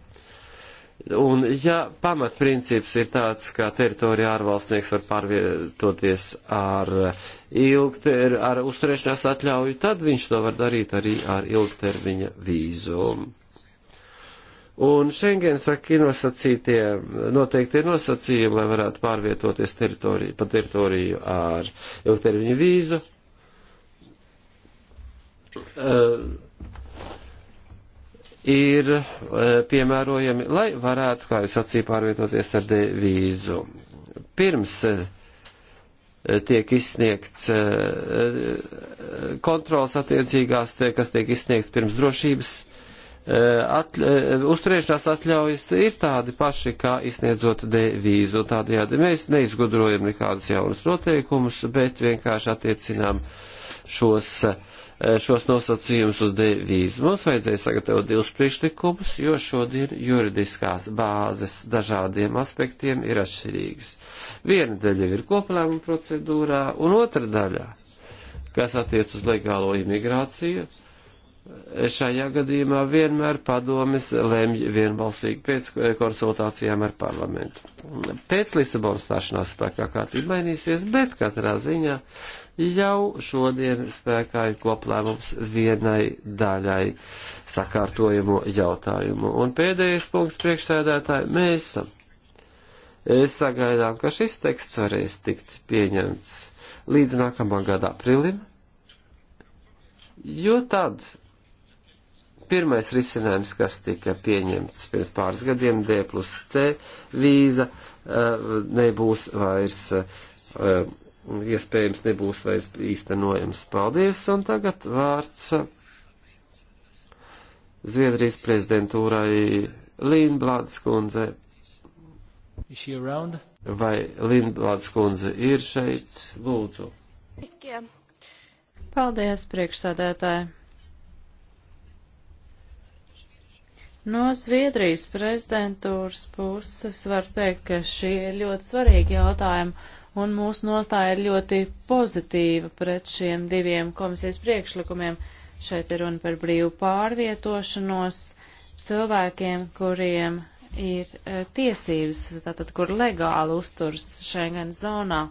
Un ja pamatprincips ir tāds, ka teritorija ārvalstnieks var pārvietoties ar, eh, ilgter, ar uzturēšanās atļauju, tad viņš to var darīt arī ar ilgtermiņa vīzumu. Un Schengen saka, ir nosacītie, noteikti ir nosacījumi, lai varētu pārvietoties teritoriju, pa teritoriju ar ilgtermiņu vīzu. Uh, ir uh, piemērojami, lai varētu, kā es sacīju, pārvietoties ar devīzu. Pirms uh, tiek izsniegts kontrols attiecīgās, tie, kas tiek izsniegts pirms drošības Eh, atļa, eh, uzturēšanās atļaujas ir tādi paši, kā izsniedzot devīzu. Tādējādi mēs neizgudrojam nekādus jaunus noteikumus, bet vienkārši attiecinām šos, eh, šos nosacījumus uz devīzu. Mums vajadzēja sagatavot divus priekšlikumus, jo šodien juridiskās bāzes dažādiem aspektiem ir atšķirīgas. Viena daļa ir koplēmuma procedūrā, un otra daļa, kas attiec uz legālo imigrāciju, šajā gadījumā vienmēr padomis lemj vienbalsīgi pēc konsultācijām ar parlamentu. Pēc Lisabonas stāšanās spēkā kārtība mainīsies, bet katrā ziņā jau šodien spēkā ir koplēmums vienai daļai sakārtojumu jautājumu. Un pēdējais punkts priekšsēdētāji, mēs sagaidām, ka šis teksts varēs tikt pieņemts līdz nākamā gada aprīlim, jo tad Pirmais risinājums, kas tika pieņemts pirms pāris gadiem, D plus C vīza, eh, nebūs vairs eh, iespējams nebūs vairs īstenojams. Paldies, un tagad vārds eh, Zviedrijas prezidentūrai Līnblāds kundze. Vai Līnblāds kundze ir šeit? Lūdzu. Paldies, priekšsādētāji. No Zviedrijas prezidentūras puses var teikt, ka šie ir ļoti svarīgi jautājumi, un mūsu nostāja ir ļoti pozitīva pret šiem diviem komisijas priekšlikumiem. Šeit ir runa par brīvu pārvietošanos cilvēkiem, kuriem ir e, tiesības, tātad, kur legāli uzturs Schengen zonā.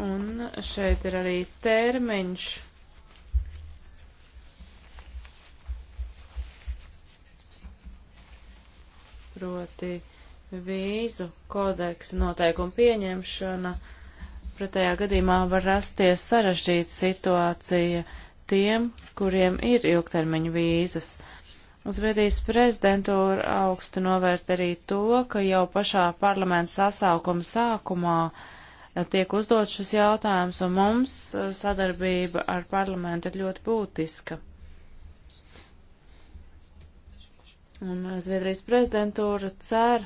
Un šeit ir arī termiņš proti vīzu kodeksa noteikumu pieņemšana. Pretējā gadījumā var rasties sarežģīta situācija tiem, kuriem ir ilgtermiņu vīzas. Zviedrijas prezidentūra augstu novērt arī to, ka jau pašā parlamenta sasaukuma sākumā tiek uzdot šis jautājums, un mums eh, sadarbība ar parlamentu ir ļoti būtiska. Un uh, Zviedrijas prezidentūra cer,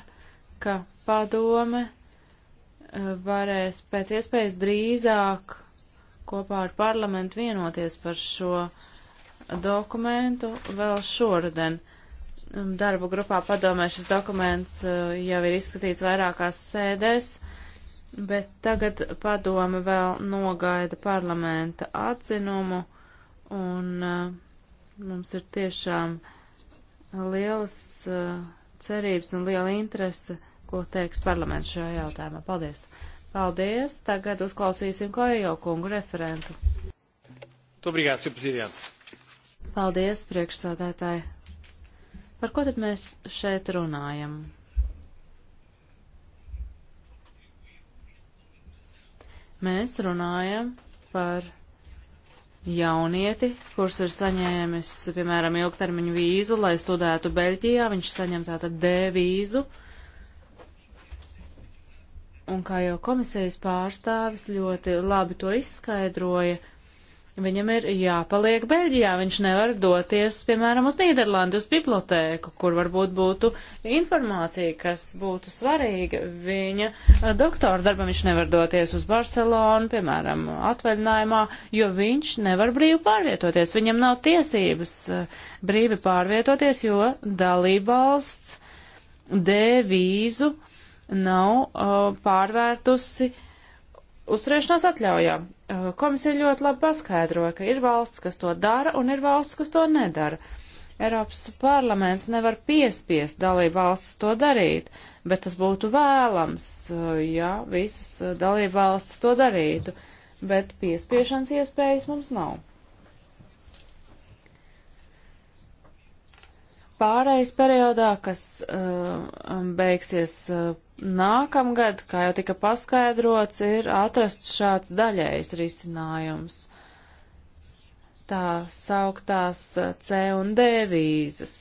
ka padome uh, varēs pēc iespējas drīzāk kopā ar parlamentu vienoties par šo dokumentu vēl šoruden. Um, darba grupā padomē šis dokuments uh, jau ir izskatīts vairākās sēdēs, bet tagad padome vēl nogaida parlamenta atzinumu un mums ir tiešām uh, lielas eh, cerības un liela interese, ko teiks parlaments šajā jautājumā. Paldies! Paldies! Tagad uzklausīsim Korejo kungu referentu. Dobrīgās, jau prezidents! Paldies, priekšsādētāji! Par ko tad mēs šeit runājam? Mēs runājam par jaunieti, kurš ir saņēmis, piemēram, ilgtermiņu vīzu, lai studētu Beļģijā. Viņš saņem tātad D vīzu. Un kā jau komisijas pārstāvis ļoti labi to izskaidroja, uh, Viņam ir jāpaliek Beļģijā, viņš nevar doties, piemēram, uz Nīderlandi, uz bibliotēku, kur varbūt būtu informācija, kas būtu svarīga. Viņa eh, doktora darbam viņš nevar doties uz Barcelonu, piemēram, atvaļinājumā, jo viņš nevar brīvi pārvietoties. Viņam nav tiesības eh, brīvi pārvietoties, jo dalībvalsts devīzu nav uh, pārvērtusi uh, uzturēšanās atļaujām. Komisija ļoti labi paskaidroja, ka ir valsts, kas to dara, un ir valsts, kas to nedara. Eiropas parlaments nevar piespiest dalību valsts to darīt, bet tas būtu vēlams, ja visas dalību valsts to darītu, bet piespiešanas iespējas mums nav. Pārējais periodā, kas uh, beigsies uh, nākamgad, kā jau tika paskaidrots, ir atrasts šāds daļējs risinājums. Tā sauktās C un D vīzas,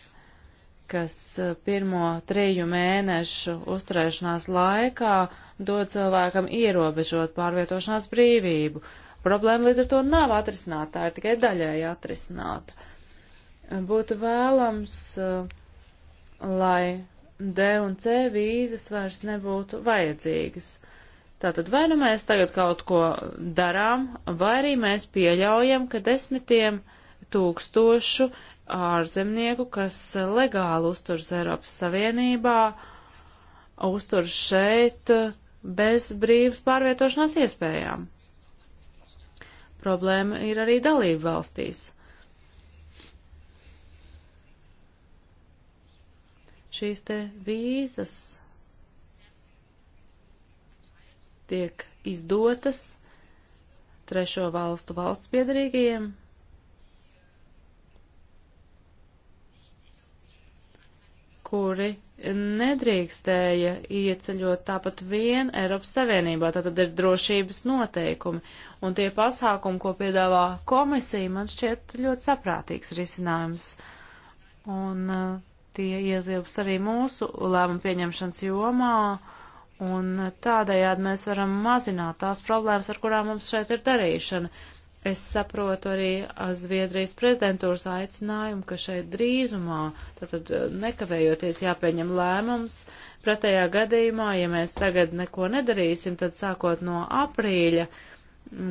kas pirmo triju mēnešu uzturēšanās laikā dod cilvēkam ierobežot pārvietošanās brīvību. Problēma līdz ar to nav atrisināta, tā ir tikai daļēji atrisināta. Būtu vēlams, eh, lai D un C vīzas vairs nebūtu vajadzīgas. Tātad vai nu mēs tagad kaut ko darām, vai arī mēs pieļaujam, ka desmitiem tūkstošu ārzemnieku, kas legāli uzturas Eiropas Savienībā, uzturas šeit bez brīvas pārvietošanās iespējām. Problēma ir arī dalība valstīs. Šīs te vīzas tiek izdotas trešo valstu valsts piedarīgajiem, kuri nedrīkstēja ieceļot tāpat vien Eiropas Savienībā. Tātad ir drošības noteikumi. Un tie pasākumi, ko piedāvā komisija, man šķiet ļoti saprātīgs risinājums. Un uh, tie ietilps arī mūsu lēmumu pieņemšanas jomā, un tādējādi mēs varam mazināt tās problēmas, ar kurām mums šeit ir darīšana. Es saprotu arī Zviedrijas prezidentūras aicinājumu, ka šeit drīzumā, tātad nekavējoties jāpieņem lēmums, pretējā gadījumā, ja mēs tagad neko nedarīsim, tad sākot no aprīļa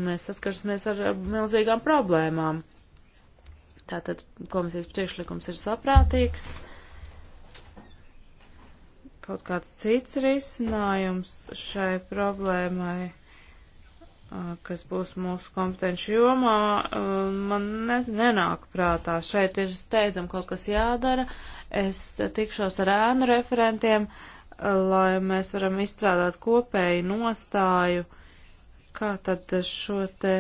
mēs saskarsimies ar milzīgām problēmām. Tātad komisijas priekšlikums ir saprātīgs kaut kāds cits risinājums šai problēmai, kas būs mūsu kompetenci jomā, man ne, nenāk prātā. Šeit ir steidzam kaut kas jādara. Es tikšos ar ēnu referentiem, lai mēs varam izstrādāt kopēju nostāju, kā tad šo te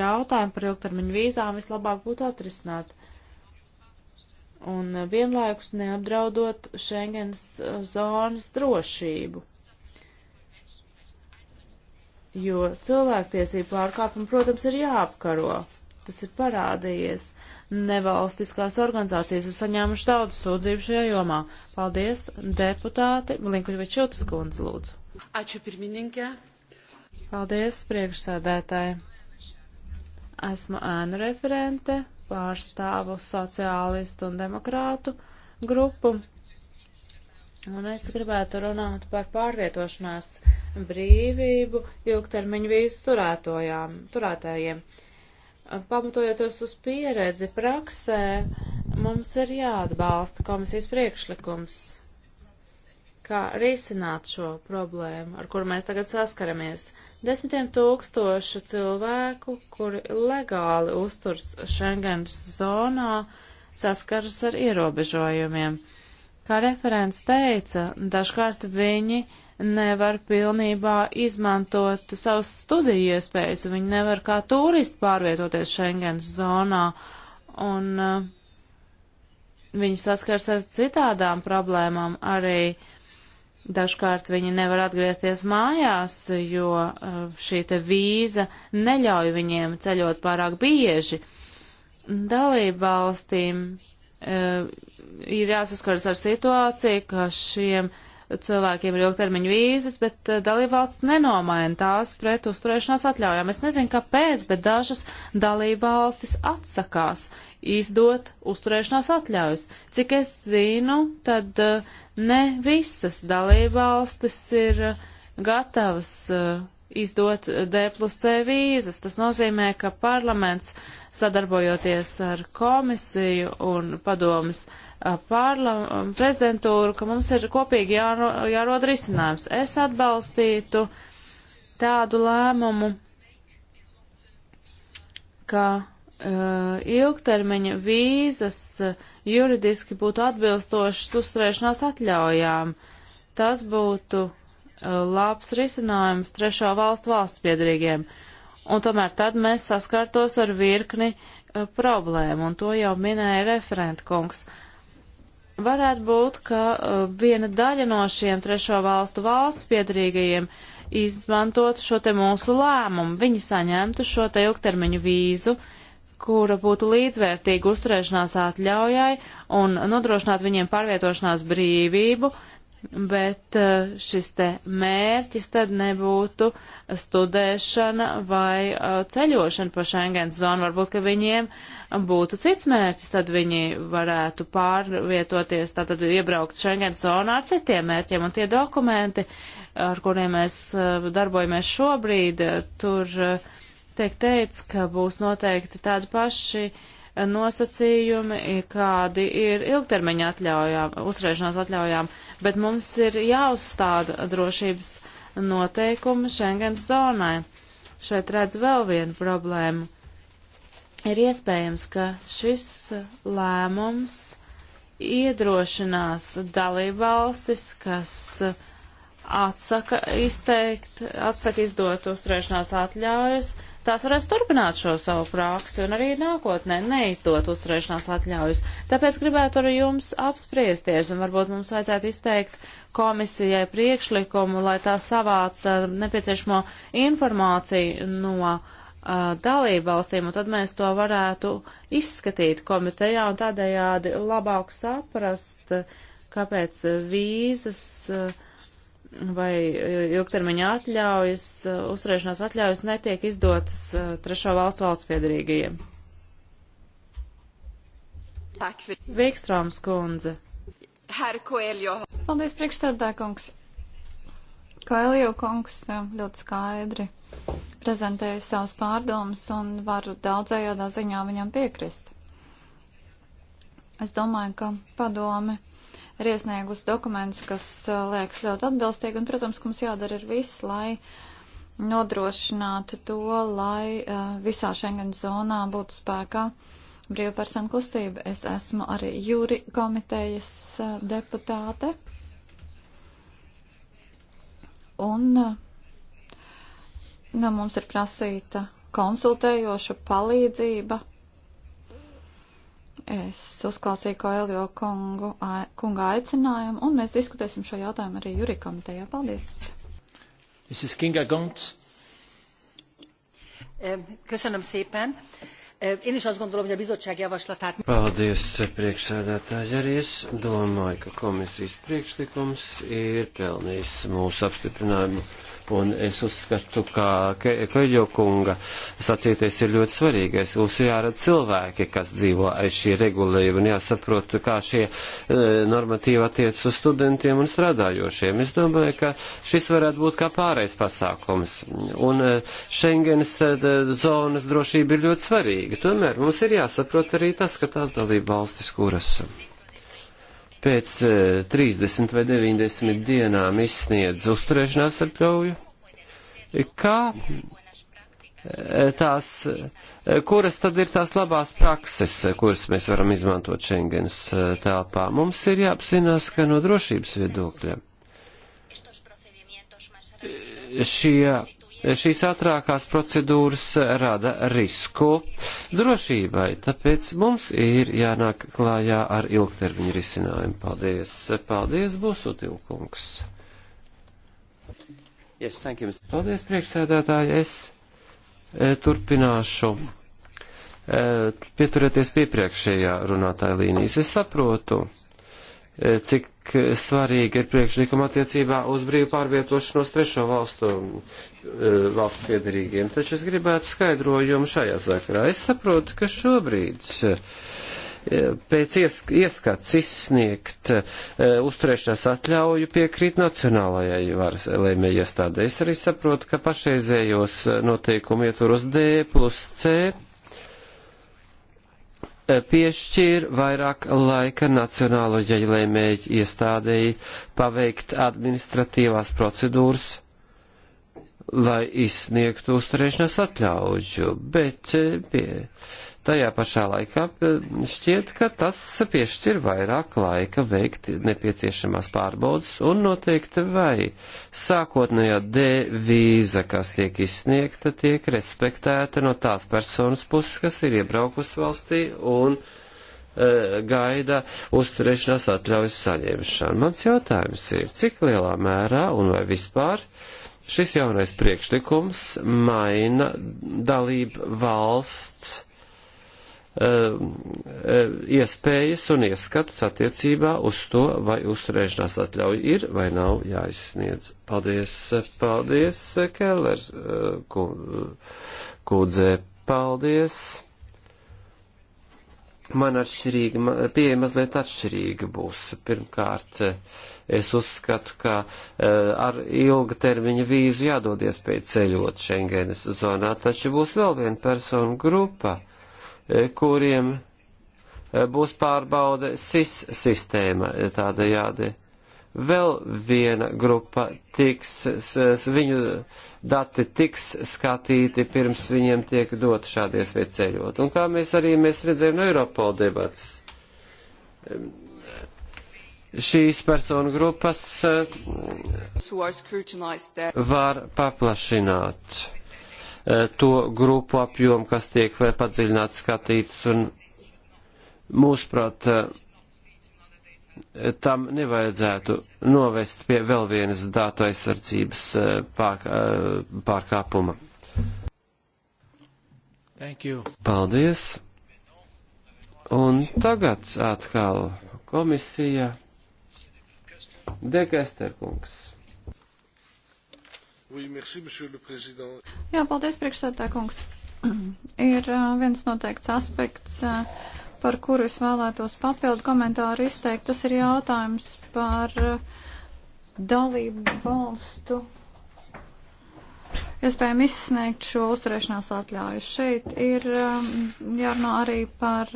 jautājumu par ilgtermiņu vīzām vislabāk būtu atrisināt. Uh, un vienlaikus neapdraudot Schengens eh, zonas drošību. Jo cilvēktiesību pārkāpumi, protams, ir jāapkaro. Tas ir parādījies. Nevalstiskās organizācijas ir saņēmušas daudz sūdzību šajā jomā. Paldies, deputāti. Linkuļvičs Jūtas kundze, lūdzu. Aču pirmininkē. Paldies, priekšsādētāji. Esmu ēnu referente pārstāvu sociālistu un demokrātu grupu. Un es gribētu runāt par pārvietošanās brīvību ilgtermiņu vīzu turētājiem. Pamatojoties uz pieredzi praksē, mums ir jāatbalsta komisijas priekšlikums, kā risināt šo problēmu, ar kuru mēs tagad saskaramies. Uh, desmitiem tūkstošu cilvēku, kuri legāli uzturs Schengens zonā, saskaras ar ierobežojumiem. Kā referents teica, dažkārt viņi nevar pilnībā izmantot savus studiju iespējas, viņi nevar kā turisti pārvietoties Schengens zonā, un uh, viņi saskars ar citādām problēmām arī uh, Dažkārt viņi nevar atgriezties mājās, jo uh, šī te vīza neļauj viņiem ceļot pārāk bieži. Dalība valstīm uh, ir jāsaskaras ar situāciju, ka šiem cilvēkiem ir ilgtermiņu vīzes, bet eh, dalībvalsts nenomaina tās pret uzturēšanās atļaujām. Es nezinu, kāpēc, bet dažas dalībvalstis atsakās izdot uzturēšanās atļaujas. Cik es zinu, tad eh, ne visas dalībvalstis ir eh, gatavas izdot D plus C vīzas. Tas nozīmē, ka parlaments, sadarbojoties ar komisiju un padomas Uh, pārlam, um, prezidentūru, ka mums ir kopīgi jāro, jārod risinājums. Es atbalstītu tādu lēmumu, ka uh, ilgtermiņa vīzas uh, juridiski būtu atbilstošas uzturēšanās atļaujām. Tas būtu uh, labs risinājums trešo valstu valsts piedrīgiem. Un tomēr tad mēs saskārtos ar virkni uh, problēmu, un to jau minēja referentkungs. kungs Varētu būt, ka uh, viena daļa no šiem trešo valstu valsts piedarīgajiem izmantot šo te mūsu lēmumu. Viņi saņemtu šo te ilgtermiņu vīzu, kura būtu līdzvērtīga uzturēšanās atļaujai un nodrošināt viņiem pārvietošanās brīvību, uh, bet eh, šis te mērķis tad nebūtu studēšana vai eh, ceļošana pa Schengens zonu. Varbūt, ka viņiem būtu cits mērķis, tad viņi varētu pārvietoties, tātad iebraukt Schengens zonā ar citiem mērķiem un tie dokumenti, ar kuriem mēs eh, darbojamies šobrīd, tur tiek teica, ka būs noteikti tādi paši uh, nosacījumi, kādi ir ilgtermiņa atļaujām, uzturēšanās atļaujām, bet mums ir jāuzstāda drošības noteikumi Schengen zonai. Šeit redz vēl vienu problēmu. Ir iespējams, ka šis lēmums iedrošinās dalībvalstis, kas atsaka izteikt, atsaka izdot uzturēšanās atļaujas, uh, tās varēs turpināt šo savu praksi un arī nākotnē neizdot uzturēšanās atļaujas. Tāpēc gribētu ar jums apspriesties un varbūt mums vajadzētu izteikt komisijai priekšlikumu, lai tā savāc nepieciešamo informāciju no uh, dalību valstīm, un tad mēs to varētu izskatīt komitejā un tādējādi labāk saprast, kāpēc vīzas uh, vai ilgtermiņa atļaujas, uh, uzturēšanās atļaujas netiek izdotas uh, trešo valstu valsts piedarīgajiem. Vīkstrāms kundze. Paldies, priekšstādā kungs. Koelio kungs uh, ļoti skaidri prezentēja savus pārdomus un varu daudzējādā ziņā viņam piekrist. Es domāju, ka padome ir iesniegusi dokumentus, kas uh, liekas ļoti atbilstīgi, un, protams, mums jādara ir viss, lai nodrošinātu to, lai uh, visā Schengen zonā būtu spēkā brīvpersonu kustība. Es esmu arī jūri komitejas uh, deputāte. Un no nu, mums ir prasīta konsultējoša palīdzība Es uzklausīju Koelio kungu, a, kunga aicinājumu, un mēs diskutēsim šo jautājumu arī Jurija komitejā. Paldies! Mrs. Kinga Gonts. Köszönöm szépen. Én is azt gondolom, hogy a bizottság javaslatát... Paldies, priekšsēdētāji. Arī es domāju, ka komisijas priekšlikums ir pelnījis mūsu apstiprinājumu. Un es uzskatu, ka Kaļo kunga sacīties ir ļoti svarīgais. Mums jārada cilvēki, kas dzīvo aiz šī regulējuma un jāsaprot, kā šie e, normatīvi attiec uz studentiem un strādājošiem. Es domāju, ka šis varētu būt kā pārējais pasākums. Un e, Schengenas e, zonas drošība ir ļoti svarīga svarīgi. Tomēr mums ir jāsaprot arī tas, ka tās dalība valstis, kuras pēc 30 e, vai 90 dienām izsniedz uzturēšanās atļauju, kā e, tās, e, kuras tad ir tās labās prakses, kuras mēs varam izmantot Schengens telpā. Mums ir jāapzinās, ka no drošības viedokļa šie šīs ātrākās procedūras rada risku drošībai, tāpēc mums ir jānāk klājā ar ilgtermiņa risinājumu. Paldies, paldies, Busutilkungs. Yes, thank you, Mr. Paldies, priekšsēdētāji, es e, turpināšu e, pieturēties pie priekšējā runātāja līnijas. Es saprotu, e, cik cik svarīgi ir priekšlikuma attiecībā uz brīvu pārvietošanos trešo valstu e, valsts piedarīgiem. Taču es gribētu skaidrojumu šajā sakarā. Es saprotu, ka šobrīd e, pēc ieskats izsniegt e, uzturēšanās atļauju piekrīt nacionālajai varas lēmējiestādē. Es arī saprotu, ka pašreizējos noteikumu ietvaros D plus C piešķīra vairāk laika Nacionālajai lēmēji iestādēji paveikt administratīvās procedūras, lai izsniegtu uzturēšanās atļauju, bet eh, pie, Tajā pašā laikā eh, šķiet, ka tas piešķir vairāk laika veikt nepieciešamās pārbaudas un noteikti vai sākotnējā devīza, kas tiek izsniegta, tiek respektēta no tās personas puses, kas ir iebraukusi valstī un eh, gaida uzturēšanās atļaujas saņemšanu. Mans jautājums ir, cik lielā mērā un vai vispār šis jaunais priekšlikums maina dalību valsts Eh, iespējas un ieskats attiecībā uz to, vai uzturēšanās atļauja ir vai nav jāizsniedz. Paldies, paldies, Keller eh, kūdzē, paldies. Man atšķirīga, pieeja mazliet atšķirīga būs. Pirmkārt, es uzskatu, ka eh, ar ilga termiņa vīzu jādod iespēja ceļot Schengenes zonā, taču būs vēl viena persona grupa E, kuriem e, būs pārbaude SIS sistēma e, tādējādi. Vēl viena grupa tiks, viņu dati tiks skatīti pirms viņiem tiek dot šādi iespēja ceļot. Un kā mēs arī mēs redzējām no Eiropola debatas, šīs personu grupas var paplašināt. Eh, to grupu apjomu, kas tiek padziļināti skatītas, un mūsuprāt, eh, tam nevajadzētu novest pie vēl vienas datu aizsardzības eh, pārkāpuma. Paldies! Un tagad atkal komisija Dekesterkungs. Oui, merci, Jā, paldies, priekšsētā kungs. Ir viens noteikts aspekts, par kuru es vēlētos papildu komentāru izteikt. Tas ir jautājums par dalību valstu iespējami izsniegt šo uzturēšanās atļauju. Šeit ir jārunā arī par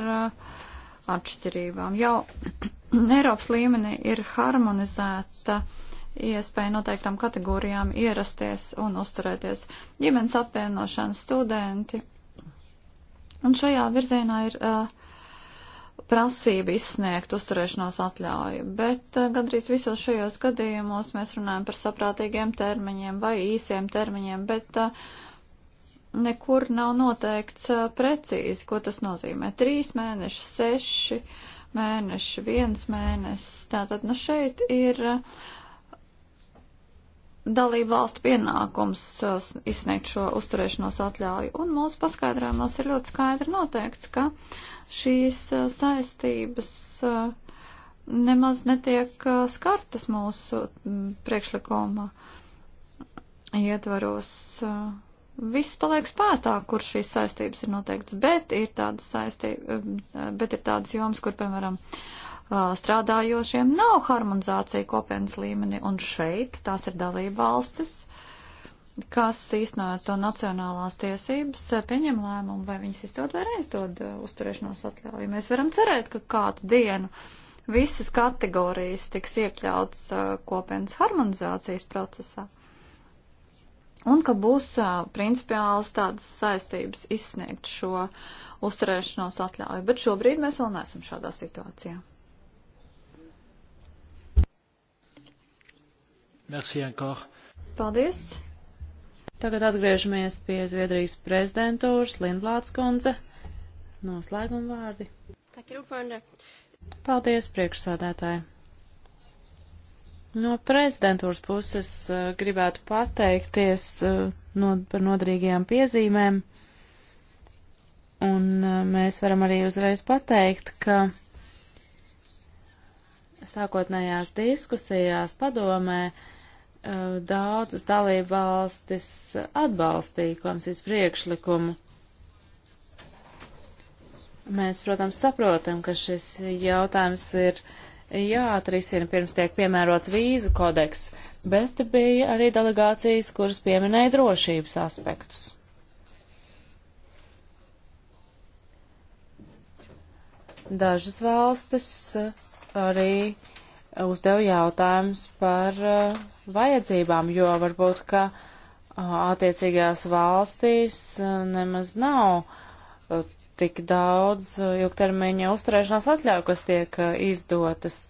atšķirībām. Jau Eiropas līmenī ir harmonizēta uh, iespēja noteiktām kategorijām ierasties un uzturēties. Ģimenes apvienošanas studenti. Un šajā virzienā ir uh, prasība izsniegt uzturēšanās atļauju, bet uh, gandrīz visos šajos gadījumos mēs runājam par saprātīgiem termiņiem vai īsiem termiņiem, bet uh, nekur nav noteikts precīzi, ko tas nozīmē. Trīs mēneši, seši mēneši, viens mēnesis. Tātad, nu šeit ir dalību valstu pienākums uh, izsniegt šo uzturēšanos atļauju. Un mūsu paskaidrojumos ir ļoti skaidri noteikts, ka šīs uh, saistības uh, nemaz netiek skartas mūsu mm, priekšlikuma ietvaros. Viss paliek spētā, kur šīs saistības ir noteikts, bet ir tādas, saistība, um, bet ir tādas jomas, kur, piemēram, uh, strādājošiem nav harmonizācija kopienas līmenī, un šeit tās ir dalība valstis, kas īstenojot to nacionālās tiesības, pieņem lēmumu, vai viņas izdod vai neizdod uzturēšanās atļauju. Mēs varam cerēt, ka kādu dienu visas kategorijas tiks iekļauts kopienas harmonizācijas procesā. Un ka būs principiāls tādas saistības izsniegt šo uzturēšanos atļauju, bet šobrīd mēs vēl neesam šādā situācijā. Merci encore. Paldies. Tagad atgriežamies pie Zviedrijas prezidentūras Lindlāts kundze. Noslēguma vārdi. Paldies, priekšsādātāji. No prezidentūras puses eh, gribētu pateikties eh, no, par nodarīgajām piezīmēm. Un eh, mēs varam arī uzreiz pateikt, ka sākotnējās diskusijās padomē uh, daudzas dalībvalstis atbalstīja komisijas priekšlikumu. Mēs, protams, saprotam, ka šis jautājums ir jāatrisina pirms tiek piemērots vīzu kodeks, bet bija arī delegācijas, kuras pieminēja drošības aspektus. Dažas valstis arī uzdeva jautājumus par uh, vajadzībām, jo varbūt, ka attiecīgajās valstīs nemaz nav tik daudz ilgtermiņa uzturēšanās atļauju, kas tiek izdotas.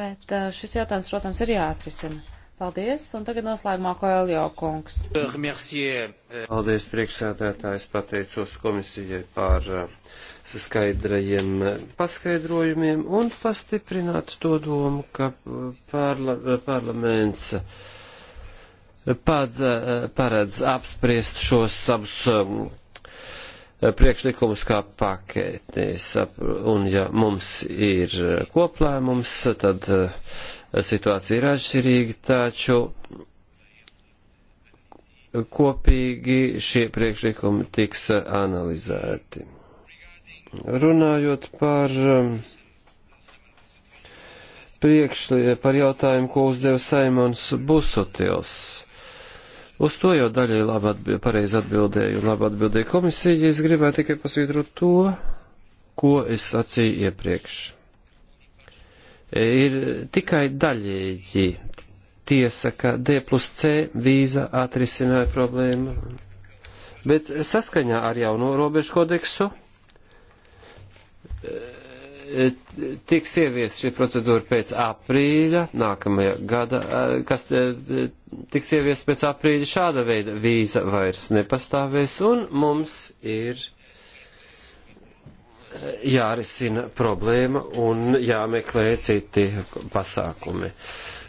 Bet šis jautājums, protams, ir jāatrisina. Paldies, un tagad noslēgumā Koeljo kungs. Eh, Paldies, priekšsēdētājs, pateicos komisijai par eh, skaidrajiem paskaidrojumiem un pastiprināt to domu, ka eh, pārla, parlaments pats paredz apspriest šos abus priekšlikumus kā pakētīs. Un ja mums ir koplēmums, tad situācija ir atšķirīga, taču kopīgi šie priekšlikumi tiks analizēti. Runājot par um, priekšli, par jautājumu, ko uzdeva Saimons Busutils. Uz to jau daļai labi atbildēju, pareizi atbildēju, labi atbildēju komisija, es gribēju tikai pasvītrot to, ko es sacīju iepriekš ir tikai daļēji tiesa, ka D plus C vīza atrisināja problēmu, bet saskaņā ar jauno robežu kodeksu eh, tiks ievies šī procedūra pēc aprīļa nākamajā gada, eh, kas eh, tiks ievies pēc aprīļa šāda veida vīza vairs nepastāvēs, un mums ir jārisina problēma un jāmeklē citi pasākumi.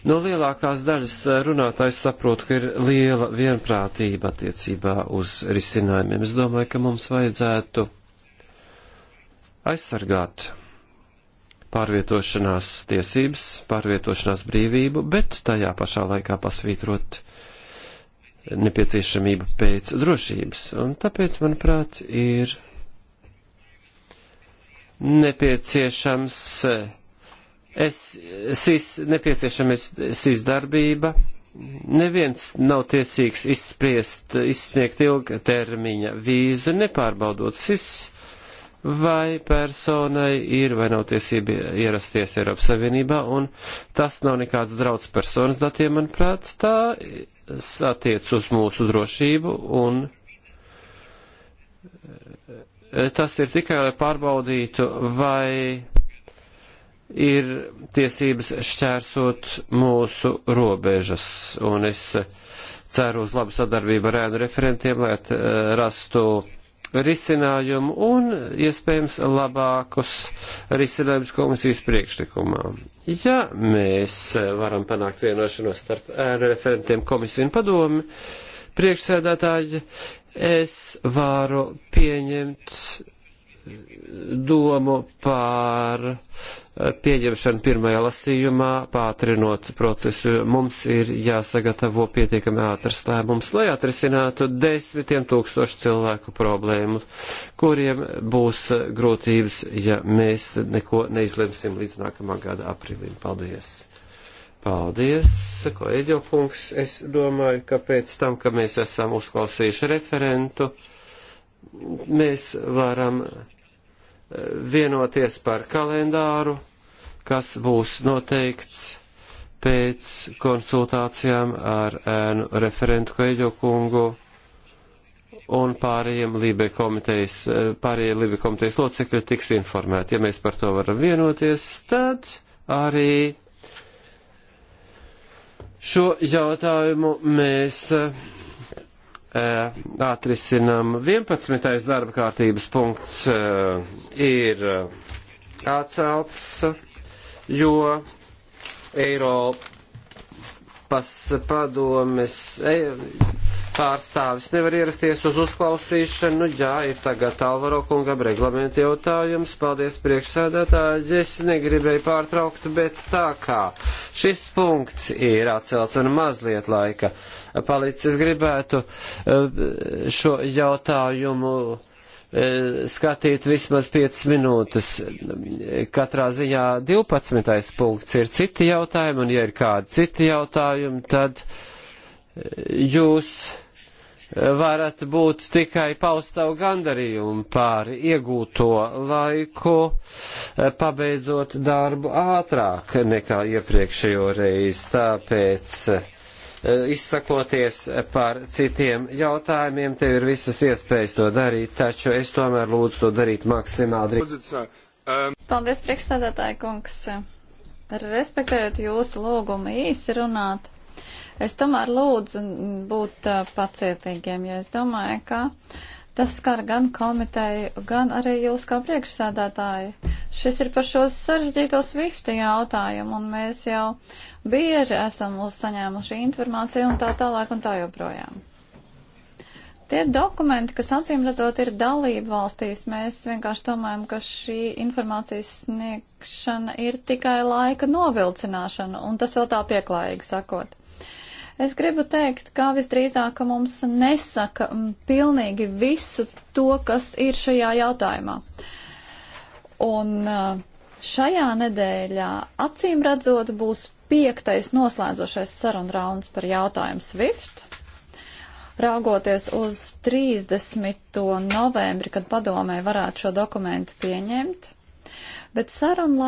No lielākās daļas runātājs saprot, ka ir liela vienprātība attiecībā uz risinājumiem. Es domāju, ka mums vajadzētu aizsargāt pārvietošanās tiesības, pārvietošanās brīvību, bet tajā pašā laikā pasvītrot nepieciešamību pēc drošības. Un tāpēc, manuprāt, ir nepieciešams es, sis, nepieciešamies sizdarbība. Neviens nav tiesīgs izspriest, izsniegt ilgtermiņa vīzu, nepārbaudot sis, vai personai ir vai nav tiesība ierasties Eiropas Savienībā, un tas nav nekāds draudz personas datiem, manuprāt, tā attiec uz mūsu drošību un Tas ir tikai, lai pārbaudītu, vai ir tiesības šķērsot mūsu robežas. Un es ceru uz labu sadarbību ar ēnu referentiem, lai eh, rastu risinājumu un iespējams labākus risinājumus komisijas priekšlikumā. Ja mēs varam panākt vienošanos starp ēnu referentiem komisiju un padomi, priekšsēdētāji, es varu pieņemt eh, domu par eh, pieņemšanu pirmajā lasījumā, pātrinot procesu. Mums ir jāsagatavo pietiekami ātrs lēmums, lai atrisinātu desmitiem tūkstošu cilvēku problēmu, kuriem būs eh, grūtības, ja mēs neko neizlemsim līdz nākamā gada aprīlim. Paldies! Paldies, Koeģo kungs. Es domāju, ka pēc tam, ka mēs esam uzklausījuši referentu, mēs varam eh, vienoties par kalendāru, kas būs noteikts pēc konsultācijām ar ēnu referentu Koeģo kungu un pārējiem Lībe komitejas, eh, pārējie Lībe komitejas locekļi tiks informēti. Ja mēs par to varam vienoties, tad arī Šo jautājumu mēs eh, atrisinām 11. darba kārtības punkts eh, ir eh, atcelts, jo Eiropas padomes pārstāvis nevar ierasties uz uzklausīšanu. Jā, ir tagad Alvaro kungam reglamenta jautājums. Paldies priekšsēdētāji. Es negribēju pārtraukt, bet tā kā šis punkts ir atcelts un mazliet laika palicis, gribētu eh, šo jautājumu eh, skatīt vismaz 5 minūtes. Katrā ziņā 12. punkts ir citi jautājumi, un ja ir kādi citi jautājumi, tad eh, jūs varat būt tikai paust savu gandarījumu pār iegūto laiku, pabeidzot darbu ātrāk nekā iepriekšējo reizi. Tāpēc e, izsakoties par citiem jautājumiem, tev ir visas iespējas to darīt, taču es tomēr lūdzu to darīt maksimāli. Um, Paldies, priekšstādātāji kungs! Respektējot jūsu lūgumu īsi runāt Es tomēr lūdzu būt uh, pacietīgiem, jo es domāju, ka tas skar gan komiteju, gan arī jūs kā priekšsēdētāji. Šis ir par šo sarežģīto svifti jautājumu, un mēs jau bieži esam uzsaņēmuši informāciju un tā tālāk un tā joprojām. Tie dokumenti, kas acīm redzot ir dalība valstīs, mēs vienkārši domājam, ka šī informācijas sniegšana ir tikai laika novilcināšana, un tas vēl tā pieklājīgi sakot. Es gribu teikt, ka visdrīzāk ka mums nesaka mm, pilnīgi visu to, kas ir šajā jautājumā. Un eh, šajā nedēļā acīm redzot būs piektais noslēdzošais saruna rauns par jautājumu SWIFT. Raugoties uz 30. novembri, kad padomē varētu šo dokumentu pieņemt, bet saruna